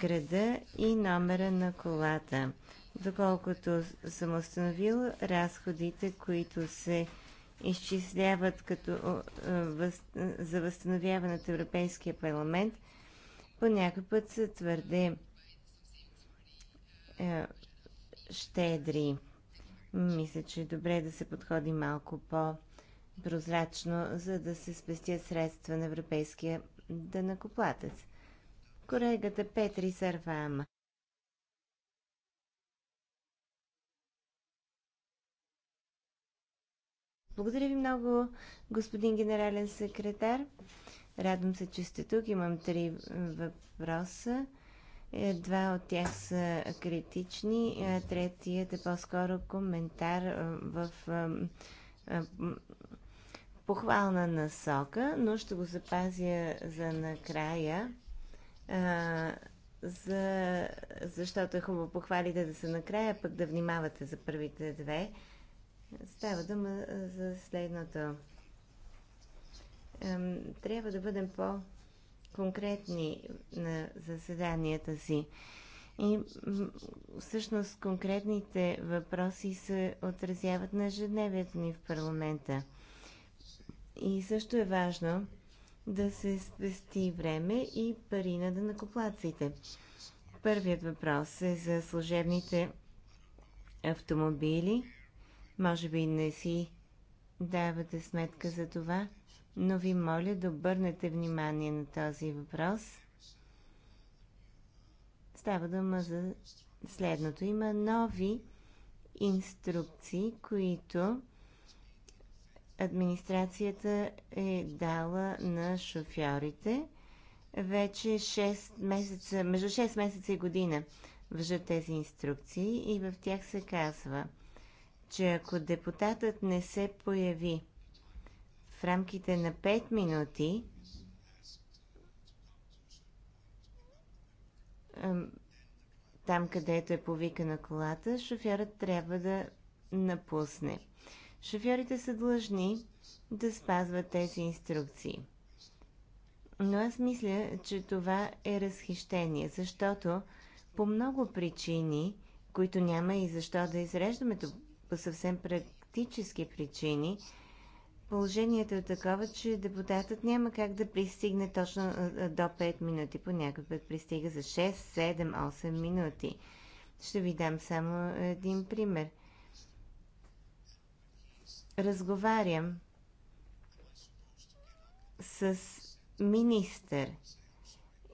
града и номера на колата. Доколкото съм установил, разходите, които се изчисляват като, е, за възстановяване от Европейския парламент, по път са твърде е, щедри. Мисля, че е добре да се подходи малко по-прозрачно, за да се спестят средства на европейския дънакоплатец. Колегата Петри Сарвама. Благодаря ви много, господин генерален секретар. Радвам се, че сте тук. Имам три въпроса. Е, два от тях са критични, а третият е по-скоро коментар в похвална насока, но ще го запазя за накрая, за, защото е хубаво похвалите да са накрая, пък да внимавате за първите две. Става дума за следното. Трябва да бъдем по- конкретни на заседанията си. И всъщност конкретните въпроси се отразяват на ежедневието ни в парламента. И също е важно да се спести време и пари на данакоплаците. Първият въпрос е за служебните автомобили. Може би не си давате сметка за това но ви моля да обърнете внимание на този въпрос. Става дума за следното. Има нови инструкции, които администрацията е дала на шофьорите вече 6 месеца, между 6 месеца и година въжат тези инструкции и в тях се казва, че ако депутатът не се появи в рамките на 5 минути там, където е повикана колата, шофьорът трябва да напусне. Шофьорите са длъжни да спазват тези инструкции. Но аз мисля, че това е разхищение, защото по много причини, които няма и защо да изреждаме, по съвсем практически причини, положението е такова, че депутатът няма как да пристигне точно до 5 минути. Понякога път пристига за 6, 7, 8 минути. Ще ви дам само един пример. Разговарям с министър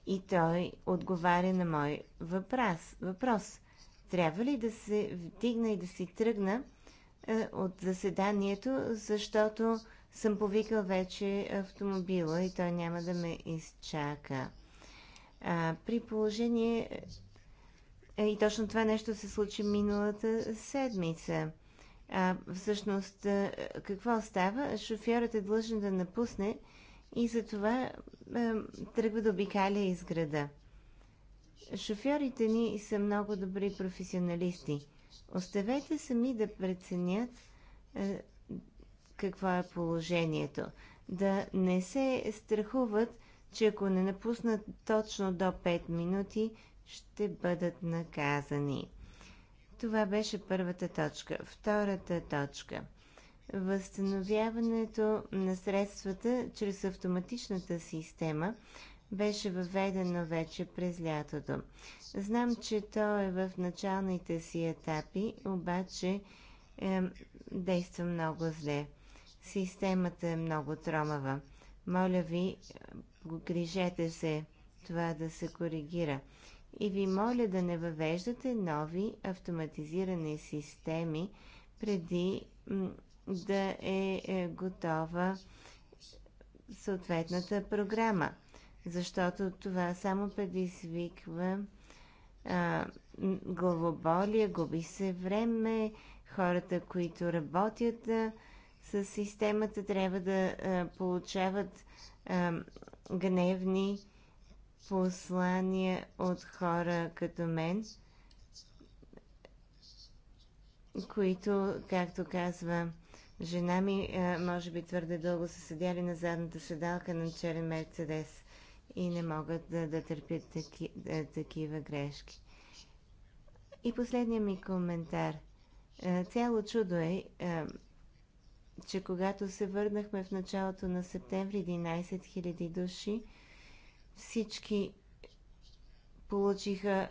и той отговаря на мой въпрос. въпрос. Трябва ли да се вдигна и да си тръгна? Е, от заседанието, защото съм повикал вече автомобила и той няма да ме изчака. А, при положение... Е, и точно това нещо се случи миналата седмица. А, всъщност, е, какво става? Шофьорът е длъжен да напусне и затова а, тръгва да обикаля изграда. Шофьорите ни са много добри професионалисти. Оставете сами да преценят е, какво е положението. Да не се страхуват, че ако не напуснат точно до 5 минути, ще бъдат наказани. Това беше първата точка. Втората точка. Възстановяването на средствата чрез автоматичната система беше въведено вече през лятото. Знам, че то е в началните си етапи, обаче е, действа много зле. Системата е много тромава. Моля ви, е, грижете се това да се коригира. И ви моля да не въвеждате нови автоматизирани системи преди да е, е готова съответната програма защото това само предизвиква а, главоболие, губи се време, хората, които работят а, с системата, трябва да а, получават а, гневни послания от хора като мен, които, както казва жена ми, а, може би твърде дълго са седяли на задната седалка на черен Мерцедес и не могат да, да търпят таки, да, такива грешки. И последният ми коментар. Е, цяло чудо е, е, че когато се върнахме в началото на септември 11 000 души, всички получиха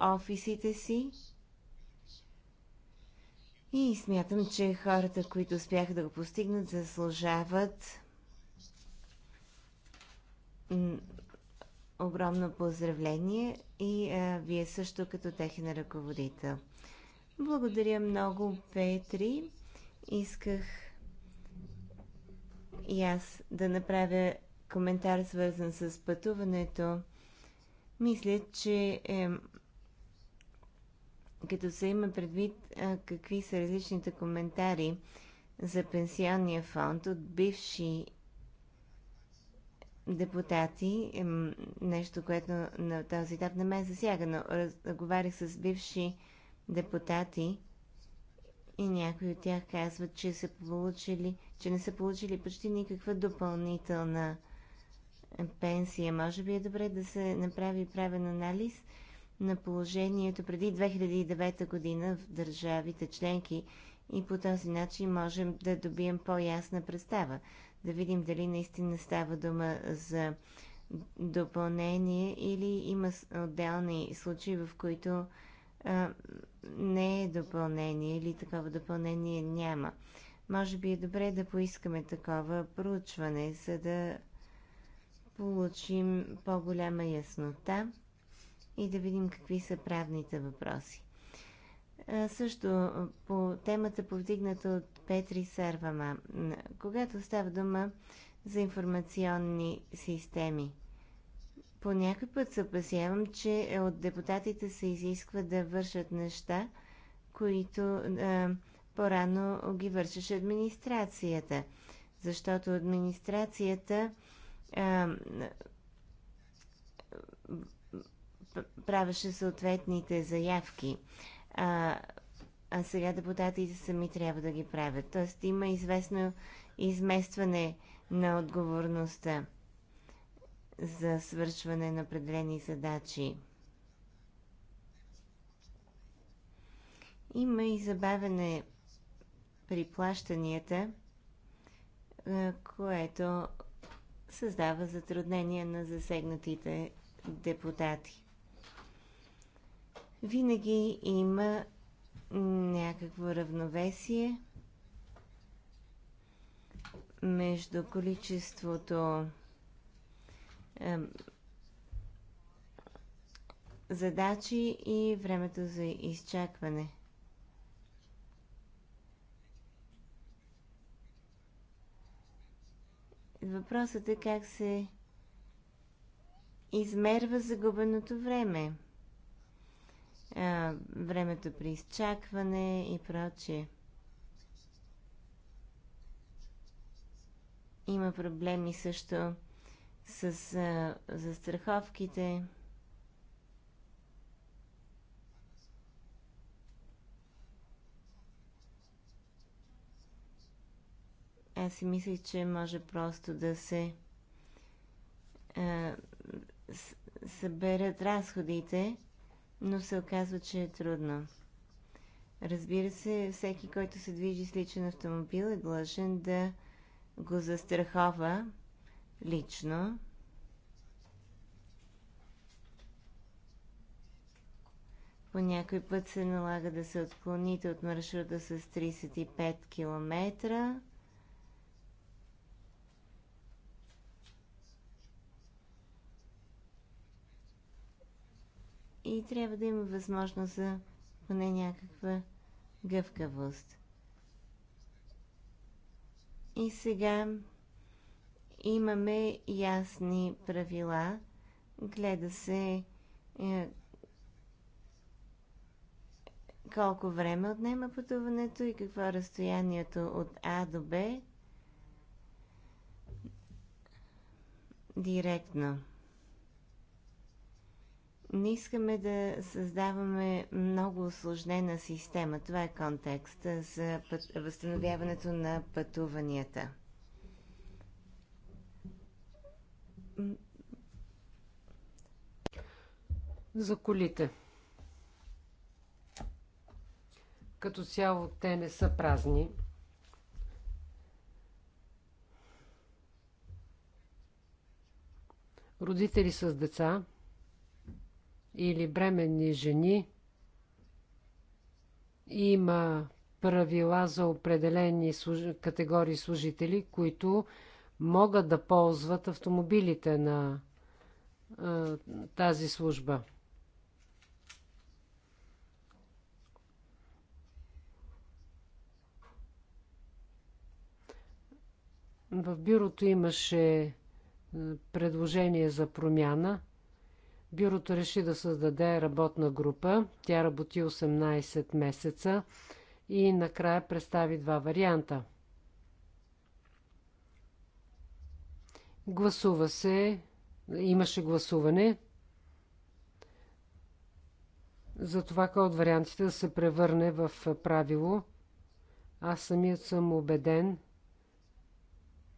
офисите си и смятам, че хората, които успяха да го постигнат, заслужават огромно поздравление и а, е, вие също като техен ръководител. Благодаря много, Петри. Исках и аз да направя коментар, свързан с пътуването. Мисля, че е, като се има предвид а, е, какви са различните коментари за пенсионния фонд от бивши депутати, нещо, което на този етап не ме засяга, но разговарях с бивши депутати и някои от тях казват, че, са получили, че не са получили почти никаква допълнителна е, пенсия. Може би е добре да се направи правен анализ на положението преди 2009 година в държавите членки и по този начин можем да добием по-ясна представа да видим дали наистина става дума за допълнение или има отделни случаи, в които а, не е допълнение или такова допълнение няма. Може би е добре да поискаме такова проучване, за да получим по-голяма яснота и да видим какви са правните въпроси. А, също по темата повдигната от Петри Сарвама. Когато става дума за информационни системи, по някой път се опасявам, че е, от депутатите се изисква да вършат неща, които е, по-рано ги вършеше администрацията. Защото администрацията е, правеше съответните заявки. Е, а сега депутатите сами трябва да ги правят. Тоест има известно изместване на отговорността за свършване на определени задачи. Има и забавене при плащанията, което създава затруднения на засегнатите депутати. Винаги има някакво равновесие между количеството е, задачи и времето за изчакване. Въпросът е как се измерва загубеното време а, времето при изчакване и прочие. Има проблеми също с а, застраховките. Аз си мислих, че може просто да се а, съберат разходите но се оказва, че е трудно. Разбира се, всеки, който се движи с личен автомобил, е длъжен да го застрахова лично. По някой път се налага да се отклоните от маршрута с 35 км. и трябва да има възможност за поне някаква гъвкавост. И сега имаме ясни правила. Гледа се е, колко време отнема пътуването и какво е разстоянието от А до Б директно. Не искаме да създаваме много осложнена система. Това е контекст за път... възстановяването на пътуванията. За колите. Като цяло те не са празни. Родители с деца или бременни жени. Има правила за определени категории служители, които могат да ползват автомобилите на а, тази служба. В бюрото имаше предложение за промяна – Бюрото реши да създаде работна група. Тя работи 18 месеца и накрая представи два варианта. Гласува се, имаше гласуване за това кой от вариантите да се превърне в правило. Аз самият съм убеден,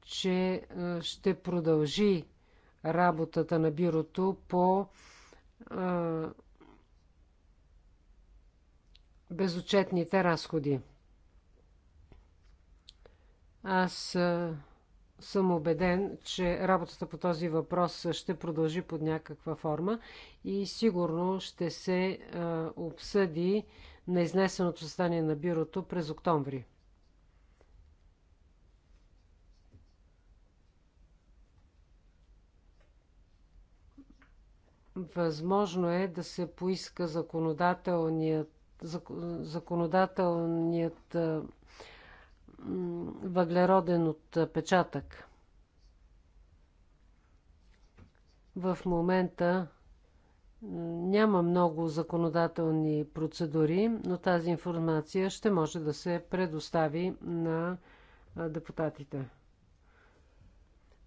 че ще продължи работата на бюрото по а, безучетните разходи. Аз а, съм убеден, че работата по този въпрос ще продължи под някаква форма и сигурно ще се а, обсъди на изнесеното състояние на бюрото през октомври. Възможно е да се поиска законодателният, законодателният въглероден отпечатък. В момента няма много законодателни процедури, но тази информация ще може да се предостави на депутатите.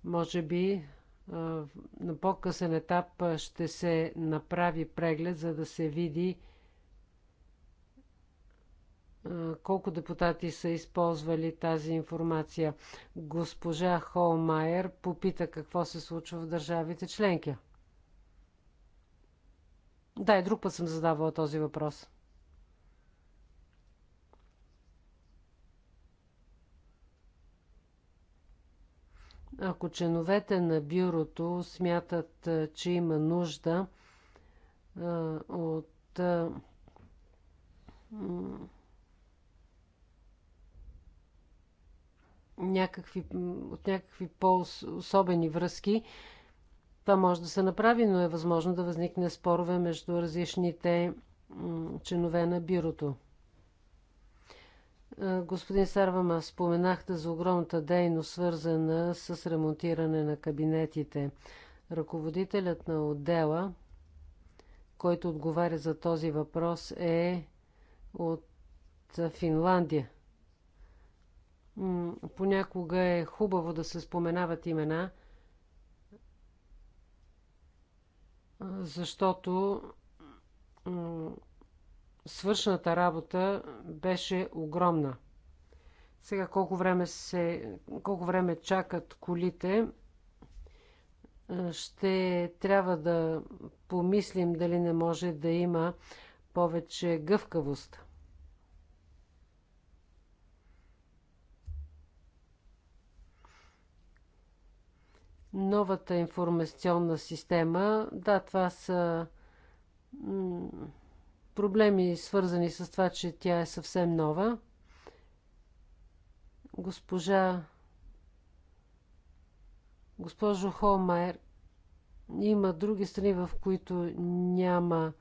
Може би на по-късен етап ще се направи преглед, за да се види колко депутати са използвали тази информация. Госпожа Холмайер попита какво се случва в държавите членки. Да, и друг път съм задавала този въпрос. Ако членовете на бюрото смятат, че има нужда от някакви, от някакви по-особени връзки, това може да се направи, но е възможно да възникне спорове между различните членове на бюрото. Господин Сарвама, споменахте за огромната дейност, свързана с ремонтиране на кабинетите. Ръководителят на отдела, който отговаря за този въпрос, е от Финландия. Понякога е хубаво да се споменават имена, защото Свършната работа беше огромна. Сега колко време, се, колко време чакат колите, е, ще трябва да помислим дали не може да има повече гъвкавост. Новата информационна система, да, това са проблеми, свързани с това, че тя е съвсем нова. Госпожа Госпожо Холмайер, има други страни, в които няма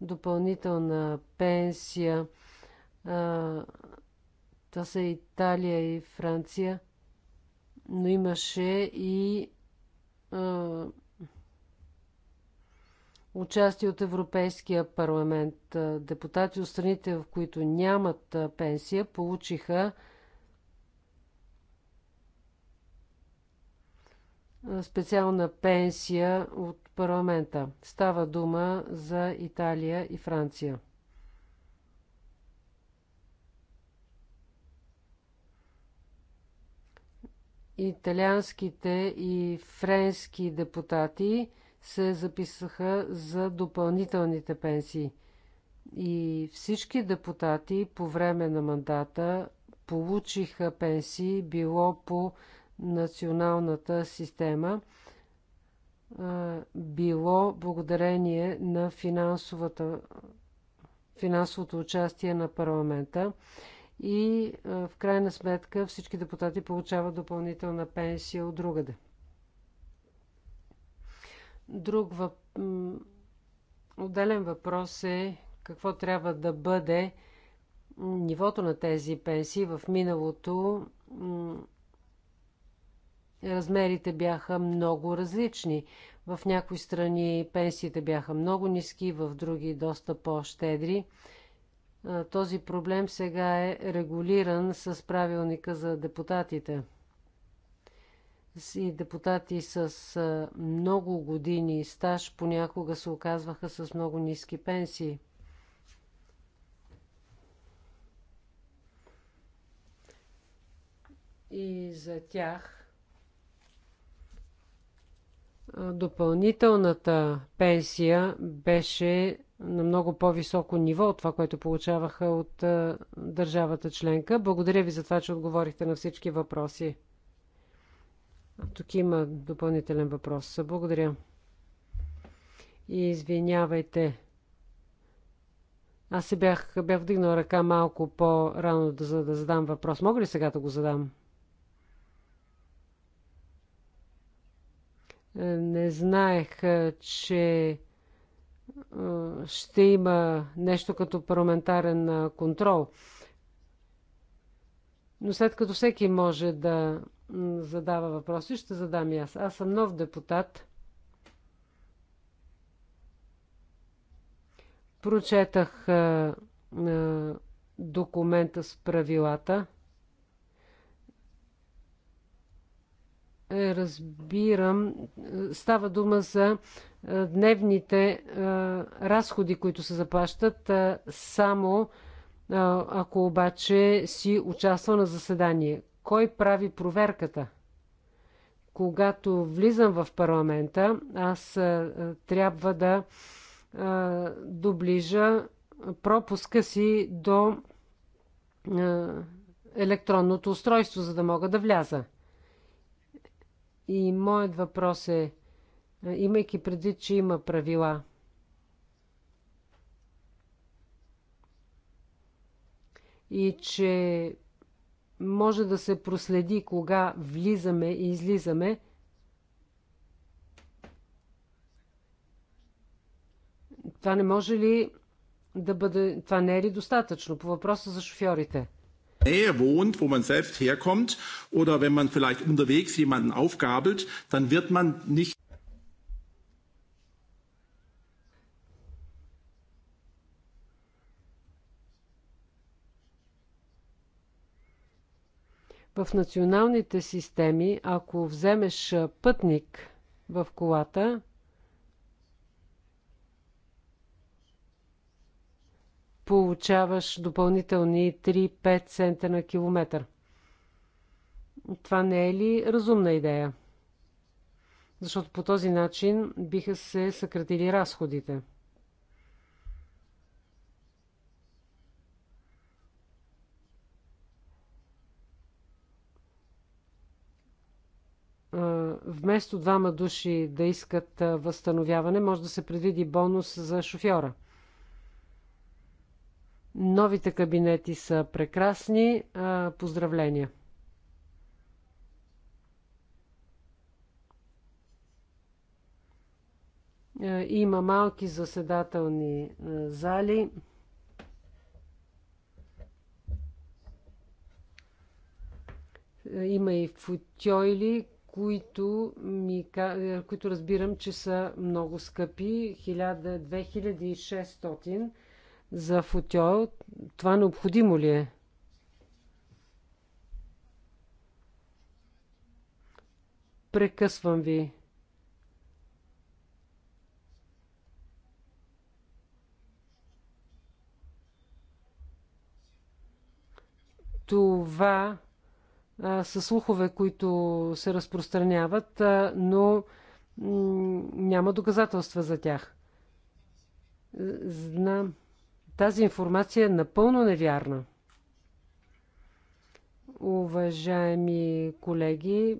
допълнителна пенсия. Това са Италия и Франция. Но имаше и участие от Европейския парламент. Депутати от страните, в които нямат пенсия, получиха специална пенсия от парламента. Става дума за Италия и Франция. Италианските и френски депутати – се записаха за допълнителните пенсии. И всички депутати по време на мандата получиха пенсии, било по националната система, било благодарение на финансовата, финансовото участие на парламента и в крайна сметка всички депутати получават допълнителна пенсия от другаде. Друг въп... отделен въпрос е какво трябва да бъде нивото на тези пенсии. В миналото размерите бяха много различни. В някои страни пенсиите бяха много ниски, в други доста по-щедри. Този проблем сега е регулиран с правилника за депутатите. Си депутати с много години стаж понякога се оказваха с много ниски пенсии. И за тях допълнителната пенсия беше на много по-високо ниво от това, което получаваха от държавата членка. Благодаря ви за това, че отговорихте на всички въпроси. Тук има допълнителен въпрос. Благодаря. И извинявайте. Аз се бях, бях вдигнал ръка малко по-рано, за да задам въпрос. Мога ли сега да го задам? Е, не знаех, е, че е, ще има нещо като парламентарен контрол. Но след като всеки може да задава въпроси, ще задам и аз. Аз съм нов депутат. Прочетах а, а, документа с правилата. разбирам, става дума за дневните разходи, които се заплащат, само ако обаче си участва на заседание. Кой прави проверката? Когато влизам в парламента, аз трябва да доближа пропуска си до електронното устройство, за да мога да вляза. И моят въпрос е, имайки предвид, че има правила, и че може да се проследи кога влизаме и излизаме. Това не може ли да бъде... Това не е ли достатъчно по въпроса за шофьорите? Nähe wohnt, wo man selbst herkommt, oder wenn man vielleicht unterwegs jemanden aufgabelt, dann wird man nicht В националните системи, ако вземеш пътник в колата, получаваш допълнителни 3-5 цента на километър. Това не е ли разумна идея? Защото по този начин биха се съкратили разходите. вместо двама души да искат възстановяване, може да се предвиди бонус за шофьора. Новите кабинети са прекрасни. Поздравления! Има малки заседателни зали. Има и футьойли, които, ми, които разбирам, че са много скъпи. 1000, 2600 за футьол. Това необходимо ли е? Прекъсвам ви. Това са слухове, които се разпространяват, но няма доказателства за тях. Знам. Тази информация е напълно невярна. Уважаеми колеги,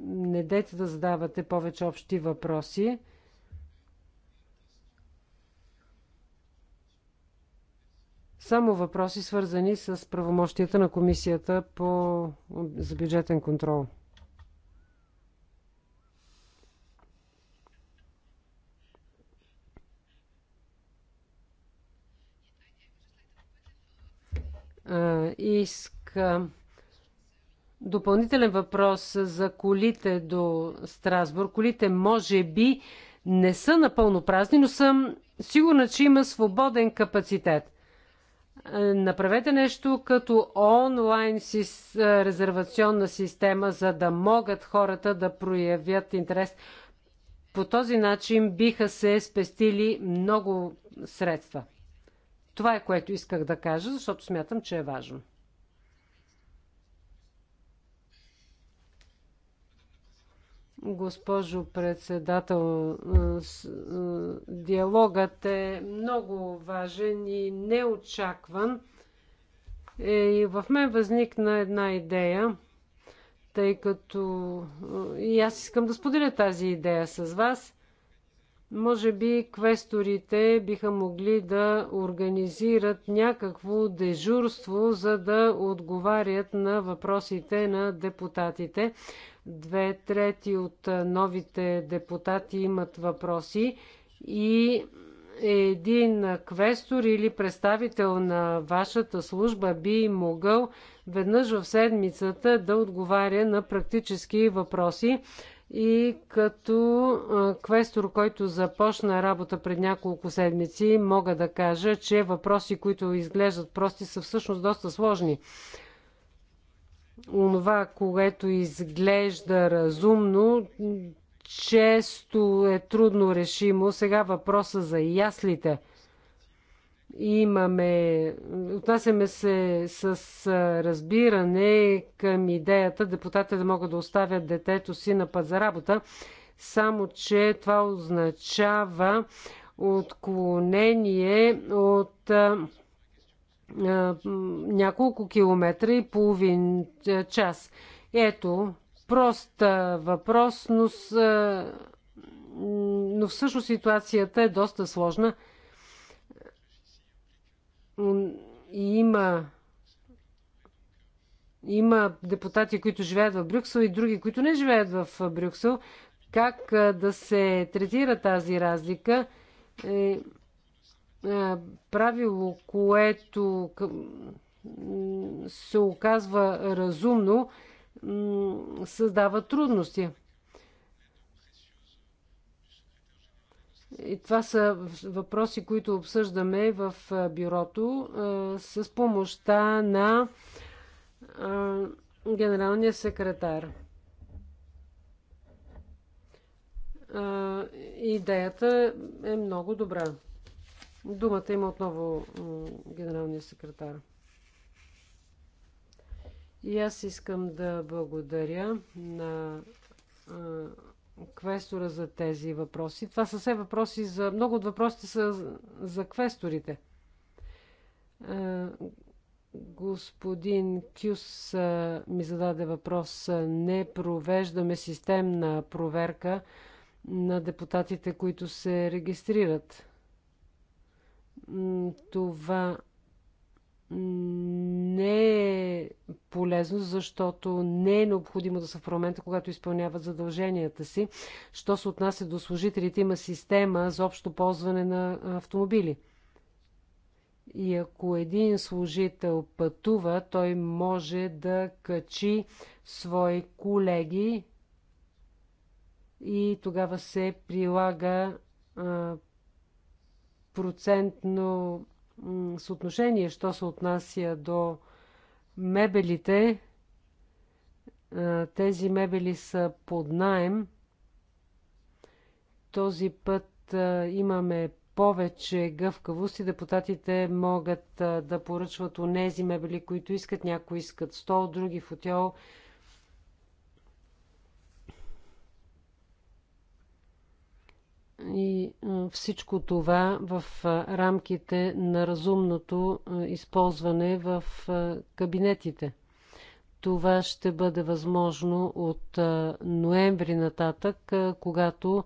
не дайте да задавате повече общи въпроси. Само въпроси, свързани с правомощията на комисията по, за бюджетен контрол. Искам допълнителен въпрос за колите до Страсбург. Колите може би не са напълно празни, но съм сигурна, че има свободен капацитет. Направете нещо като онлайн е, резервационна система, за да могат хората да проявят интерес. По този начин биха се спестили много средства. Това е което исках да кажа, защото смятам, че е важно. Госпожо председател, диалогът е много важен и неочакван. Е, и в мен възникна една идея, тъй като и аз искам да споделя тази идея с вас. Може би квесторите биха могли да организират някакво дежурство, за да отговарят на въпросите на депутатите. Две трети от новите депутати имат въпроси и един квестор или представител на вашата служба би могъл веднъж в седмицата да отговаря на практически въпроси и като квестор, който започна работа пред няколко седмици, мога да кажа, че въпроси, които изглеждат прости, са всъщност доста сложни. Онова, което изглежда разумно, често е трудно решимо. Сега въпроса за яслите – имаме, отнасяме се с разбиране към идеята депутатите да могат да оставят детето си на път за работа, само че това означава отклонение от а, а, няколко километра и половин час. Ето, прост въпрос, но, с, а, но всъщност ситуацията е доста сложна – има има депутати, които живеят в Брюксел и други, които не живеят в Брюксел. Как да се третира тази разлика? Е, е правило, което се оказва разумно, създава трудности. И това са въпроси, които обсъждаме в бюрото с помощта на генералния секретар. Идеята е много добра. Думата има отново генералния секретар. И аз искам да благодаря на квестора за тези въпроси. Това са все въпроси за... Много от въпросите са за квесторите. Господин Кюс ми зададе въпрос. Не провеждаме системна проверка на депутатите, които се регистрират. Това не е полезно, защото не е необходимо да са в парламента, когато изпълняват задълженията си. Що се отнася до служителите, има система за общо ползване на автомобили. И ако един служител пътува, той може да качи свои колеги и тогава се прилага а, процентно съотношение, що се отнася до мебелите. Е, тези мебели са под найем. Този път е, имаме повече гъвкавост и депутатите могат е, да поръчват у нези мебели, които искат. Някои искат стол, други фотел, и всичко това в рамките на разумното използване в кабинетите. Това ще бъде възможно от ноември нататък, когато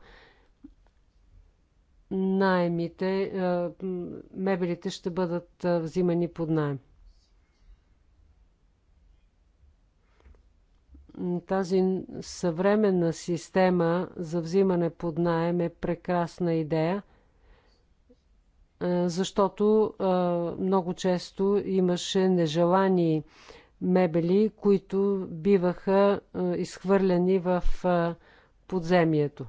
найемите, мебелите ще бъдат взимани под найем. тази съвременна система за взимане под найем е прекрасна идея, защото много често имаше нежелани мебели, които биваха изхвърляни в подземието.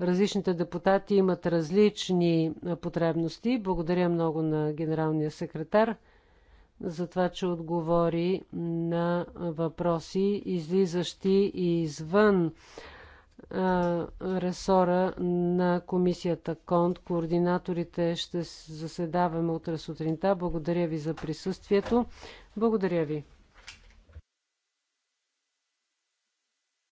Различните депутати имат различни потребности. Благодаря много на генералния секретар за това, че отговори на въпроси, излизащи извън ресора на комисията КОНТ. Координаторите ще заседаваме утре сутринта. Благодаря ви за присъствието. Благодаря ви.